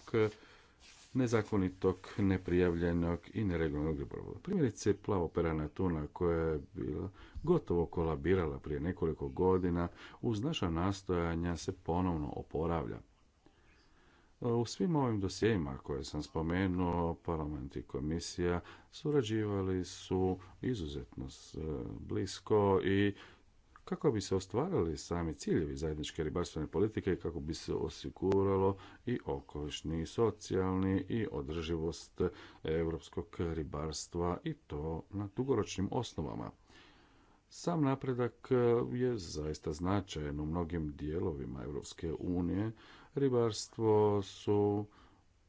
nezakonitog, neprijavljenog i neregularnog ribolova. Primjerice, plavoperana tuna koja je bila gotovo kolabirala prije nekoliko godina, uz naša nastojanja se ponovno oporavlja. U svim ovim dosjejima koje sam spomenuo, parlament i komisija surađivali su izuzetno e, blisko i kako bi se ostvarili sami ciljevi zajedničke ribarstvene politike kako bi se osiguralo i okolišni i socijalni i održivost europskog ribarstva i to na dugoročnim osnovama. Sam napredak je zaista značajan u mnogim dijelovima Europske unije. Ribarstvo su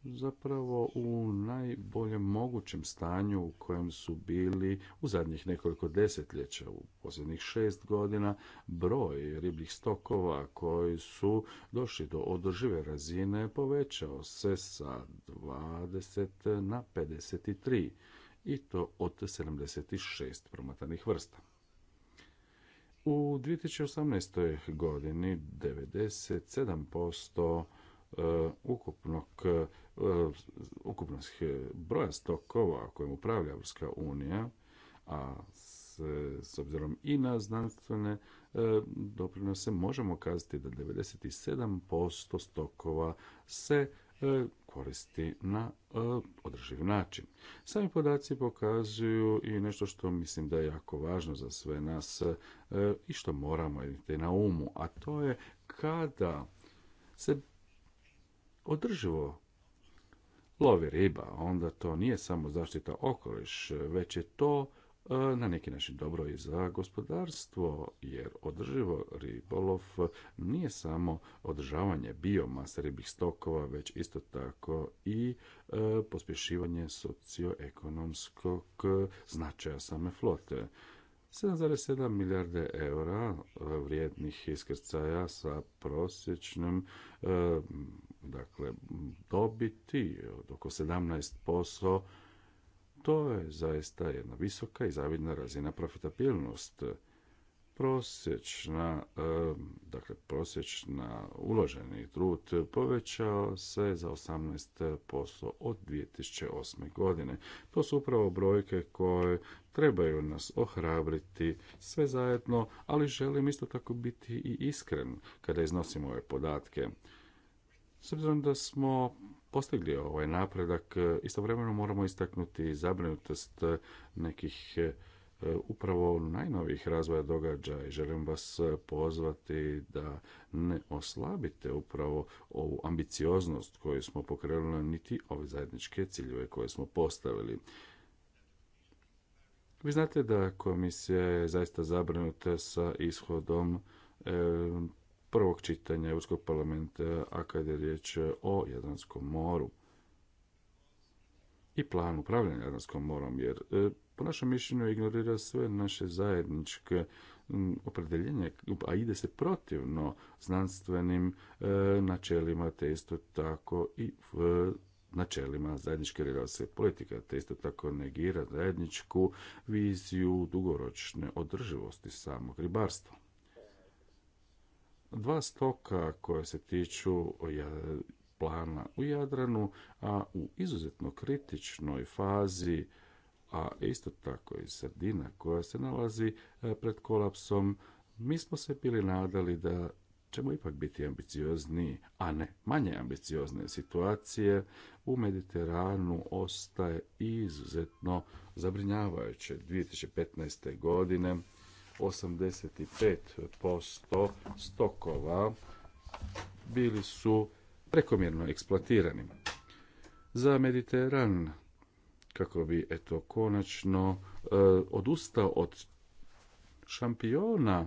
zapravo u najboljem mogućem stanju u kojem su bili u zadnjih nekoliko desetljeća, u posljednjih šest godina, broj ribljih stokova koji su došli do održive razine povećao se sa 20 na 53 i to od 76 promatanih vrsta. U 2018. godini 97% E, ukupnog e, ukupnog broja stokova kojim upravlja Evropska unija, a s, obzirom i na znanstvene e, doprinose možemo kazati da 97% stokova se koristi na održiv način. Sami podaci pokazuju i nešto što mislim da je jako važno za sve nas i što moramo imati na umu, a to je kada se održivo lovi riba, onda to nije samo zaštita okoliš, već je to e, na neki način dobro i za gospodarstvo, jer održivo ribolov nije samo održavanje biomasa ribih stokova, već isto tako i e, pospješivanje socioekonomskog značaja same flote. 7,7 milijarde eura vrijednih iskrcaja sa prosječnom e, dakle, dobiti od oko 17%, to je zaista jedna visoka i zavidna razina profitabilnost. Prosječna, dakle, prosječna uloženi trud povećao se za 18% od 2008. godine. To su upravo brojke koje trebaju nas ohrabriti sve zajedno, ali želim isto tako biti i iskren kada iznosimo ove podatke. S obzirom da smo postigli ovaj napredak, e, istovremeno moramo istaknuti zabrinutost e, nekih e, upravo najnovijih razvoja događaja i želim vas pozvati da ne oslabite upravo ovu ambicioznost koju smo pokrenuli, niti ove zajedničke ciljeve koje smo postavili. Vi znate da komisija je zaista zabrinuta sa ishodom prvog čitanja Europskog parlamenta, a kada je riječ o Jadranskom moru i plan upravljanja Jadranskom morom, jer e, po našem mišljenju ignorira sve naše zajedničke opredeljenje, a ide se protivno znanstvenim e, načelima, te isto tako i načelima zajedničke ribarske politike, te isto tako negira zajedničku viziju dugoročne održivosti samog ribarstva dva stoka koja se tiču plana u Jadranu, a u izuzetno kritičnoj fazi, a isto tako i sredina koja se nalazi e, pred kolapsom, mi smo se bili nadali da ćemo ipak biti ambiciozniji, a ne manje ambiciozne situacije u Mediteranu ostaje izuzetno zabrinjavajuće. 2015. godine 85% stokova bili su prekomjerno eksploatirani. Za Mediteran, kako bi eto konačno e, odustao od šampiona e,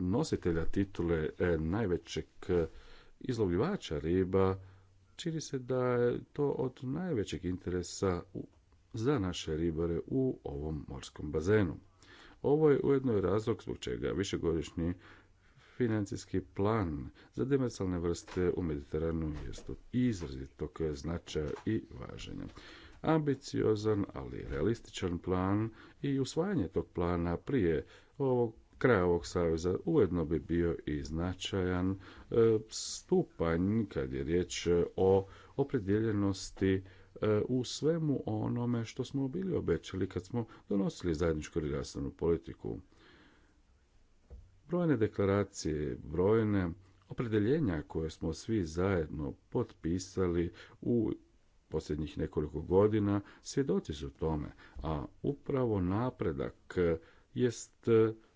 nositelja titule e, najvećeg izlovljivača riba, čini se da je to od najvećeg interesa za naše ribare u ovom morskom bazenu. Ovo je ujedno i razlog zbog čega višegodišnji financijski plan za demersalne vrste u Mediteranu je izrazito izrazitog značaja i važenja. Ambiciozan, ali realističan plan i usvajanje tog plana prije ovog kraja ovog saveza ujedno bi bio i značajan e, stupanj kad je riječ o opredjeljenosti E, u svemu onome što smo bili obećali kad smo donosili zajedničku ribarstvenu politiku. Brojne deklaracije, brojne opredeljenja koje smo svi zajedno potpisali u posljednjih nekoliko godina svjedoci su tome, a upravo napredak jest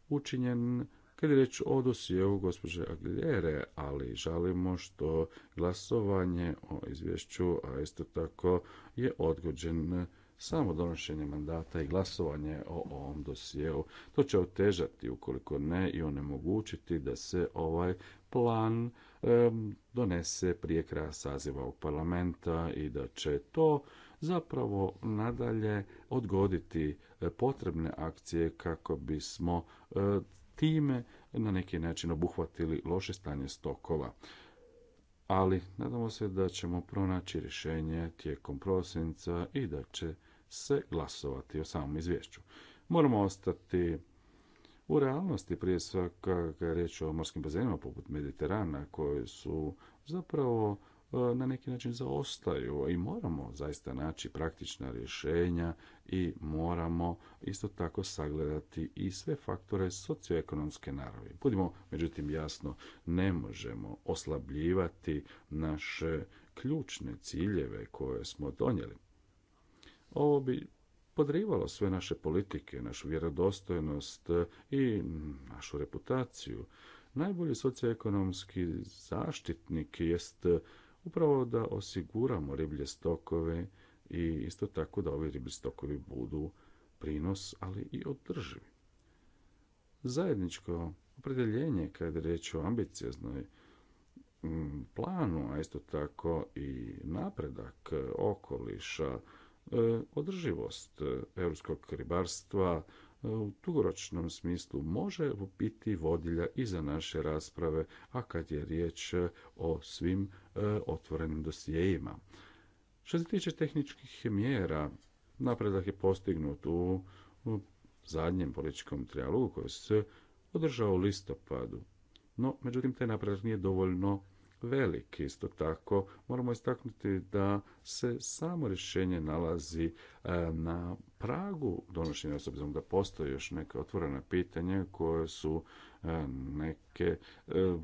učinjen kad je reč o dosijevu gospođe Agljere, ali žalimo što glasovanje o izvješću, a isto tako je odgođen samo donošenje mandata i glasovanje o ovom dosijevu. To će otežati, ukoliko ne, i onemogućiti da se ovaj plan donese prije kraja saziva u parlamenta i da će to zapravo nadalje odgoditi e, potrebne akcije kako bismo e, time na neki način obuhvatili loše stanje stokova. Ali nadamo se da ćemo pronaći rješenje tijekom prosinca i da će se glasovati o samom izvješću. Moramo ostati u realnosti prije svega kada je riječ o morskim bazenima poput Mediterana koje su zapravo na neki način zaostaju i moramo zaista naći praktična rješenja i moramo isto tako sagledati i sve faktore socioekonomske naravi. Budimo, međutim, jasno, ne možemo oslabljivati naše ključne ciljeve koje smo donijeli. Ovo bi podrivalo sve naše politike, našu vjerodostojnost i našu reputaciju. Najbolji socioekonomski zaštitnik jest upravo da osiguramo riblje stokove i isto tako da ovi riblji stokovi budu prinos, ali i održivi. Zajedničko opredeljenje, kada je riječ o ambicioznoj mm, planu, a isto tako i napredak okoliša, e, održivost e, europskog ribarstva, E, u dugoročnom smislu može biti vodilja i za naše rasprave, a kad je riječ e, o svim e, otvorenim dosijejima. Što se tiče tehničkih mjera, napredak je postignut u zadnjem političkom trijalogu koji se održao u listopadu. No, međutim, taj napredak nije dovoljno velik. Isto tako moramo istaknuti da se samo rješenje nalazi na pragu donošenja, s obzirom da postoje još neka otvorena pitanja koje su e, neke, e,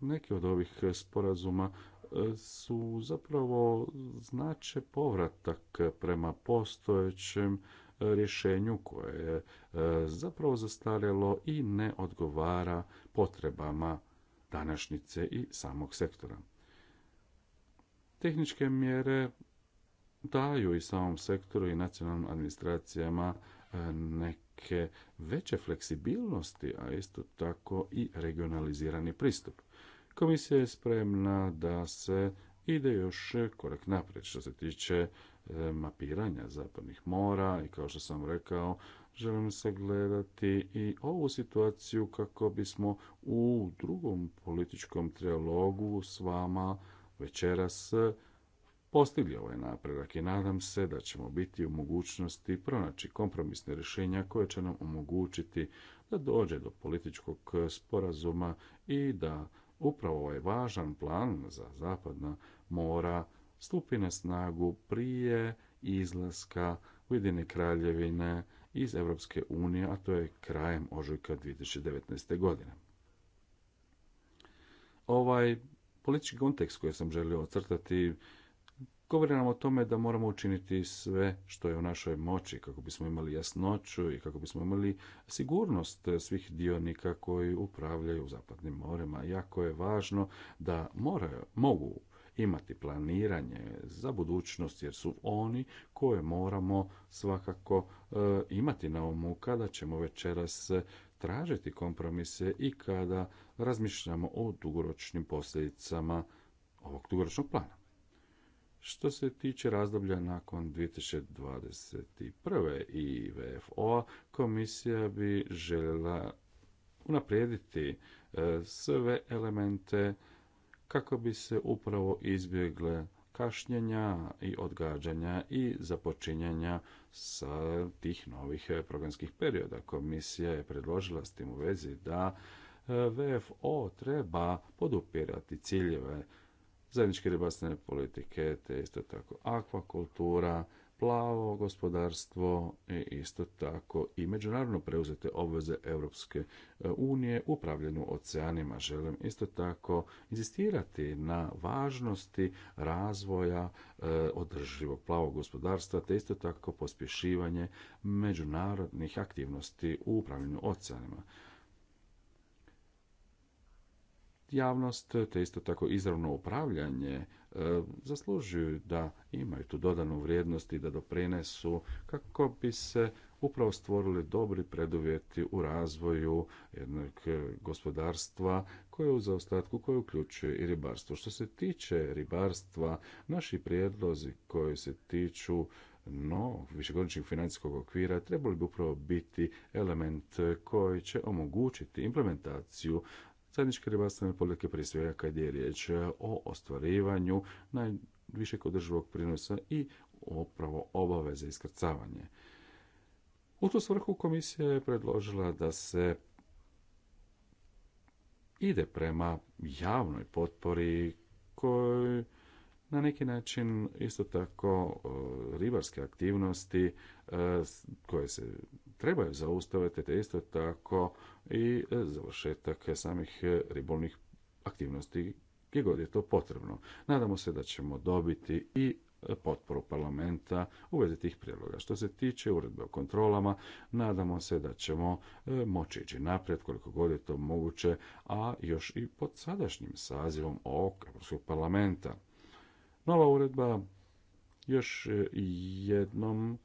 neke od ovih sporazuma e, su zapravo znače povratak prema postojećem rješenju koje je zapravo zastarjelo i ne odgovara potrebama današnjice i samog sektora. Tehničke mjere daju i samom sektoru i nacionalnim administracijama e, neke veće fleksibilnosti, a isto tako i regionalizirani pristup. Komisija je spremna da se ide još korak naprijed što se tiče e, mapiranja zapadnih mora i kao što sam rekao, želim gledati i ovu situaciju kako bismo u drugom političkom trialogu s vama večeras postigli ovaj napredak i nadam se da ćemo biti u mogućnosti pronaći kompromisne rješenja koje će nam omogućiti da dođe do političkog sporazuma i da upravo ovaj važan plan za zapadna mora stupi na snagu prije izlaska Ujedine kraljevine iz Europske unije, a to je krajem ožujka 2019. godine. Ovaj politički kontekst koji sam želio ocrtati govori nam o tome da moramo učiniti sve što je u našoj moći kako bismo imali jasnoću i kako bismo imali sigurnost svih dionika koji upravljaju zapadnim morema. Jako je važno da moraju, mogu imati planiranje za budućnost jer su oni koje moramo svakako e, imati na umu kada ćemo večeras tražiti kompromise i kada razmišljamo o dugoročnim posljedicama ovog dugoročnog plana. Što se tiče razdoblja nakon 2021. i VFO, komisija bi željela unaprijediti e, sve elemente kako bi se upravo izbjegle kašnjenja i odgađanja i započinjanja sa tih novih e, programskih perioda. Komisija je predložila s tim u vezi da e, VFO treba podupirati ciljeve zajedničke ribarstvene politike, te isto tako akvakultura, plavo gospodarstvo i isto tako i međunarodno preuzete obveze Europske e, unije u upravljanju oceanima. Želim isto tako insistirati na važnosti razvoja e, održivog plavog gospodarstva te isto tako pospješivanje međunarodnih aktivnosti u upravljanju oceanima javnost, te isto tako izravno upravljanje e, zaslužuju da imaju tu dodanu vrijednost i da doprinesu kako bi se upravo stvorili dobri preduvjeti u razvoju jednog e, gospodarstva koje je u zaostatku koje uključuje i ribarstvo. Što se tiče ribarstva, naši prijedlozi koji se tiču no, višegodišnjeg financijskog okvira trebali bi upravo biti element koji će omogućiti implementaciju zajedničke ribarstvene politike prije svega kad je riječ o ostvarivanju najvišeg održivog prinosa i upravo obaveze iskrcavanje. U tu svrhu komisija je predložila da se ide prema javnoj potpori kojoj na neki način isto tako e, ribarske aktivnosti e, koje se trebaju zaustaviti, te isto tako i e, završetak samih ribolnih aktivnosti gdje god je to potrebno. Nadamo se da ćemo dobiti i potporu parlamenta u vezi tih prijedloga. Što se tiče uredbe o kontrolama, nadamo se da ćemo moći ići naprijed koliko god je to moguće, a još i pod sadašnjim sazivom ovog Europskog parlamenta. Nova uredba još e, jednom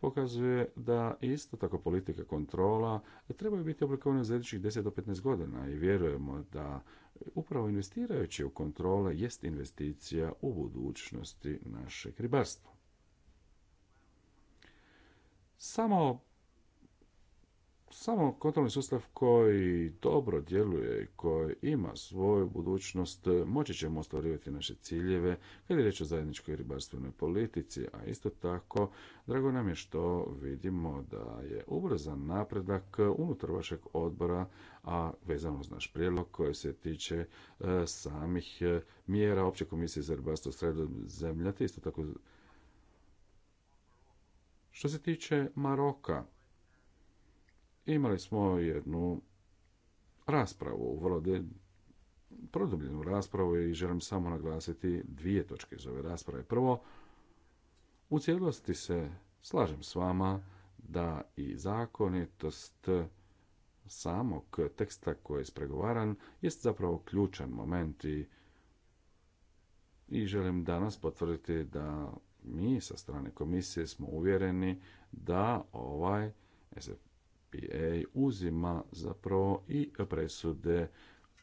pokazuje da isto tako politika kontrola trebaju biti oblikovane za sljedećih 10 do 15 godina i vjerujemo da e, upravo investirajući u kontrole jest investicija u budućnosti našeg ribarstva. Samo samo kontrolni sustav koji dobro djeluje i koji ima svoju budućnost, moći ćemo ostvarivati naše ciljeve kad je riječ o zajedničkoj ribarstvenoj politici, a isto tako drago nam je što vidimo da je ubrzan napredak unutar vašeg odbora, a vezano uz naš prijedlog koji se tiče e, samih e, mjera Opće komisije za ribarstvo sredozemlja, te isto tako što se tiče Maroka, imali smo jednu raspravu, vrlo produbljenu raspravu i želim samo naglasiti dvije točke iz ove rasprave. Prvo, u cijelosti se slažem s vama da i zakonitost samog teksta koji je spregovaran, jest zapravo ključan moment i, i želim danas potvrditi da mi sa strane komisije smo uvjereni da ovaj uzima e uzima zapravo i presude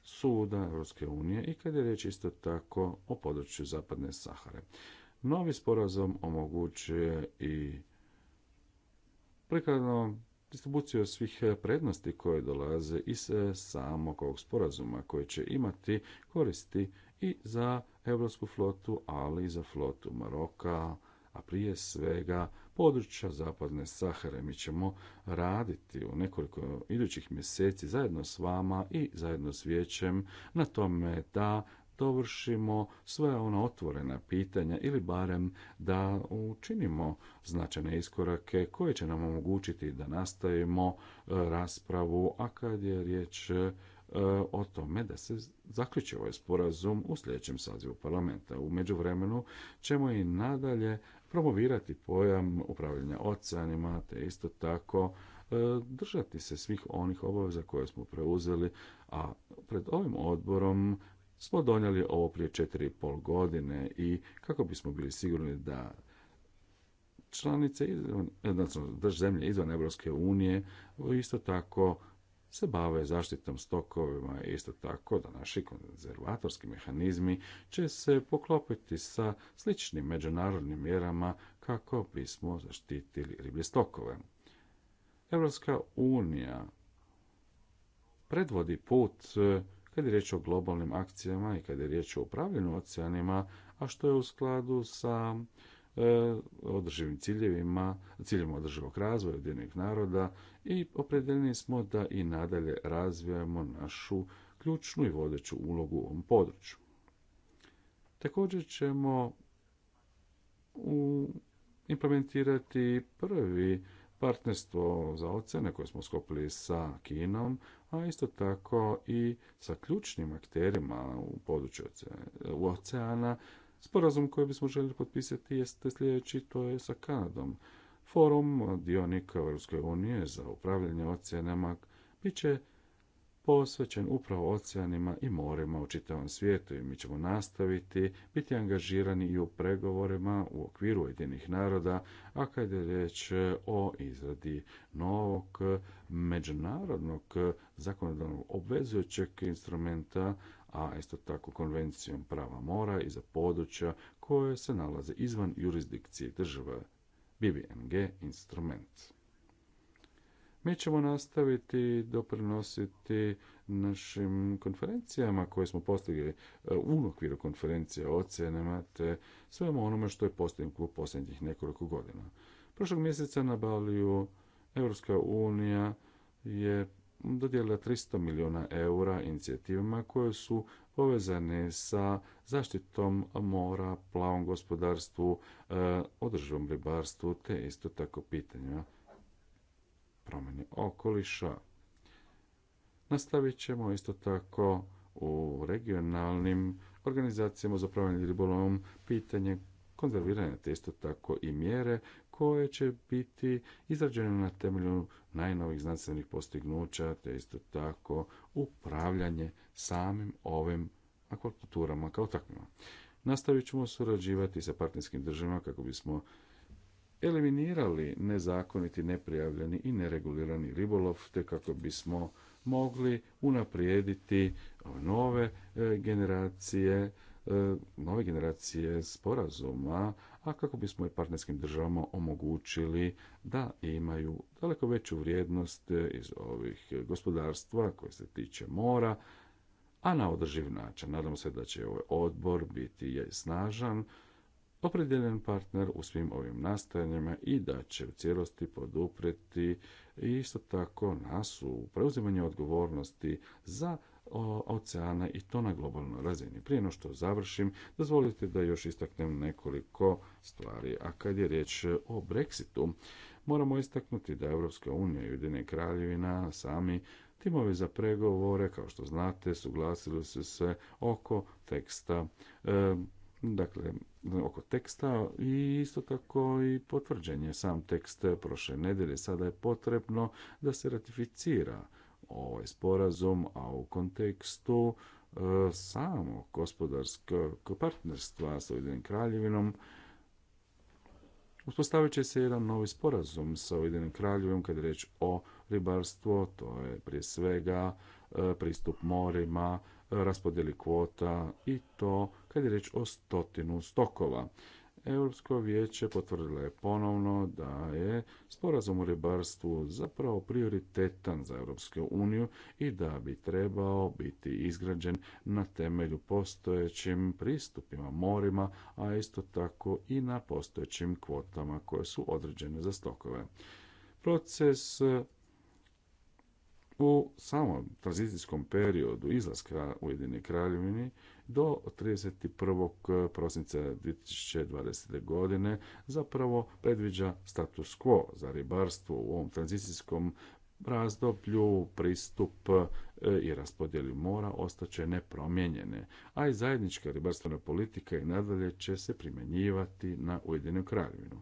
suda Europske unije i kad je riječ isto tako o području Zapadne Sahare. Novi sporazum omogućuje i prikladno distribuciju svih prednosti koje dolaze iz e, samog ovog sporazuma koji će imati koristi i za europsku flotu, ali i za flotu Maroka, a prije svega područja zapadne Sahare. Mi ćemo raditi u nekoliko idućih mjeseci zajedno s vama i zajedno s vijećem na tome da dovršimo sve ona otvorena pitanja ili barem da učinimo značajne iskorake koje će nam omogućiti da nastavimo e, raspravu, a kad je riječ e, o tome da se zaključi ovaj sporazum u sljedećem sazivu parlamenta. U međuvremenu ćemo i nadalje promovirati pojam upravljanja oceanima, te isto tako e, držati se svih onih obaveza koje smo preuzeli, a pred ovim odborom smo donijeli ovo prije četiri i pol godine i kako bismo bili sigurni da članice izvan, zemlje izvan Europske unije isto tako se bave zaštitom stokovima isto tako da naši konzervatorski mehanizmi će se poklopiti sa sličnim međunarodnim mjerama kako bismo zaštitili riblje stokove. Europska unija predvodi put e, kad je riječ o globalnim akcijama i kad je riječ o upravljanju oceanima, a što je u skladu sa E, održivim ciljevima, ciljevima održivog razvoja Ujedinjenih naroda i opredeljeni smo da i nadalje razvijamo našu ključnu i vodeću ulogu u ovom području. Također ćemo implementirati prvi partnerstvo za ocene koje smo skopili sa Kinom, a isto tako i sa ključnim akterima u području oceana, Sporazum koji bismo željeli potpisati jeste sljedeći, to je sa Kanadom. Forum dionika Europske unije za upravljanje oceanama bit će posvećen upravo oceanima i morima u čitavom svijetu i mi ćemo nastaviti biti angažirani i u pregovorima u okviru jedinih naroda, a kad je riječ o izradi novog međunarodnog zakonodavnog obvezujućeg instrumenta a isto tako konvencijom prava mora i za područja koje se nalaze izvan jurisdikcije države, BBMG instrument. Mi ćemo nastaviti doprinositi našim konferencijama koje smo postigli e, u okviru konferencija o ocenama te svemu onome što je postignuto u posljednjih nekoliko godina. Prošlog mjeseca na Baliju Europska unija je dodjela 300 milijuna eura inicijativama koje su povezane sa zaštitom mora, plavom gospodarstvu, e, održivom ribarstvu, te isto tako pitanjima promjene okoliša. Nastavit ćemo isto tako u regionalnim organizacijama za upravljanje ribolovom pitanje konzerviranja, te tako i mjere koje će biti izrađene na temelju najnovih znanstvenih postignuća, te isto tako upravljanje samim ovim akvakulturama kao takvima. Nastavit ćemo surađivati sa partnerskim državama kako bismo eliminirali nezakoniti, neprijavljeni i neregulirani ribolov, te kako bismo mogli unaprijediti nove e, generacije E, nove generacije sporazuma, a kako bismo i partnerskim državama omogućili da imaju daleko veću vrijednost iz ovih gospodarstva koje se tiče mora, a na održiv način. Nadamo se da će ovaj odbor biti snažan, opredjeljen partner u svim ovim nastojanjima i da će u cijelosti podupreti isto tako nas u preuzimanju odgovornosti za oceana i to na globalnoj razini. Prije no što završim, dozvolite da još istaknem nekoliko stvari. A kad je riječ o Brexitu, moramo istaknuti da Europska unija i Ujedinjena kraljevina sami Timovi za pregovore, kao što znate, suglasili su se oko teksta e, dakle, oko teksta i isto tako i potvrđenje sam tekst prošle nedelje. Sada je potrebno da se ratificira ovaj sporazum, a u kontekstu e, samog gospodarskog partnerstva sa Ujedinim kraljevinom, Uspostavit će se jedan novi sporazum sa Ujedinim kraljevinom kad je reč o ribarstvu, to je prije svega e, pristup morima, e, raspodjeli kvota i to kad je reč o stotinu stokova. Europsko vijeće potvrdilo je ponovno da je sporazum o ribarstvu zapravo prioritetan za Europsku uniju i da bi trebao biti izgrađen na temelju postojećim pristupima morima, a isto tako i na postojećim kvotama koje su određene za stokove. Proces u samom tranzicijskom periodu izlaska Ujedine kraljevini do 31. Eh, prosinca 2020. godine zapravo predviđa status quo za ribarstvo u ovom tranzicijskom razdoblju pristup eh, i raspodjeli mora ostaće nepromijenjene, a i zajednička ribarstvena politika i nadalje će se primjenjivati na Ujedinu kraljevinu.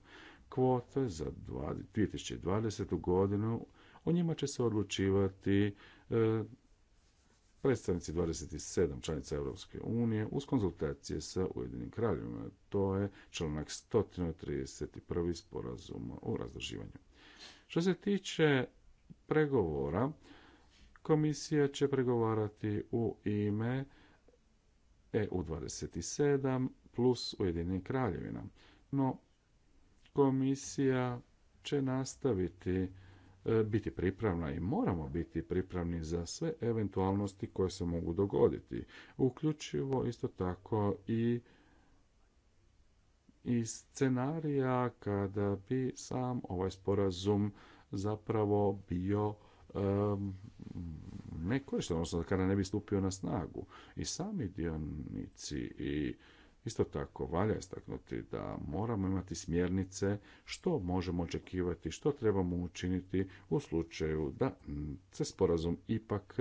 Kvote za 2020. godinu o njima će se odlučivati eh, predstavnici 27 članica Europske unije uz konzultacije sa Ujedinim kraljevima. To je članak 131. sporazuma o razdrživanju. Što se tiče pregovora, komisija će pregovarati u ime EU27 plus Ujedinjena kraljevina. No, komisija će nastaviti E, biti pripravna i moramo biti pripravni za sve eventualnosti koje se mogu dogoditi, uključivo isto tako i i scenarija kada bi sam ovaj sporazum zapravo bio um, odnosno kada ne bi stupio na snagu. I sami dionici i Isto tako, valja istaknuti da moramo imati smjernice što možemo očekivati, što trebamo učiniti u slučaju da se sporazum ipak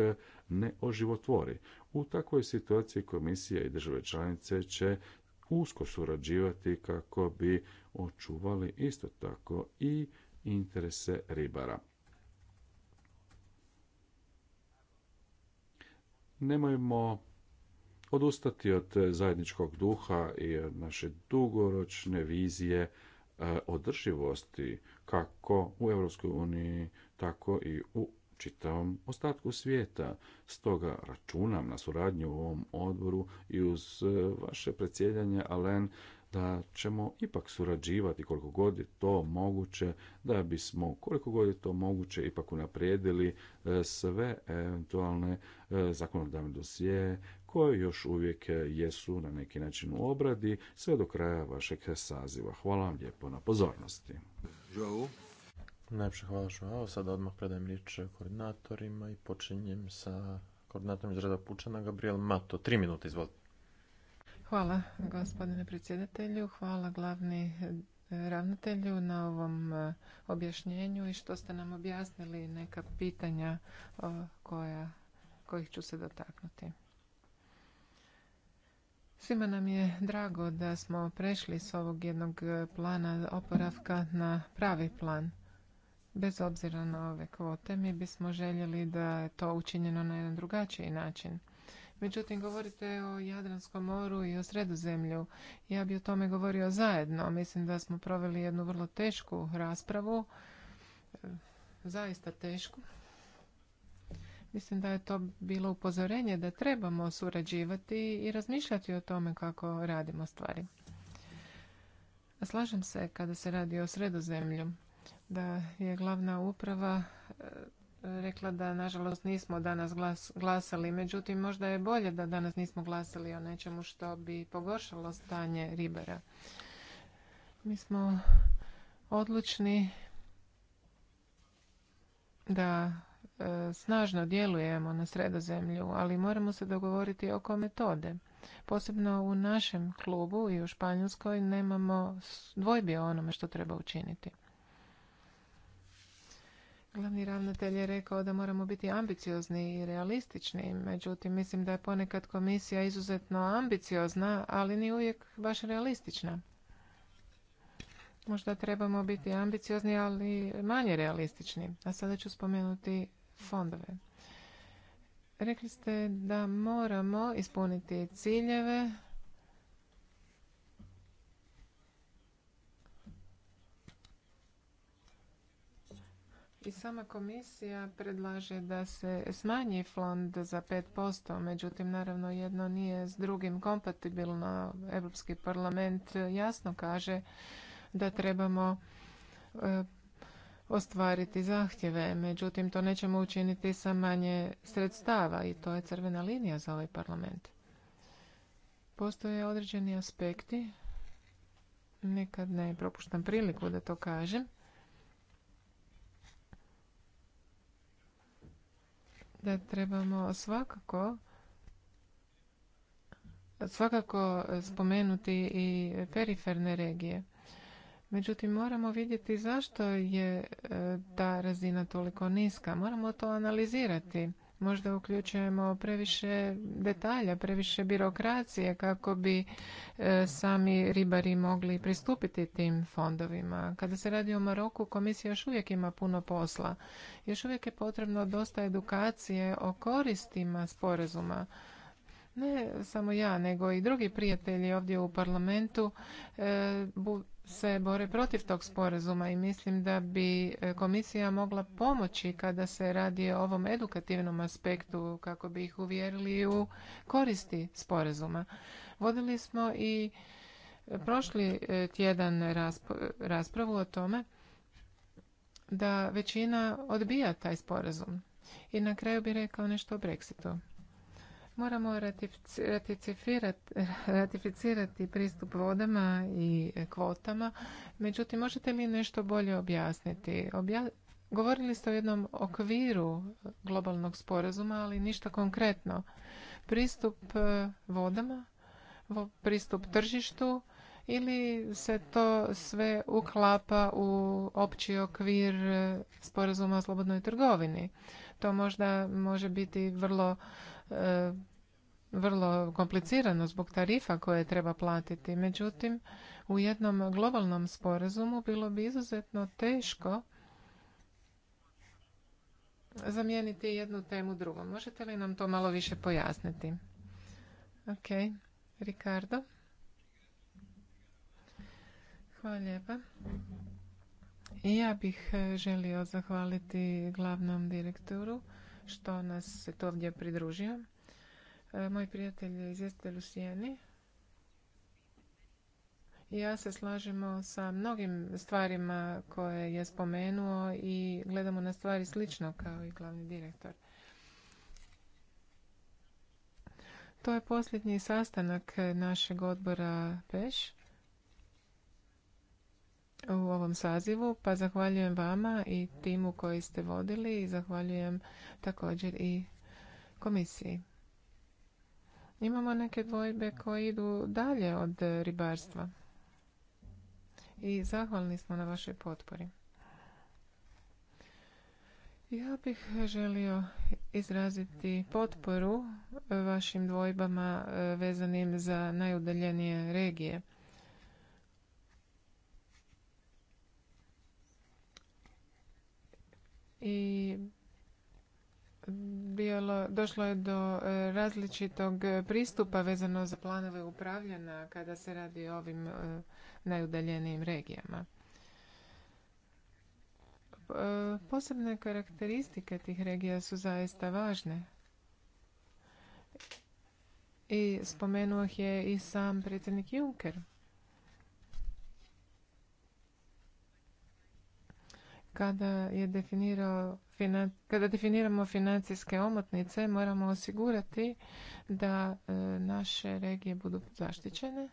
ne oživotvori. U takvoj situaciji komisija i države članice će usko surađivati kako bi očuvali isto tako i interese ribara. Nemojmo odustati od e, zajedničkog duha i naše dugoročne vizije e, održivosti kako u Europskoj uniji, tako i u čitavom ostatku svijeta. Stoga računam na suradnju u ovom odboru i uz e, vaše predsjedanje, Alen, da ćemo ipak surađivati koliko god je to moguće, da bismo koliko god je to moguće ipak unaprijedili sve eventualne zakonodavne dosije koje još uvijek e, jesu na neki način u obradi sve do kraja vašeg saziva. Hvala vam lijepo na pozornosti. Najpše hvala vam Sada odmah predajem riječ koordinatorima i počinjem sa koordinatorom iz reda Pučana, Gabriel Mato. Tri minute, izvolite. Hvala gospodine predsjedatelju, hvala glavni e, ravnatelju na ovom e, objašnjenju i što ste nam objasnili neka pitanja koja, kojih ću se dotaknuti. Svima nam je drago da smo prešli s ovog jednog e, plana oporavka na pravi plan. Bez obzira na ove kvote, mi bismo željeli da je to učinjeno na jedan drugačiji način. Međutim, govorite o Jadranskom moru i o sredozemlju. Ja bi o tome govorio zajedno. Mislim da smo proveli jednu vrlo tešku raspravu, e, zaista tešku. Mislim da je to bilo upozorenje da trebamo surađivati i razmišljati o tome kako radimo stvari. Slažem se kada se radi o sredozemlju da je glavna uprava e, rekla da nažalost nismo danas glasali, međutim možda je bolje da danas nismo glasali o nečemu što bi pogoršalo stanje ribara. Mi smo odlučni da E, snažno djelujemo na sredozemlju, ali moramo se dogovoriti oko metode. Posebno u našem klubu i u Španjolskoj nemamo dvojbi o onome što treba učiniti. Glavni ravnatelj je rekao da moramo biti ambiciozni i realistični, međutim mislim da je ponekad komisija izuzetno ambiciozna, ali ni uvijek baš realistična. Možda trebamo biti ambiciozni, ali manje realistični. A sada ću spomenuti fondove. Rekli ste da moramo ispuniti ciljeve I sama komisija predlaže da se smanji fond za 5%, međutim naravno jedno nije s drugim kompatibilno. Europski parlament jasno kaže da trebamo e, ostvariti zahtjeve, međutim to nećemo učiniti sa manje sredstava i to je crvena linija za ovaj parlament. Postoje određeni aspekti, nekad ne propuštam priliku da to kažem, da trebamo svakako svakako spomenuti i periferne regije. Međutim, moramo vidjeti zašto je e, ta razina toliko niska. Moramo to analizirati. Možda uključujemo previše detalja, previše birokracije kako bi e, sami ribari mogli pristupiti tim fondovima. Kada se radi o Maroku, komisija još uvijek ima puno posla. Još uvijek je potrebno dosta edukacije o koristima sporazuma ne samo ja, nego i drugi prijatelji ovdje u parlamentu e, se bore protiv tog sporazuma i mislim da bi e, komisija mogla pomoći kada se radi o ovom edukativnom aspektu kako bi ih uvjerili u koristi sporazuma. Vodili smo i e, prošli e, tjedan raspravu o tome da većina odbija taj sporazum. I na kraju bi rekao nešto o Brexitu. Moramo ratificirati pristup vodama i kvotama. Međutim, možete li nešto bolje objasniti? Govorili ste o jednom okviru globalnog sporazuma, ali ništa konkretno. Pristup e, vodama, pristup tržištu ili se to sve uklapa u opći okvir e, sporazuma o slobodnoj trgovini. To možda može biti vrlo E, vrlo komplicirano zbog tarifa koje treba platiti. Međutim, u jednom globalnom sporazumu bilo bi izuzetno teško zamijeniti jednu temu drugom. Možete li nam to malo više pojasniti? Ok, Ricardo. Hvala lijepa. I ja bih e, želio zahvaliti glavnom direktoru što nas se to ovdje pridružio. E, moj prijatelj je izvjestitelj u Sijeni. Ja se slažemo sa mnogim stvarima koje je spomenuo i gledamo na stvari slično kao i glavni direktor. To je posljednji sastanak našeg odbora PEŠ u ovom sazivu, pa zahvaljujem vama i timu koji ste vodili i zahvaljujem također i komisiji. Imamo neke dvojbe koje idu dalje od ribarstva i zahvalni smo na vašoj potpori. Ja bih želio izraziti potporu vašim dvojbama eh, vezanim za najudaljenije regije. i bilo, došlo je do e, različitog pristupa vezano za planove upravljanja kada se radi o ovim e, najudaljenijim regijama. E, posebne karakteristike tih regija su zaista važne. I spomenuo ih je i sam predsjednik Juncker. kada je definirao kada definiramo financijske omotnice moramo osigurati da e, naše regije budu zaštićene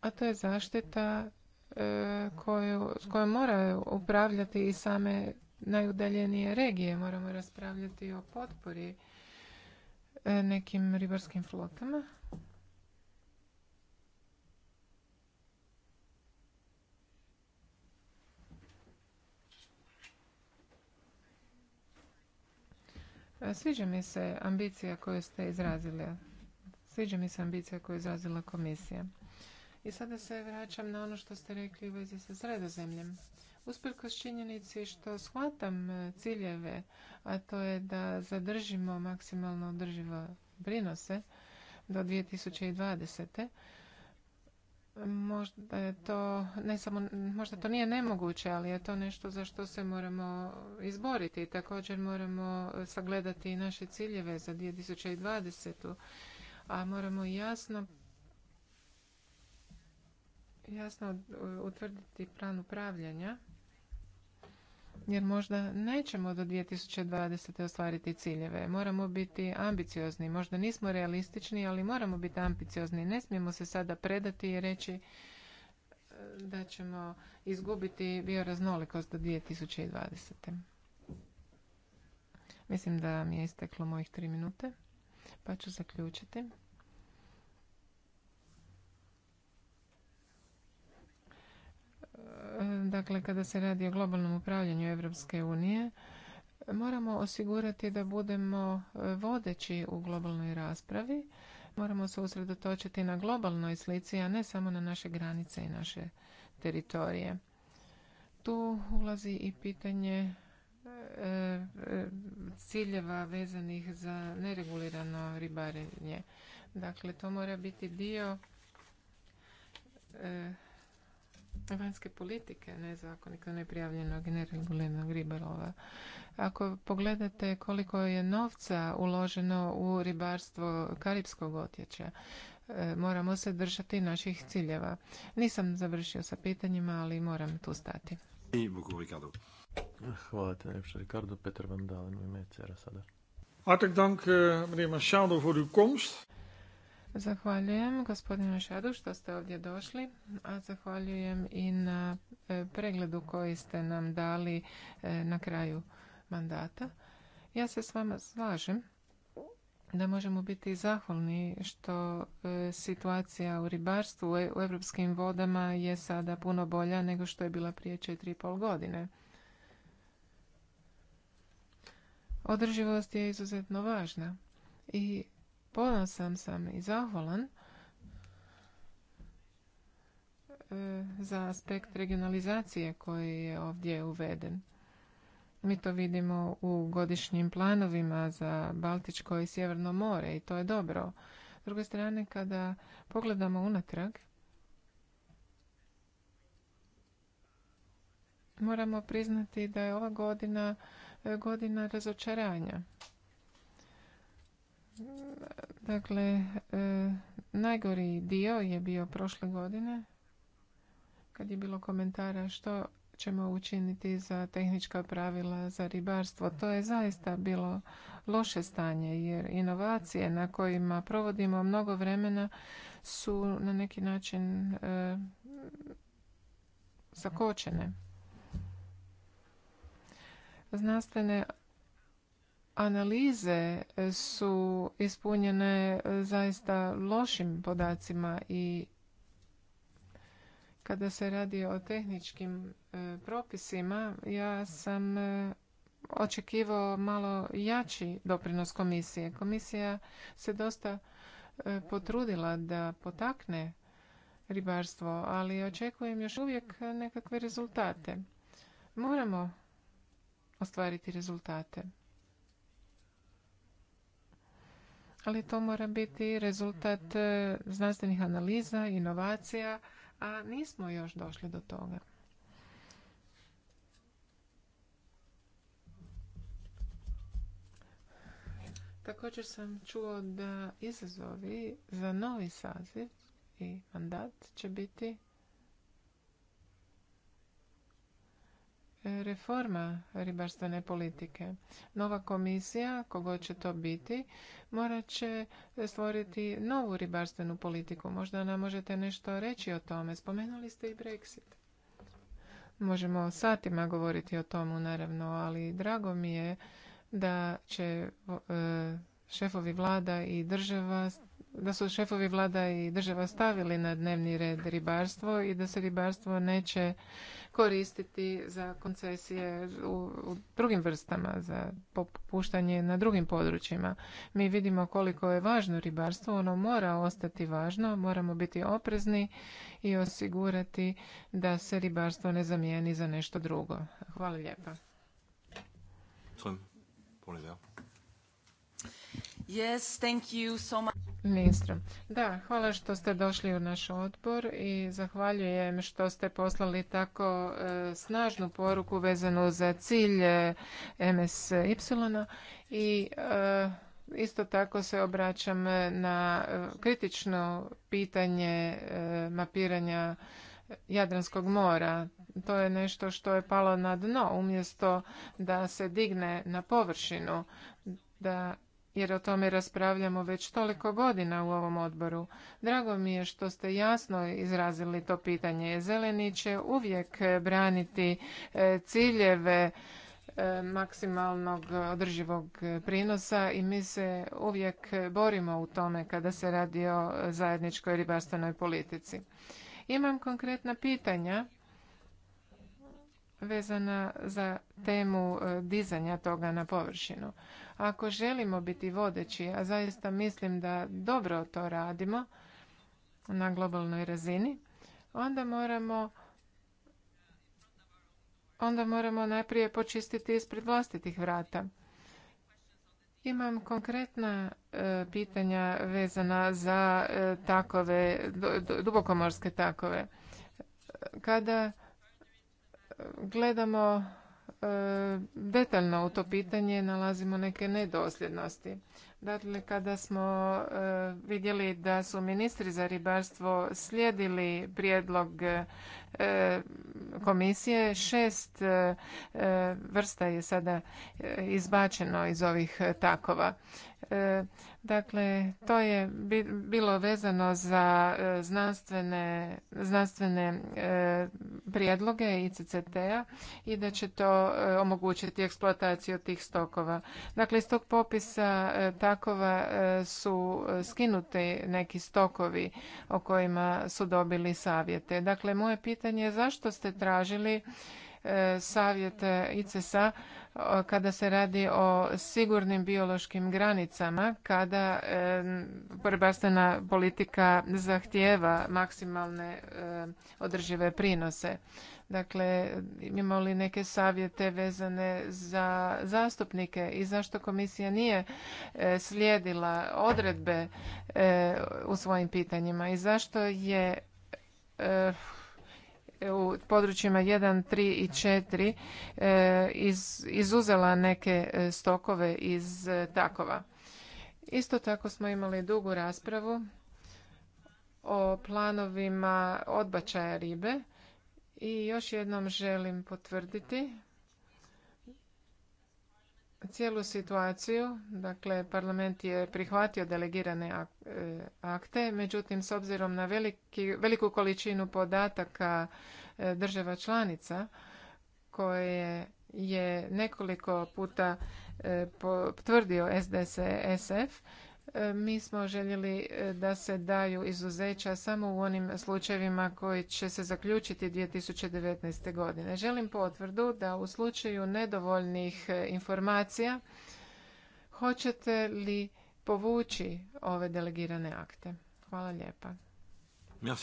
a to je zaštita e, koju, s kojom moraju upravljati i same najudaljenije regije moramo raspravljati o potpori e, nekim ribarskim flotama E, sviđa mi se ambicija koju ste izrazili. Sviđa mi se ambicija koju je izrazila komisija. I sada se vraćam na ono što ste rekli u vezi sa sredozemljem. Usprkos činjenici što shvatam e, ciljeve, a to je da zadržimo maksimalno održivo prinose do 2020. Možda to, ne samo, možda to nije nemoguće, ali je to nešto za što se moramo izboriti. Također moramo sagledati i naše ciljeve za 2020. A moramo jasno jasno utvrditi plan upravljanja jer možda nećemo do 2020. ostvariti ciljeve. Moramo biti ambiciozni. Možda nismo realistični, ali moramo biti ambiciozni. Ne smijemo se sada predati i reći eh, da ćemo izgubiti bioraznolikost do 2020. Mislim da mi je isteklo mojih tri minute, pa ću zaključiti. dakle kada se radi o globalnom upravljanju Evropske unije, moramo osigurati da budemo e, vodeći u globalnoj raspravi. Moramo se usredotočiti na globalnoj slici, a ne samo na naše granice i naše teritorije. Tu ulazi i pitanje e, e, ciljeva vezanih za neregulirano ribarenje. Dakle, to mora biti dio vanjske politike nezakonito neprijavljenog i nereguliranog ribarova. Ako pogledate koliko je novca uloženo u ribarstvo karipskog otječa, e, moramo se držati naših ciljeva. Nisam završio sa pitanjima, ali moram tu stati. I Ricardo. Hvala te najpšte, Ricardo. Petar Vandalen Dalen u ime sada. Hartelijk dank, eh, meneer Machado, voor uw komst. Zahvaljujem gospodinu Šadu što ste ovdje došli, a zahvaljujem i na e, pregledu koji ste nam dali e, na kraju mandata. Ja se s vama slažem da možemo biti zahvalni što e, situacija u ribarstvu u europskim vodama je sada puno bolja nego što je bila prije 4,5 godine. Održivost je izuzetno važna i Ponosan sam i zahvalan e, za aspekt regionalizacije koji je ovdje uveden. Mi to vidimo u godišnjim planovima za Baltičko i Sjeverno more i to je dobro. S druge strane, kada pogledamo unatrag, moramo priznati da je ova godina e, godina razočaranja. Dakle, e, najgori dio je bio prošle godine kad je bilo komentara što ćemo učiniti za tehnička pravila za ribarstvo. To je zaista bilo loše stanje jer inovacije na kojima provodimo mnogo vremena su na neki način e, zakočene. Znanstvene analize e, su ispunjene e, zaista lošim podacima i kada se radi o tehničkim e, propisima ja sam očekivao malo jači doprinos komisije. Komisija se dosta potrudila da potakne ribarstvo, ali očekujem još uvijek nekakve rezultate. Moramo ostvariti rezultate. ali to mora biti rezultat e, znanstvenih analiza, inovacija, a nismo još došli do toga. Također sam čuo da izazovi za novi saziv i mandat će biti reforma ribarstvene politike. Nova komisija, kogo će to biti, morat će stvoriti novu ribarstvenu politiku. Možda nam možete nešto reći o tome. Spomenuli ste i Brexit. Možemo satima govoriti o tomu, naravno, ali drago mi je da će e, šefovi vlada i država da su šefovi vlada i država stavili na dnevni red ribarstvo i da se ribarstvo neće koristiti za koncesije u, drugim vrstama, za popuštanje na drugim područjima. Mi vidimo koliko je važno ribarstvo, ono mora ostati važno, moramo biti oprezni i osigurati da se ribarstvo ne zamijeni za nešto drugo. Hvala lijepa. Yes, thank you so much. Ministra. Da, hvala što ste došli u naš odbor i zahvaljujem što ste poslali tako e, snažnu poruku vezanu za cilj e, MSY i e, isto tako se obraćam na kritično pitanje mapiranja Jadranskog mora. To je nešto što je palo na dno umjesto da se digne na površinu da jer o tome raspravljamo već toliko godina u ovom odboru. Drago mi je što ste jasno izrazili to pitanje. Zeleni će uvijek braniti e, ciljeve e, maksimalnog održivog prinosa i mi se uvijek borimo u tome kada se radi o zajedničkoj ribarstvenoj politici. Imam konkretna pitanja vezana za temu e, dizanja toga na površinu. Ako želimo biti vodeći, a zaista mislim da dobro to radimo na globalnoj razini, onda moramo onda moramo najprije počistiti ispred vlastitih vrata. Imam konkretna e, pitanja vezana za e, takove, dubokomorske takove. Kada gledamo E, detaljno u to pitanje nalazimo neke nedosljednosti. Dakle, kada smo e, vidjeli da su ministri za ribarstvo slijedili prijedlog E, komisije šest e, e, vrsta je sada izbačeno iz ovih takova. Dakle, to je bilo vezano za znanstvene, znanstvene prijedloge ICCT-a i da će to omogućiti eksploataciju tih stokova. Dakle, iz tog popisa takova su skinuti neki stokovi o kojima su dobili savjete. Dakle, moje pitanje pitanje zašto ste tražili e, savjet ICES-a e, kada se radi o sigurnim biološkim granicama, kada e, ribarstvena politika zahtijeva maksimalne održive prinose. Dakle, imamo li neke savjete vezane za zastupnike i zašto komisija nije slijedila odredbe u svojim pitanjima i zašto je u područjima 1, 3 i 4 e, izuzela neke e, stokove iz e, takova. Isto tako smo imali dugu raspravu o planovima odbačaja ribe i još jednom želim potvrditi cijelu situaciju. Dakle, parlament je prihvatio delegirane e, akte, međutim, s obzirom na veliku količinu podataka e, država članica, koje je nekoliko puta e, potvrdio SDSSF, E, mi smo željeli e, da se daju izuzeća samo u onim slučajevima koji će se zaključiti 2019. godine. Želim potvrdu da u slučaju nedovoljnih e, informacija hoćete li povući ove delegirane akte. Hvala lijepa. Hvala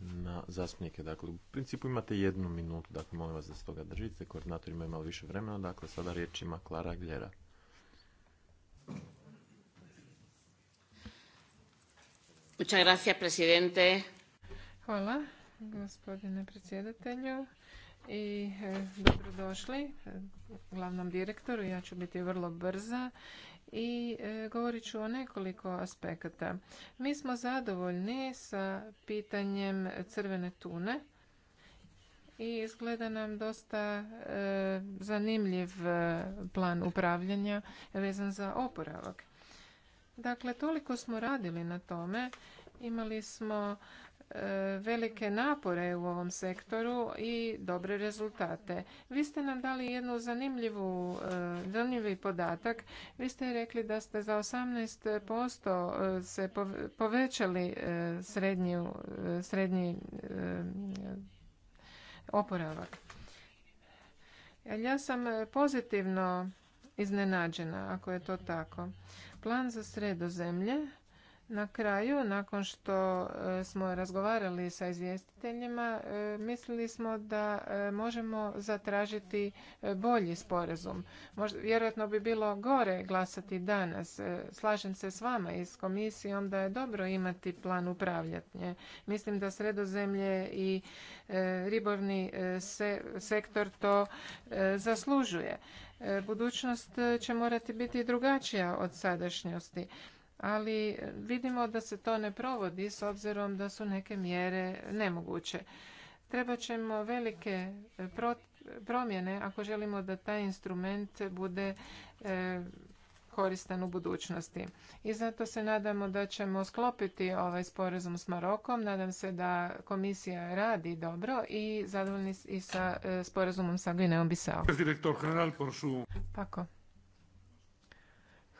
na zastupnike. Dakle, u principu imate jednu minutu, dakle, molim vas da se toga držite. Koordinator ima malo više vremena, dakle, sada riječ ima Klara Gljera. Hvala, gospodine predsjedatelju i e, dobrodošli e, glavnom direktoru. Ja ću biti vrlo brza i e, govorit ću o nekoliko aspekata. Mi smo zadovoljni sa pitanjem crvene tune i izgleda nam dosta e, zanimljiv e, plan upravljanja vezan za oporavak. Dakle, toliko smo radili na tome. Imali smo velike napore u ovom sektoru i dobre rezultate. Vi ste nam dali jednu zanimljivu, e, zanimljivi podatak. Vi ste rekli da ste za 18% e, se povećali e, srednji oporavak. Ja sam pozitivno iznenađena, ako je to tako. Plan za sredozemlje na kraju, nakon što e, smo razgovarali sa izvjestiteljima, e, mislili smo da e, možemo zatražiti bolji sporazum. vjerojatno bi bilo gore glasati danas. Slažem se s vama i s komisijom da je dobro imati plan upravljatnje. Mislim da sredozemlje i ribovni sektor to zaslužuje. Budućnost će morati biti drugačija od sadašnjosti ali e, vidimo da se to ne provodi s obzirom da su neke mjere nemoguće. Treba ćemo velike e, promjene ako želimo da taj instrument bude e, koristan u budućnosti. I zato se nadamo da ćemo sklopiti ovaj sporazum s Marokom. Nadam se da komisija radi dobro i zadovoljni i sa sporazumom sa Gvineom Bisao. Pako.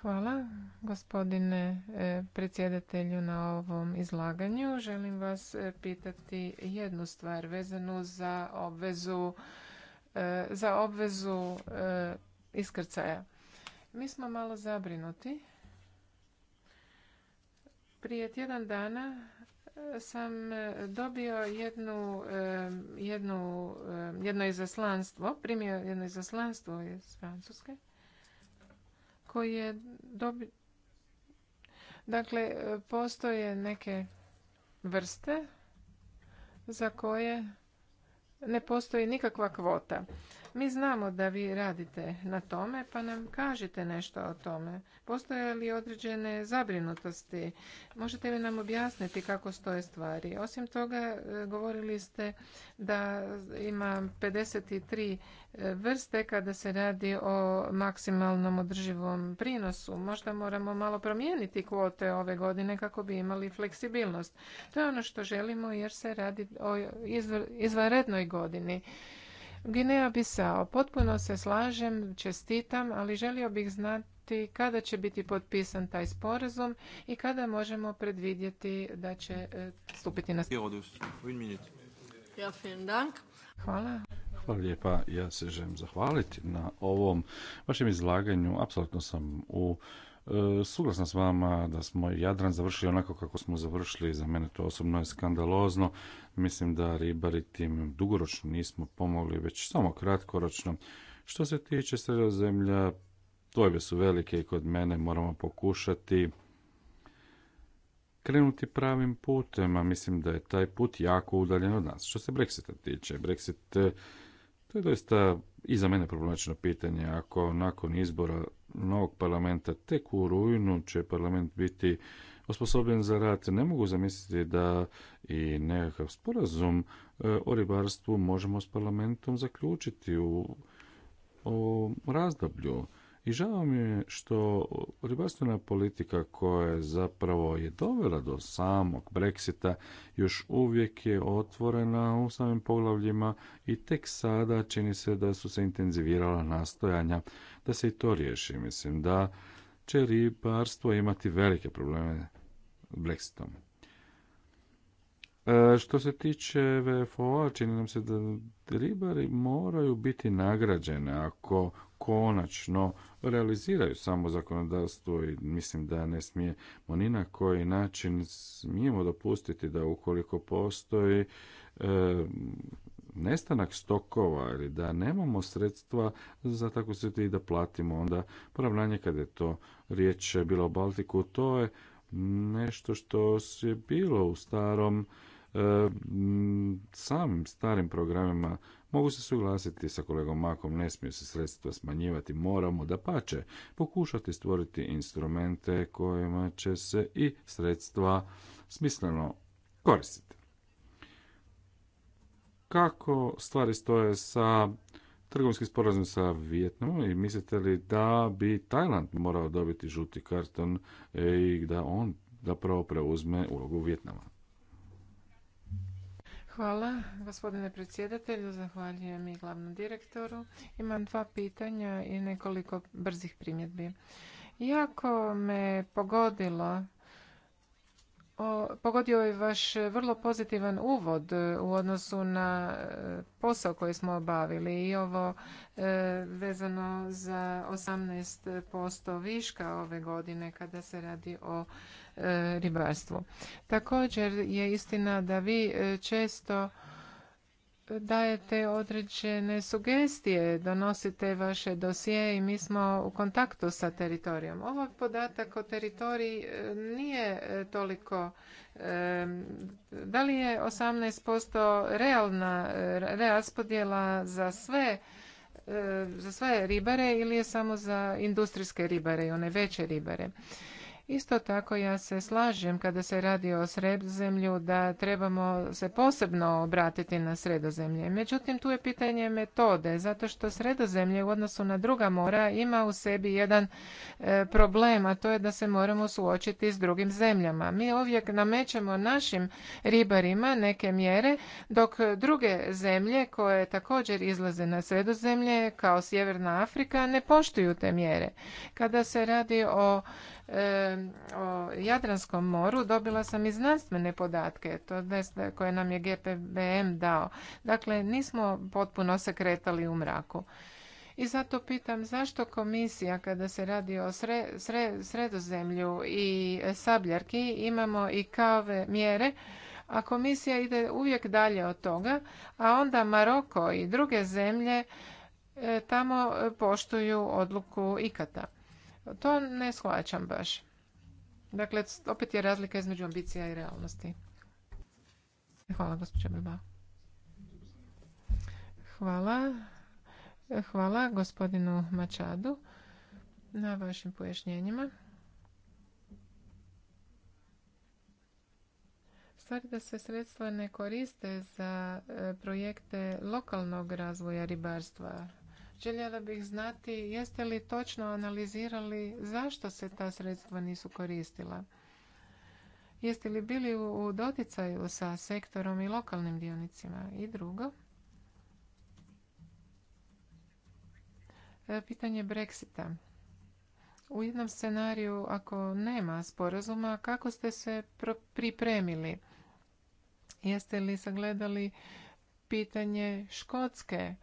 Hvala gospodine e, predsjedatelju na ovom izlaganju. Želim vas e, pitati jednu stvar vezanu za obvezu e, za obvezu iskrcaja. Mi smo malo zabrinuti. Prije tjedan dana sam dobio jednu, jednu, jedno izaslanstvo, primio jedno izaslanstvo iz Francuske koji je dobi... Dakle, e, postoje neke vrste za koje ne postoji nikakva kvota. Mi znamo da vi radite na tome, pa nam kažite nešto o tome. Postoje li određene zabrinutosti? Možete li nam objasniti kako stoje stvari? Osim toga, e, govorili ste da ima 53 e, vrste kada se radi o maksimalnom održivom prinosu. Možda moramo malo promijeniti kvote ove godine kako bi imali fleksibilnost. To je ono što želimo jer se radi o izvanrednoj godini Gineja Bisao, potpuno se slažem, čestitam, ali želio bih znati kada će biti potpisan taj sporazum i kada možemo predvidjeti da će e, stupiti na... Hvala. Hvala lijepa, ja se želim zahvaliti na ovom vašem izlaganju. Apsolutno sam u E, suglasan s vama da smo Jadran završili onako kako smo završili. Za mene to osobno je skandalozno. Mislim da ribari tim dugoročno nismo pomogli, već samo kratkoročno. Što se tiče sredozemlja, dvojbe su velike i kod mene moramo pokušati krenuti pravim putem, a mislim da je taj put jako udaljen od nas. Što se Brexita tiče, Brexit to je doista i za mene problematično pitanje. Ako nakon izbora novog parlamenta tek u rujnu će parlament biti osposobljen za rad, ne mogu zamisliti da i nekakav sporazum e, o ribarstvu možemo s parlamentom zaključiti u o razdoblju. I žao mi je što ribarstvena politika koja je zapravo je dovela do samog Brexita još uvijek je otvorena u samim poglavljima i tek sada čini se da su se intenzivirala nastojanja da se i to riješi. Mislim da će ribarstvo imati velike probleme Brexitom. E, što se tiče VFO-a, čini nam se da ribari moraju biti nagrađene ako konačno realiziraju samo zakonodavstvo i mislim da ne smijemo ni na koji način smijemo dopustiti da ukoliko postoji e, nestanak stokova ili da nemamo sredstva za tako se i da platimo onda poravnanje kada je to riječ bilo o Baltiku, to je nešto što je bilo u starom e, samim starim programima mogu se suglasiti sa kolegom Makom, ne smiju se sredstva smanjivati, moramo da pače pokušati stvoriti instrumente kojima će se i sredstva smisleno koristiti. Kako stvari stoje sa trgovinski sporazum sa Vijetnamom i mislite li da bi Tajland morao dobiti žuti karton e, i da on zapravo preuzme ulogu Vijetnama? Hvala, gospodine predsjedatelju. Zahvaljujem i glavnom direktoru. Imam dva pitanja i nekoliko brzih primjedbi. Jako me pogodilo pogodio je vaš vrlo pozitivan uvod e, u odnosu na e, posao koji smo obavili i ovo e, vezano za 18% viška ove godine kada se radi o ribarstvu. Također je istina da vi često dajete određene sugestije, donosite vaše dosije i mi smo u kontaktu sa teritorijom. Ovaj podatak o teritoriji e, nije e, toliko... E, da li je 18% realna raspodjela za sve za sve ribare ili je samo za industrijske ribare i one veće ribare. Isto tako ja se slažem kada se radi o sredozemlju da trebamo se posebno obratiti na sredozemlje. Međutim, tu je pitanje metode, zato što sredozemlje u odnosu na druga mora ima u sebi jedan e, problem, a to je da se moramo suočiti s drugim zemljama. Mi ovdje namećemo našim ribarima neke mjere, dok druge zemlje koje također izlaze na sredozemlje, kao Sjeverna Afrika, ne poštuju te mjere. Kada se radi o o Jadranskom moru dobila sam i znanstvene podatke to koje nam je GPBM dao. Dakle, nismo potpuno se kretali u mraku. I zato pitam zašto komisija kada se radi o sredozemlju i sabljarki imamo i kave mjere, a komisija ide uvijek dalje od toga, a onda Maroko i druge zemlje e, tamo poštuju odluku ikata. To ne shvaćam baš. Dakle, opet je razlika između ambicija i realnosti. Hvala, gospođa Hvala. Hvala gospodinu Mačadu na vašim pojašnjenjima. Stvari da se sredstva ne koriste za e, projekte lokalnog razvoja ribarstva Željela bih znati jeste li točno analizirali zašto se ta sredstva nisu koristila. Jeste li bili u doticaju sa sektorom i lokalnim dionicima? I drugo, e, pitanje Brexita. U jednom scenariju, ako nema sporazuma, kako ste se pripremili? Jeste li sagledali pitanje Škotske?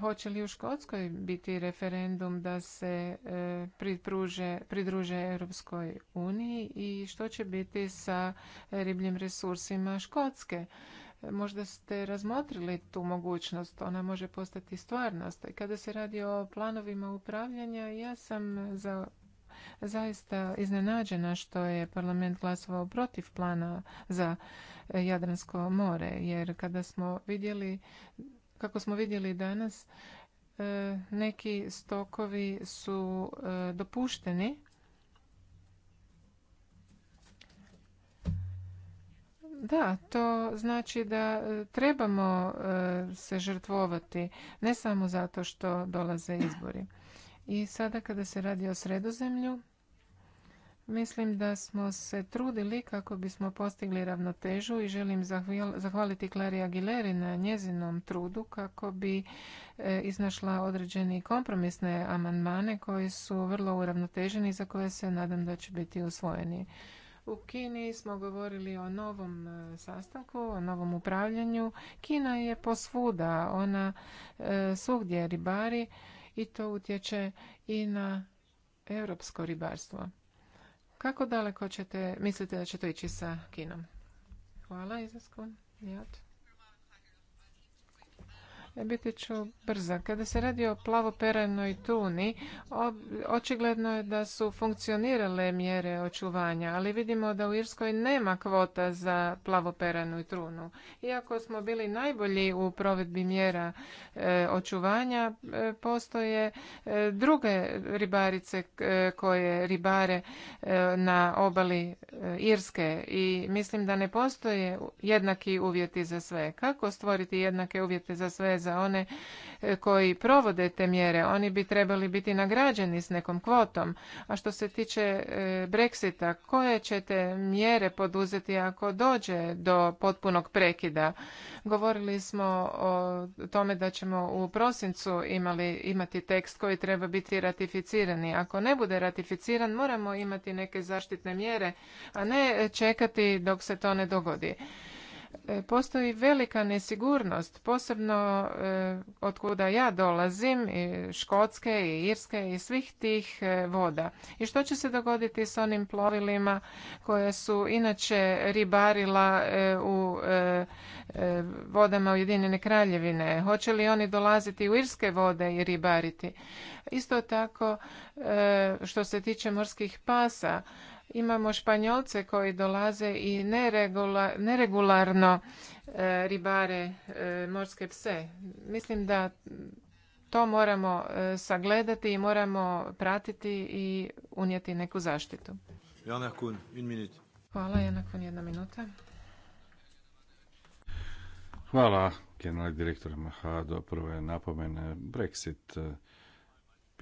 Hoće li u Škotskoj biti referendum da se e, pridruže, pridruže Europskoj uniji i što će biti sa ribljim resursima Škotske? Možda ste razmotrili tu mogućnost, ona može postati stvarnost. kada se radi o planovima upravljanja, ja sam za zaista iznenađena što je parlament glasovao protiv plana za Jadransko more, jer kada smo vidjeli kako smo vidjeli danas, e, neki stokovi su e, dopušteni. Da, to znači da e, trebamo se žrtvovati, ne samo zato što dolaze izbori. I sada kada se radi o sredozemlju, Mislim da smo se trudili kako bismo postigli ravnotežu i želim zahvaliti Klari Aguileri na njezinom trudu kako bi e, iznašla određeni kompromisne amandmane koji su vrlo uravnoteženi za koje se nadam da će biti usvojeni. U Kini smo govorili o novom e, sastanku, o novom upravljanju. Kina je posvuda, ona e, svugdje ribari i to utječe i na europsko ribarstvo. Kako daleko ćete, mislite da ćete ići sa Kinom? Hvala, Izasku. Jad. Biti ću brza. Kada se radi o plavoperanoj tuni, očigledno je da su funkcionirale mjere očuvanja, ali vidimo da u Irskoj nema kvota za plavoperanu trunu. Iako smo bili najbolji u provedbi mjera e, očuvanja, e, postoje e, druge ribarice koje ribare na obali Irske i mislim da ne postoje jednaki uvjeti za sve. Kako stvoriti jednake uvjete za sve za one e, koji provode te mjere. Oni bi trebali biti nagrađeni s nekom kvotom. A što se tiče e, Brexita, koje ćete mjere poduzeti ako dođe do potpunog prekida? Govorili smo o tome da ćemo u prosincu imali, imati tekst koji treba biti ratificirani. Ako ne bude ratificiran, moramo imati neke zaštitne mjere, a ne čekati dok se to ne dogodi. E, postoji velika nesigurnost, posebno e, od kuda ja dolazim, i Škotske i Irske i svih tih e, voda. I što će se dogoditi s onim plovilima koje su inače ribarila u vodama Ujedinjene kraljevine? Hoće li oni dolaziti u Irske vode i ribariti? Isto tako što se tiče morskih pasa, imamo Španjolce koji dolaze i neregula, neregularno e, ribare e, morske pse. Mislim da to moramo e, sagledati i moramo pratiti i unijeti neku zaštitu. Hvala, Jana Kun, jedna minuta. Hvala, generalni direktor Mahado. Prve napomene, Brexit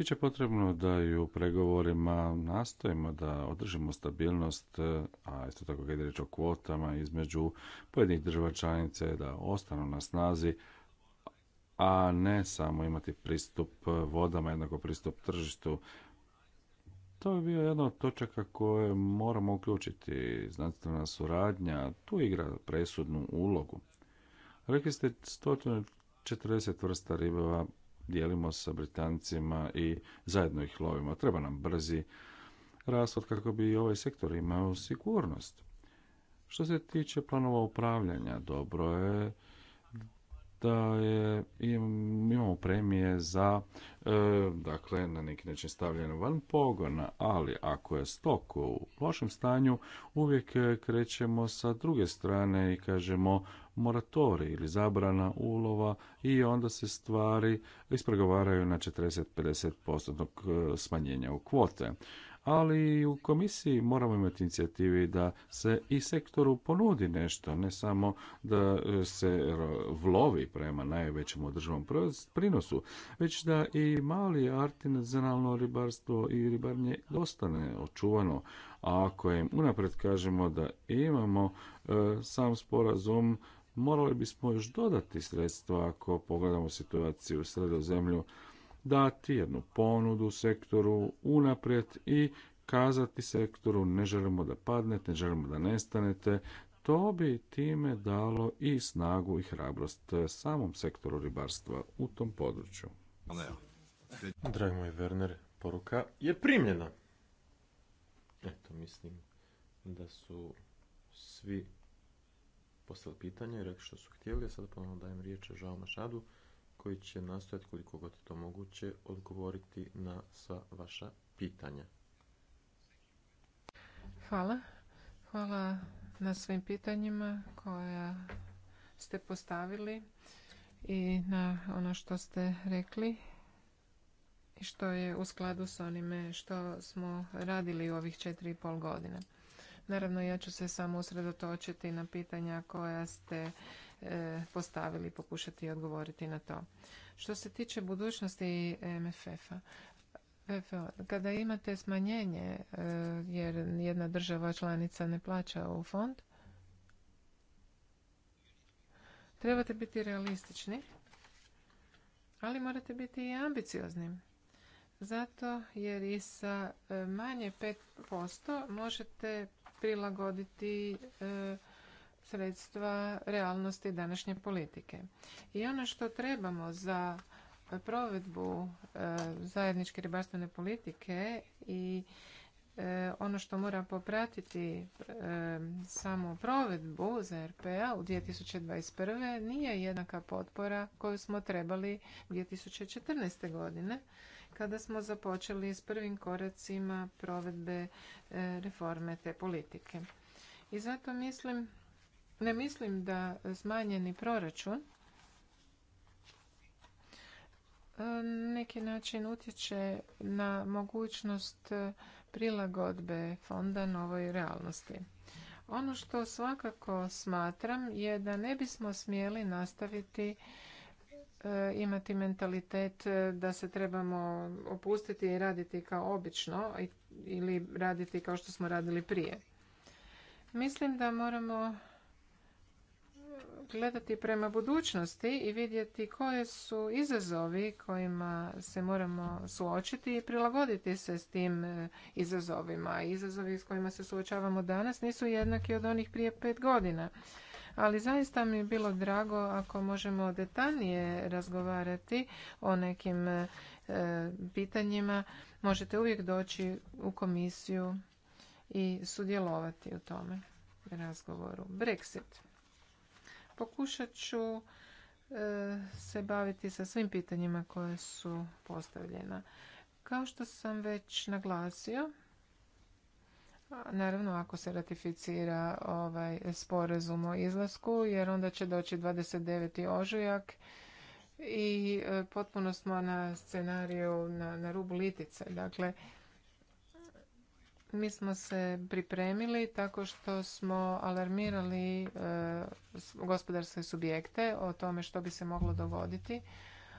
Biće potrebno da i u pregovorima nastojimo da održimo stabilnost, a isto tako kad je reč o kvotama između pojedinih država članice da ostanu na snazi, a ne samo imati pristup vodama, jednako pristup tržištu. To je bio jedna od točaka koje moramo uključiti. Znanstvena suradnja tu igra presudnu ulogu. Rekli ste 140 vrsta ribova dijelimo sa Britancima i zajedno ih lovimo. Treba nam brzi rashod kako bi ovaj sektor imao sigurnost. Što se tiče planova upravljanja, dobro je da je, imamo premije za, e, dakle, na neki način stavljeno van pogona, ali ako je stok u lošem stanju, uvijek krećemo sa druge strane i kažemo moratorij ili zabrana ulova i onda se stvari ispregovaraju na 40-50% e, smanjenja u kvote ali u komisiji moramo imati inicijativi da se i sektoru ponudi nešto, ne samo da e, se vlovi prema najvećem održavom prinosu, već da i mali artizanalno ribarstvo i ribarnje ostane očuvano, a ako im unapred kažemo da imamo e, sam sporazum morali bismo još dodati sredstva ako pogledamo situaciju u sredozemlju, dati jednu ponudu sektoru unaprijed i kazati sektoru ne želimo da padnete, ne želimo da nestanete, to bi time dalo i snagu i hrabrost samom sektoru ribarstva u tom području. Dragi moj Werner, poruka je primljena. Eto, mislim da su svi postavili pitanje, rekli što su htjeli, sada ponovno dajem riječ Žao Mašadu koji će nastojati koliko god je to moguće odgovoriti na sva vaša pitanja. Hvala. Hvala na svim pitanjima koja ste postavili i na ono što ste rekli i što je u skladu s onime što smo radili u ovih četiri i pol godine. Naravno, ja ću se samo usredotočiti na pitanja koja ste e, postavili i pokušati odgovoriti na to. Što se tiče budućnosti MFF-a, kada imate smanjenje e, jer jedna država članica ne plaća u fond, trebate biti realistični, ali morate biti i ambiciozni. Zato jer i sa e, manje 5% možete prilagoditi e, sredstva realnosti današnje politike. I ono što trebamo za provedbu e, zajedničke ribarstvene politike i e, ono što mora popratiti samo provedbu za RPA u 2021. nije jednaka potpora koju smo trebali 2014. godine kada smo započeli s prvim koracima provedbe e, reforme te politike. I zato mislim, ne mislim da smanjeni proračun e, neki način utječe na mogućnost prilagodbe fonda novoj realnosti. Ono što svakako smatram je da ne bismo smjeli nastaviti E, imati mentalitet e, da se trebamo opustiti i raditi kao obično ili raditi kao što smo radili prije. Mislim da moramo e, gledati prema budućnosti i vidjeti koje su izazovi kojima se moramo suočiti i prilagoditi se s tim izazovima. Izazovi s kojima se suočavamo danas nisu jednaki od onih prije pet godina ali zaista mi je bilo drago ako možemo detaljnije razgovarati o nekim e, pitanjima. Možete uvijek doći u komisiju i sudjelovati u tome razgovoru. Brexit. Pokušat ću e, se baviti sa svim pitanjima koje su postavljena. Kao što sam već naglasio, Naravno, ako se ratificira ovaj sporazum o izlasku, jer onda će doći 29. ožujak i e, potpuno smo na scenariju na, na rubu litice. Dakle, mi smo se pripremili tako što smo alarmirali e, gospodarske subjekte o tome što bi se moglo dogoditi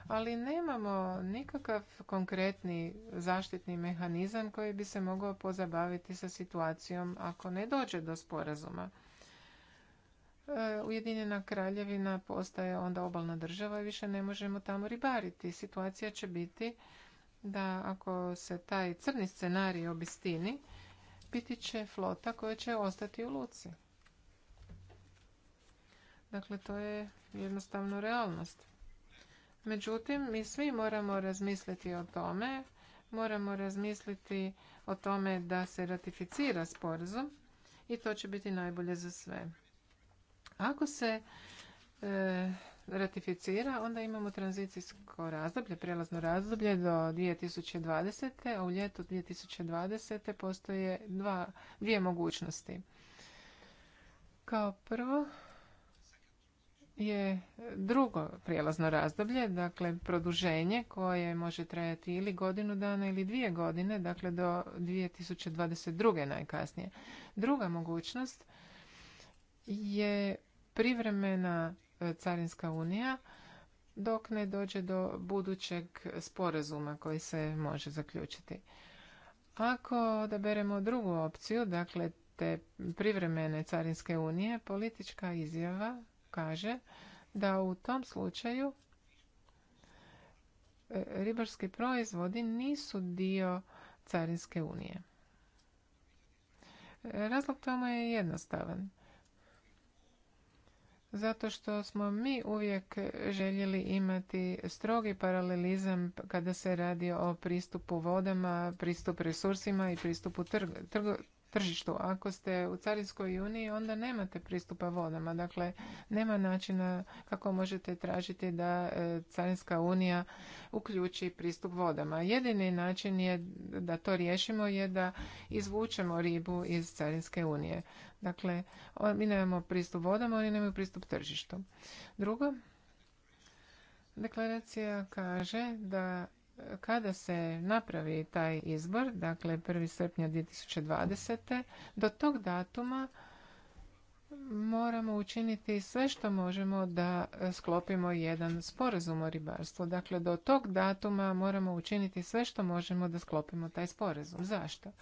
ali nemamo nikakav konkretni zaštitni mehanizam koji bi se mogao pozabaviti sa situacijom ako ne dođe do sporazuma. E, Ujedinjena kraljevina postaje onda obalna država i više ne možemo tamo ribariti. Situacija će biti da ako se taj crni scenarij obistini, biti će flota koja će ostati u luci. Dakle, to je jednostavno realnost. Međutim, mi svi moramo razmisliti o tome, moramo razmisliti o tome da se ratificira sporazum i to će biti najbolje za sve. Ako se e, ratificira, onda imamo tranzicijsko razdoblje, prijelazno razdoblje do 2020. a u ljetu 2020. postoje dva, dvije mogućnosti. Kao prvo, je drugo prijelazno razdoblje, dakle produženje koje može trajati ili godinu dana ili dvije godine, dakle do 2022. najkasnije. Druga mogućnost je privremena e, carinska unija dok ne dođe do budućeg sporazuma koji se može zaključiti. Ako odaberemo drugu opciju, dakle te privremene carinske unije, politička izjava kaže da u tom slučaju e, ribarski proizvodi nisu dio carinske unije. E, razlog tome je jednostavan. Zato što smo mi uvijek željeli imati strogi paralelizam kada se radi o pristupu vodama, pristup resursima i pristupu tržištu. Ako ste u Carinskoj uniji, onda nemate pristupa vodama. Dakle, nema načina kako možete tražiti da e, Carinska unija uključi pristup vodama. Jedini način je da to riješimo je da izvučemo ribu iz Carinske unije. Dakle, mi nemamo pristup vodama, oni nemaju pristup tržištu. Drugo, deklaracija kaže da kada se napravi taj izbor, dakle 1. srpnja 2020. do tog datuma moramo učiniti sve što možemo da sklopimo jedan sporazum o ribarstvu. Dakle, do tog datuma moramo učiniti sve što možemo da sklopimo taj sporazum. Zašto?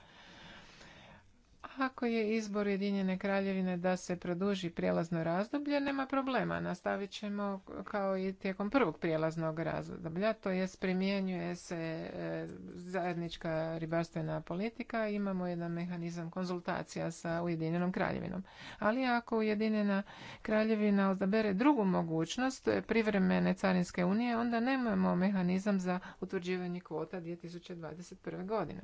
Ako je izbor Ujedinjene kraljevine da se produži prijelazno razdoblje, nema problema. Nastavit ćemo kao i tijekom prvog prijelaznog razdoblja, to je primjenjuje se e, zajednička ribarstvena politika, imamo jedan mehanizam konzultacija sa Ujedinjenom kraljevinom. Ali ako Ujedinjena kraljevina odabere drugu mogućnost privremene carinske unije, onda nemamo mehanizam za utvrđivanje kvota 2021. godine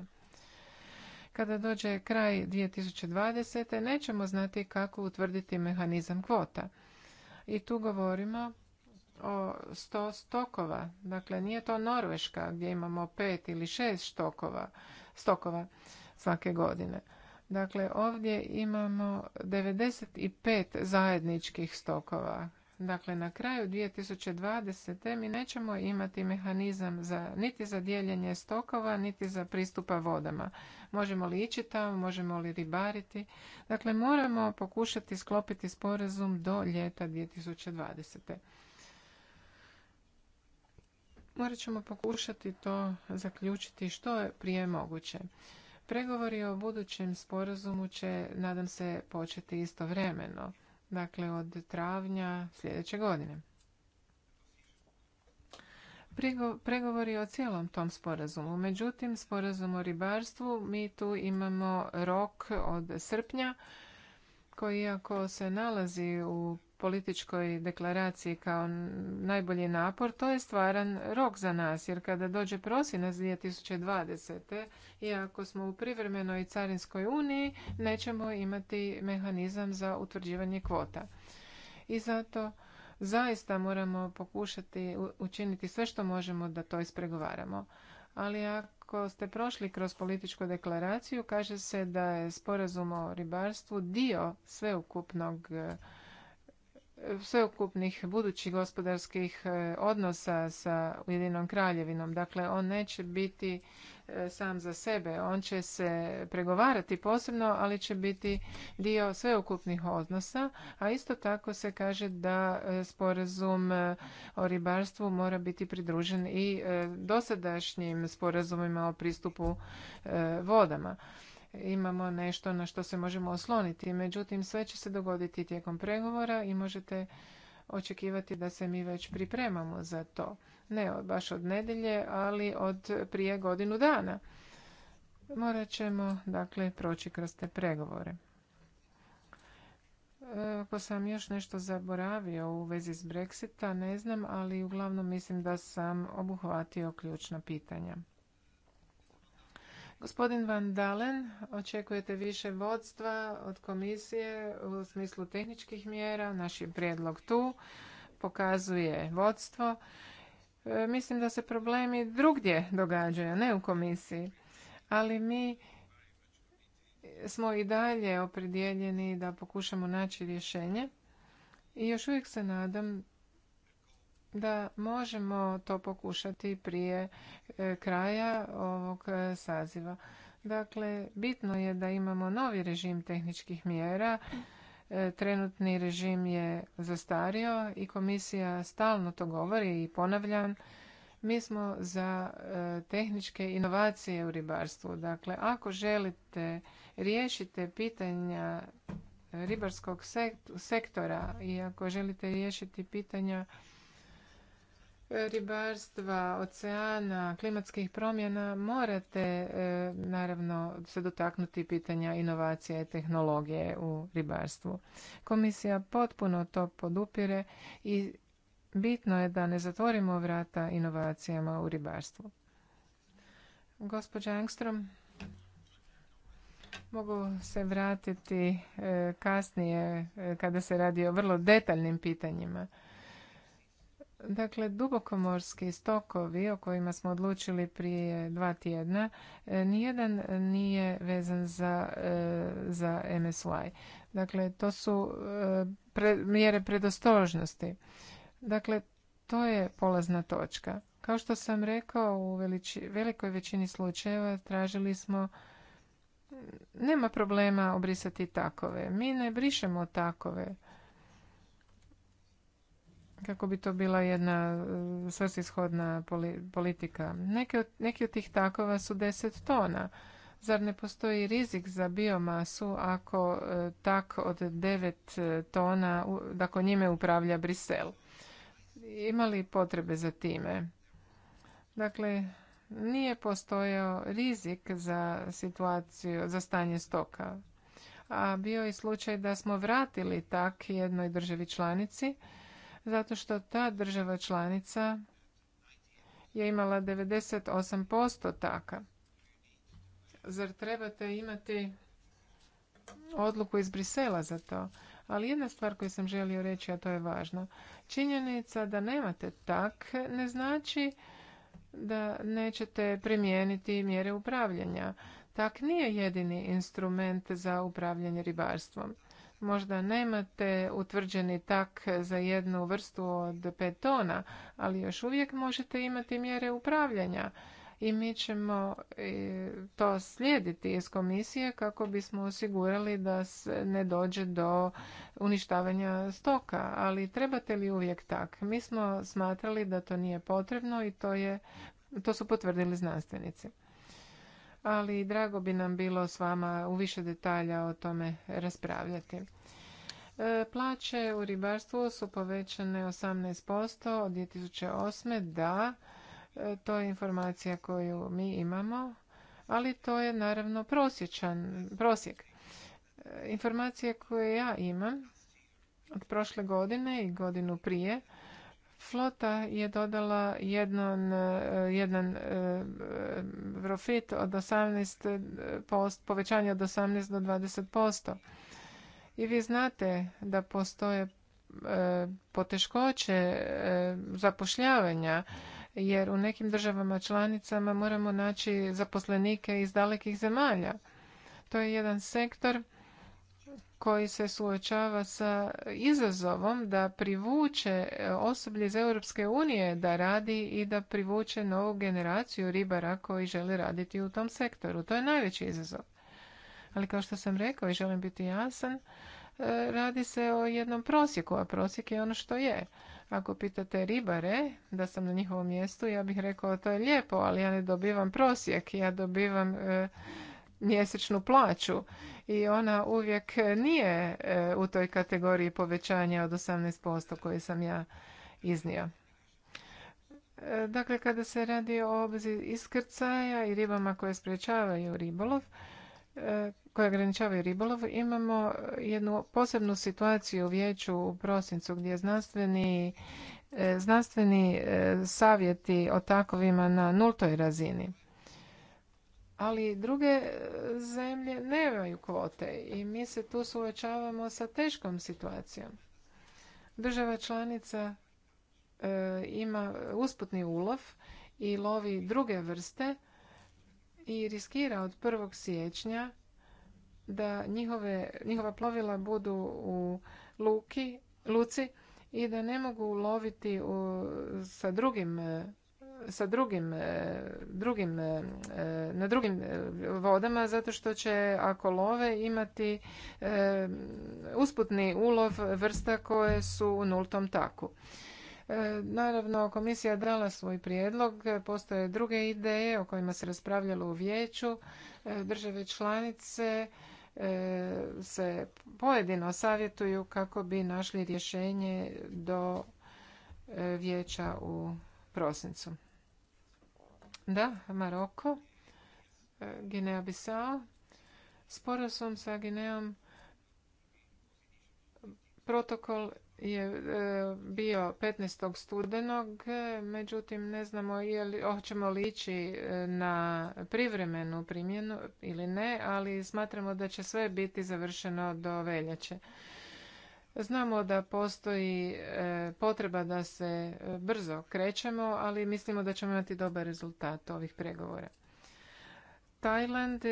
kada dođe kraj 2020. nećemo znati kako utvrditi mehanizam kvota. I tu govorimo o 100 stokova. Dakle, nije to Norveška gdje imamo pet ili 6 stokova svake godine. Dakle, ovdje imamo 95 zajedničkih stokova Dakle, na kraju 2020. mi nećemo imati mehanizam za, niti za dijeljenje stokova, niti za pristupa vodama. Možemo li ići tamo, možemo li ribariti. Dakle, moramo pokušati sklopiti sporazum do ljeta 2020. Morat ćemo pokušati to zaključiti što je prije moguće. Pregovori o budućem sporazumu će, nadam se, početi istovremeno dakle od travnja sljedeće godine. Pregovori o cijelom tom sporazumu. Međutim, sporazum o ribarstvu, mi tu imamo rok od srpnja koji ako se nalazi u političkoj deklaraciji kao najbolji napor, to je stvaran rok za nas, jer kada dođe prosinac 2020. i ako smo u privremenoj carinskoj uniji, nećemo imati mehanizam za utvrđivanje kvota. I zato zaista moramo pokušati učiniti sve što možemo da to ispregovaramo. Ali ako ste prošli kroz političku deklaraciju, kaže se da je sporazum o ribarstvu dio sveukupnog eh, sveukupnih budućih gospodarskih e, odnosa sa Ujedinom kraljevinom. Dakle, on neće biti e, sam za sebe. On će se pregovarati posebno, ali će biti dio sveukupnih odnosa. A isto tako se kaže da e, sporazum o ribarstvu mora biti pridružen i dosadašnjim sporazumima o pristupu vodama imamo nešto na što se možemo osloniti. Međutim, sve će se dogoditi tijekom pregovora i možete očekivati da se mi već pripremamo za to. Ne baš od nedelje, ali od prije godinu dana. Morat ćemo, dakle, proći kroz te pregovore. Ako sam još nešto zaboravio u vezi s Brexita, ne znam, ali uglavnom mislim da sam obuhvatio ključna pitanja. Gospodin Van Dalen, očekujete više vodstva od komisije u smislu tehničkih mjera. Naš je prijedlog tu, pokazuje vodstvo. E, mislim da se problemi drugdje događaju, ne u komisiji. Ali mi smo i dalje opredijeljeni da pokušamo naći rješenje. I još uvijek se nadam da možemo to pokušati prije e, kraja ovog e, saziva. Dakle, bitno je da imamo novi režim tehničkih mjera. E, trenutni režim je zastario i komisija stalno to govori i ponavljan. Mi smo za tehničke inovacije u ribarstvu. Dakle, ako želite riješite pitanja ribarskog sektora i ako želite riješiti pitanja ribarstva, oceana, klimatskih promjena morate e, naravno se dotaknuti pitanja inovacije i tehnologije u ribarstvu. Komisija potpuno to podupire i bitno je da ne zatvorimo vrata inovacijama u ribarstvu. Gospođa Angstrom, mogu se vratiti e, kasnije e, kada se radi o vrlo detaljnim pitanjima. Dakle, dubokomorski stokovi o kojima smo odlučili prije dva tjedna, e, nijedan nije vezan za, e, za MSY. Dakle, to su e, mjere predostožnosti. Dakle, to je polazna točka. Kao što sam rekao, u veliči, velikoj većini slučajeva tražili smo nema problema obrisati takove. Mi ne brišemo takove kako bi to bila jedna e, svrsishodna politika. neki od tih takova su 10 tona. Zar ne postoji rizik za biomasu ako e, tak od 9 e, tona, ako njime upravlja Brisel? Ima li potrebe za time? Dakle, nije postojao rizik za situaciju, za stanje stoka. A bio je slučaj da smo vratili tak jednoj državi članici, zato što ta država članica je imala 98% taka. Zar trebate imati odluku iz Brisela za to? Ali jedna stvar koju sam želio reći, a to je važno. Činjenica da nemate tak ne znači da nećete primijeniti mjere upravljanja. Tak nije jedini instrument za upravljanje ribarstvom. Možda nemate utvrđeni tak za jednu vrstu od petona, tona, ali još uvijek možete imati mjere upravljanja i mi ćemo e, to slijediti iz komisije kako bismo osigurali da ne dođe do uništavanja stoka. Ali trebate li uvijek tak? Mi smo smatrali da to nije potrebno i to, to su potvrdili znanstvenici ali drago bi nam bilo s vama u više detalja o tome raspravljati. E, plaće u ribarstvu su povećane 18% od 2008. Da, e, to je informacija koju mi imamo, ali to je naravno prosječan, prosjek. E, informacije koje ja imam od prošle godine i godinu prije Flota je dodala eh, jedan, jedan eh, profit od 18%, eh, povećanje od 18 do 20%. I vi znate da postoje poteškoće zapošljavanja jer u nekim državama članicama moramo naći zaposlenike iz dalekih zemalja. To je jedan sektor koji se suočava sa izazovom da privuče e, osoblje iz Europske unije da radi i da privuče novu generaciju ribara koji žele raditi u tom sektoru. To je najveći izazov. Ali kao što sam rekao i želim biti jasan, e, radi se o jednom prosjeku, a prosjek je ono što je. Ako pitate ribare, da sam na njihovom mjestu, ja bih rekao to je lijepo, ali ja ne dobivam prosjek, ja dobivam e, mjesečnu plaću i ona uvijek nije e, u toj kategoriji povećanja od 18% koje sam ja iznio. E, dakle, kada se radi o obzi iskrcaja i ribama koje sprečavaju ribolov, e, koje ograničavaju ribolov, imamo jednu posebnu situaciju u vijeću u prosincu gdje znanstveni, znanstveni savjeti o takovima na nultoj razini ali druge e, zemlje nemaju kvote i mi se tu suočavamo sa teškom situacijom. Država članica e, ima usputni ulov i lovi druge vrste i riskira od 1. siječnja da njihova plovila budu u luci i da ne mogu loviti sa drugim e, sa drugim, e, drugim, e, na drugim e, vodama zato što će ako love imati usputni ulov vrsta koje su u nultom taku. Naravno, komisija dala svoj prijedlog, postoje druge ideje o kojima se raspravljalo u vijeću, države članice se pojedino savjetuju kako bi našli rješenje do vijeća u prosincu. Da, Maroko, e, Gineja Bissau, Sporazum sa Gineom protokol je e, bio 15. studenog, međutim ne znamo je li, hoćemo li ići e, na privremenu primjenu ili ne, ali smatramo da će sve biti završeno do veljače. Znamo da postoji e, potreba da se e, brzo krećemo, ali mislimo da ćemo imati dobar rezultat ovih pregovora. Tajland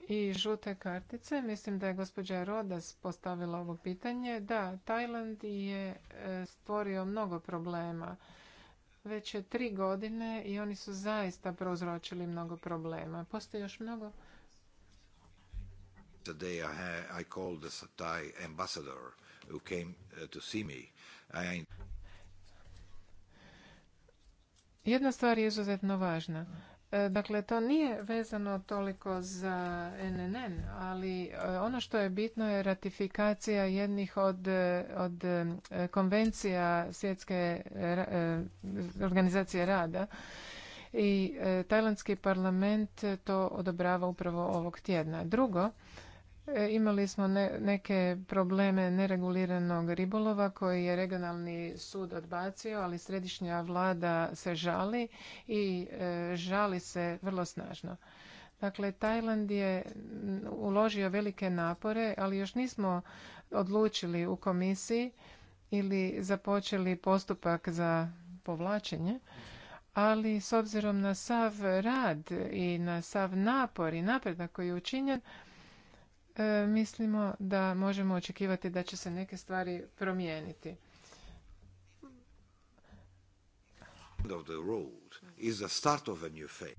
i žute kartice, mislim da je gospođa Rodas postavila ovo pitanje. Da, Tajland je e, stvorio mnogo problema. Već je tri godine i oni su zaista prouzročili mnogo problema. Postoji još mnogo Yesterday I, ha I called the Thai ambassador who came uh, to see me. Jedna stvar je izuzetno važna. E, dakle, to nije vezano toliko za NNN, ali e, ono što je bitno je ratifikacija jednih od, e, od konvencija svjetske organizacije rada i tajlandski parlament to odobrava upravo ovog tjedna. Drugo, E, imali smo neke probleme nereguliranog ribolova koji je regionalni sud odbacio, ali središnja vlada se žali i e, žali se vrlo snažno. Dakle, Tajland je uložio velike napore, ali još nismo odlučili u komisiji ili započeli postupak za povlačenje ali s obzirom na sav rad i na sav napor i napredak koji je učinjen, E, mislimo da možemo očekivati da će se neke stvari promijeniti.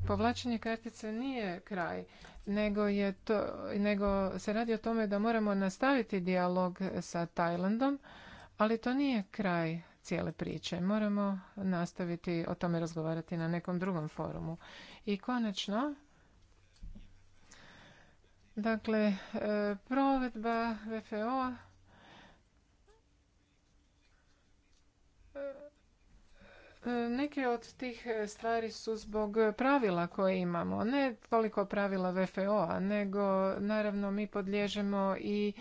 Povlačenje kartice nije kraj, nego, je to, nego se radi o tome da moramo nastaviti dijalog sa Tajlandom, ali to nije kraj cijele priče. Moramo nastaviti o tome razgovarati na nekom drugom forumu. I konačno, Dakle, e, provedba VFO e, e, Neke od tih stvari su zbog pravila koje imamo, ne toliko pravila VFO-a, nego naravno mi podliježemo i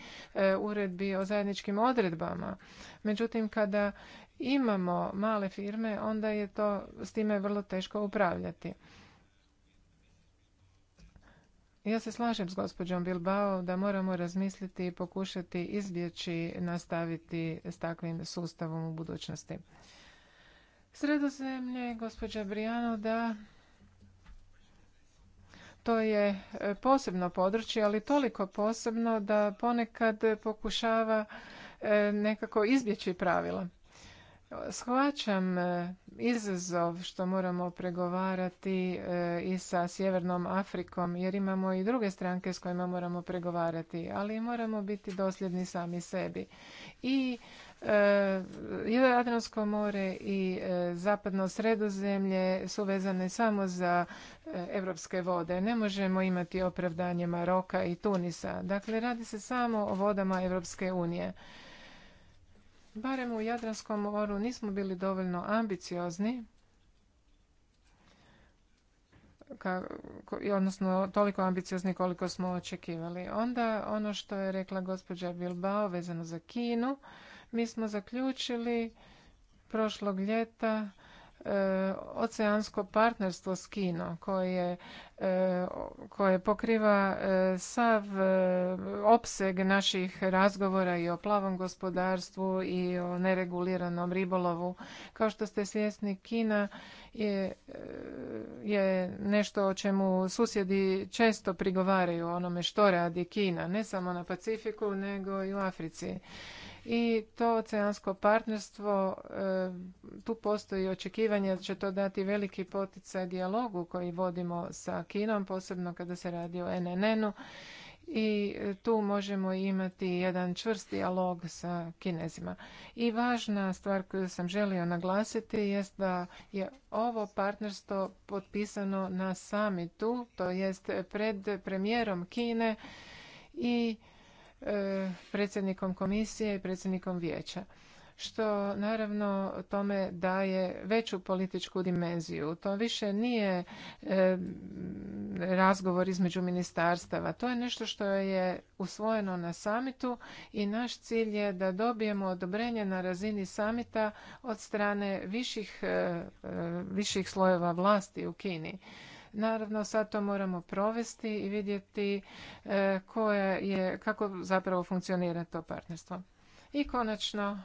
uredbi o zajedničkim odredbama. Međutim, kada imamo male firme, onda je to s time vrlo teško upravljati. Ja se slažem s gospođom Bilbao da moramo razmisliti i pokušati izbjeći nastaviti s takvim sustavom u budućnosti. Sredozemlje, gospođa Brijano, da to je e, posebno područje, ali toliko posebno da ponekad pokušava e, nekako izbjeći pravila. Shvaćam e, izazov što moramo pregovarati e, i sa Sjevernom Afrikom jer imamo i druge stranke s kojima moramo pregovarati, ali moramo biti dosljedni sami sebi. I e, Jadransko more i zapadno sredozemlje su vezane samo za evropske vode. Ne možemo imati opravdanje Maroka i Tunisa. Dakle, radi se samo o vodama Evropske unije barem u Jadranskom moru nismo bili dovoljno ambiciozni, ka, odnosno toliko ambiciozni koliko smo očekivali. Onda ono što je rekla gospođa Bilbao vezano za Kinu, mi smo zaključili prošlog ljeta E, oceansko partnerstvo s Kino koje, e, pokriva e, sav opseg naših razgovora i o plavom gospodarstvu i o nereguliranom ribolovu. Kao što ste svjesni, Kina je, je nešto o čemu susjedi često prigovaraju onome što radi Kina, ne samo na Pacifiku nego i u Africi i to oceansko partnerstvo, e, tu postoji očekivanje da će to dati veliki poticaj dijalogu koji vodimo sa Kinom, posebno kada se radi o NNN-u i tu možemo imati jedan čvrst dijalog sa Kinezima. I važna stvar koju sam želio naglasiti jest da je ovo partnerstvo potpisano na samitu, to jest pred premijerom Kine i E, predsjednikom komisije i predsjednikom vijeća što naravno tome daje veću političku dimenziju. To više nije e, razgovor između ministarstava. To je nešto što je usvojeno na samitu i naš cilj je da dobijemo odobrenje na razini samita od strane viših, e, viših slojeva vlasti u Kini. Naravno, sad to moramo provesti i vidjeti e, koje je, kako zapravo funkcionira to partnerstvo. I konačno,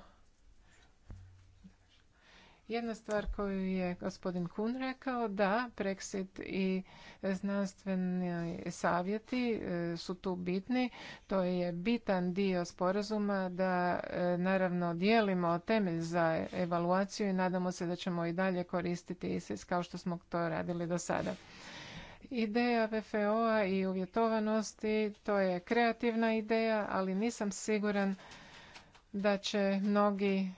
jedna stvar koju je gospodin Kun rekao, da, preksit i znanstveni savjeti e, su tu bitni. To je bitan dio sporazuma da e, naravno dijelimo temelj za evaluaciju i nadamo se da ćemo i dalje koristiti ISIS kao što smo to radili do sada. Ideja VFO-a i uvjetovanosti, to je kreativna ideja, ali nisam siguran da će mnogi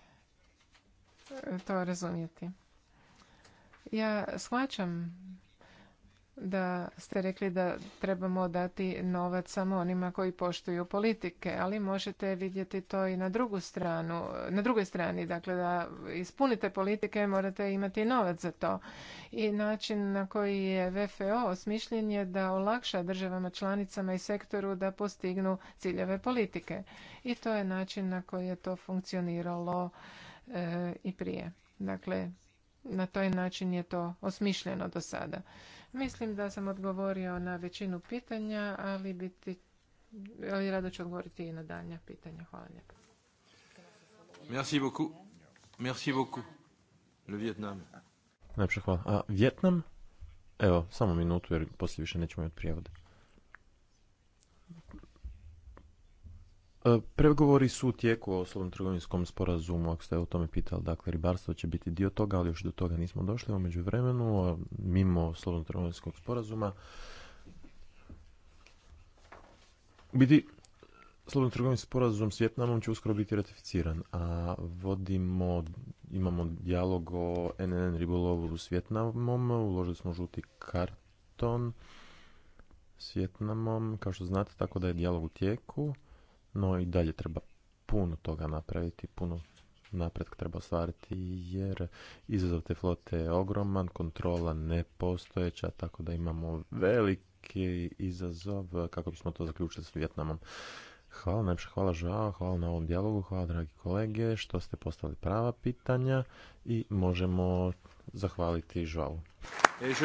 e, to razumjeti. Ja shvaćam da ste rekli da trebamo dati novac samo onima koji poštuju politike, ali možete vidjeti to i na drugu stranu, na drugoj strani, dakle da ispunite politike morate imati novac za to. I način na koji je VFO osmišljen je da olakša državama članicama i sektoru da postignu ciljeve politike. I to je način na koji je to funkcioniralo e, i prije. Dakle, na taj način je to osmišljeno do sada. Mislim da sam odgovorio na većinu pitanja, ali biti ali rado ću odgovoriti i na daljnja pitanja. Hvala lijepo. Merci beaucoup. Merci beaucoup. Le Vietnam. hvala. A Vjetnam? Evo, samo minutu jer poslije više nećemo imati prijevode. E, pregovori su u tijeku o slobodnom trgovinskom sporazumu, ako ste o tome pitali, dakle ribarstvo će biti dio toga, ali još do toga nismo došli, u vremenu, mimo slobodnog trgovinskog sporazuma, biti slobodno trgovinski sporazum s Vjetnamom će uskoro biti ratificiran, a vodimo, imamo dijalog o NNN ribolovu s Vjetnamom, uložili smo žuti karton s Vjetnamom, kao što znate, tako da je dijalog u tijeku no i dalje treba puno toga napraviti, puno napredak treba ostvariti jer izazov te flote je ogroman, kontrola nepostojeća, tako da imamo veliki izazov kako bismo to zaključili s Vjetnamom. Hvala, najpše hvala žao, hvala na ovom dijalogu, hvala dragi kolege što ste postavili prava pitanja i možemo zahvaliti žao. Et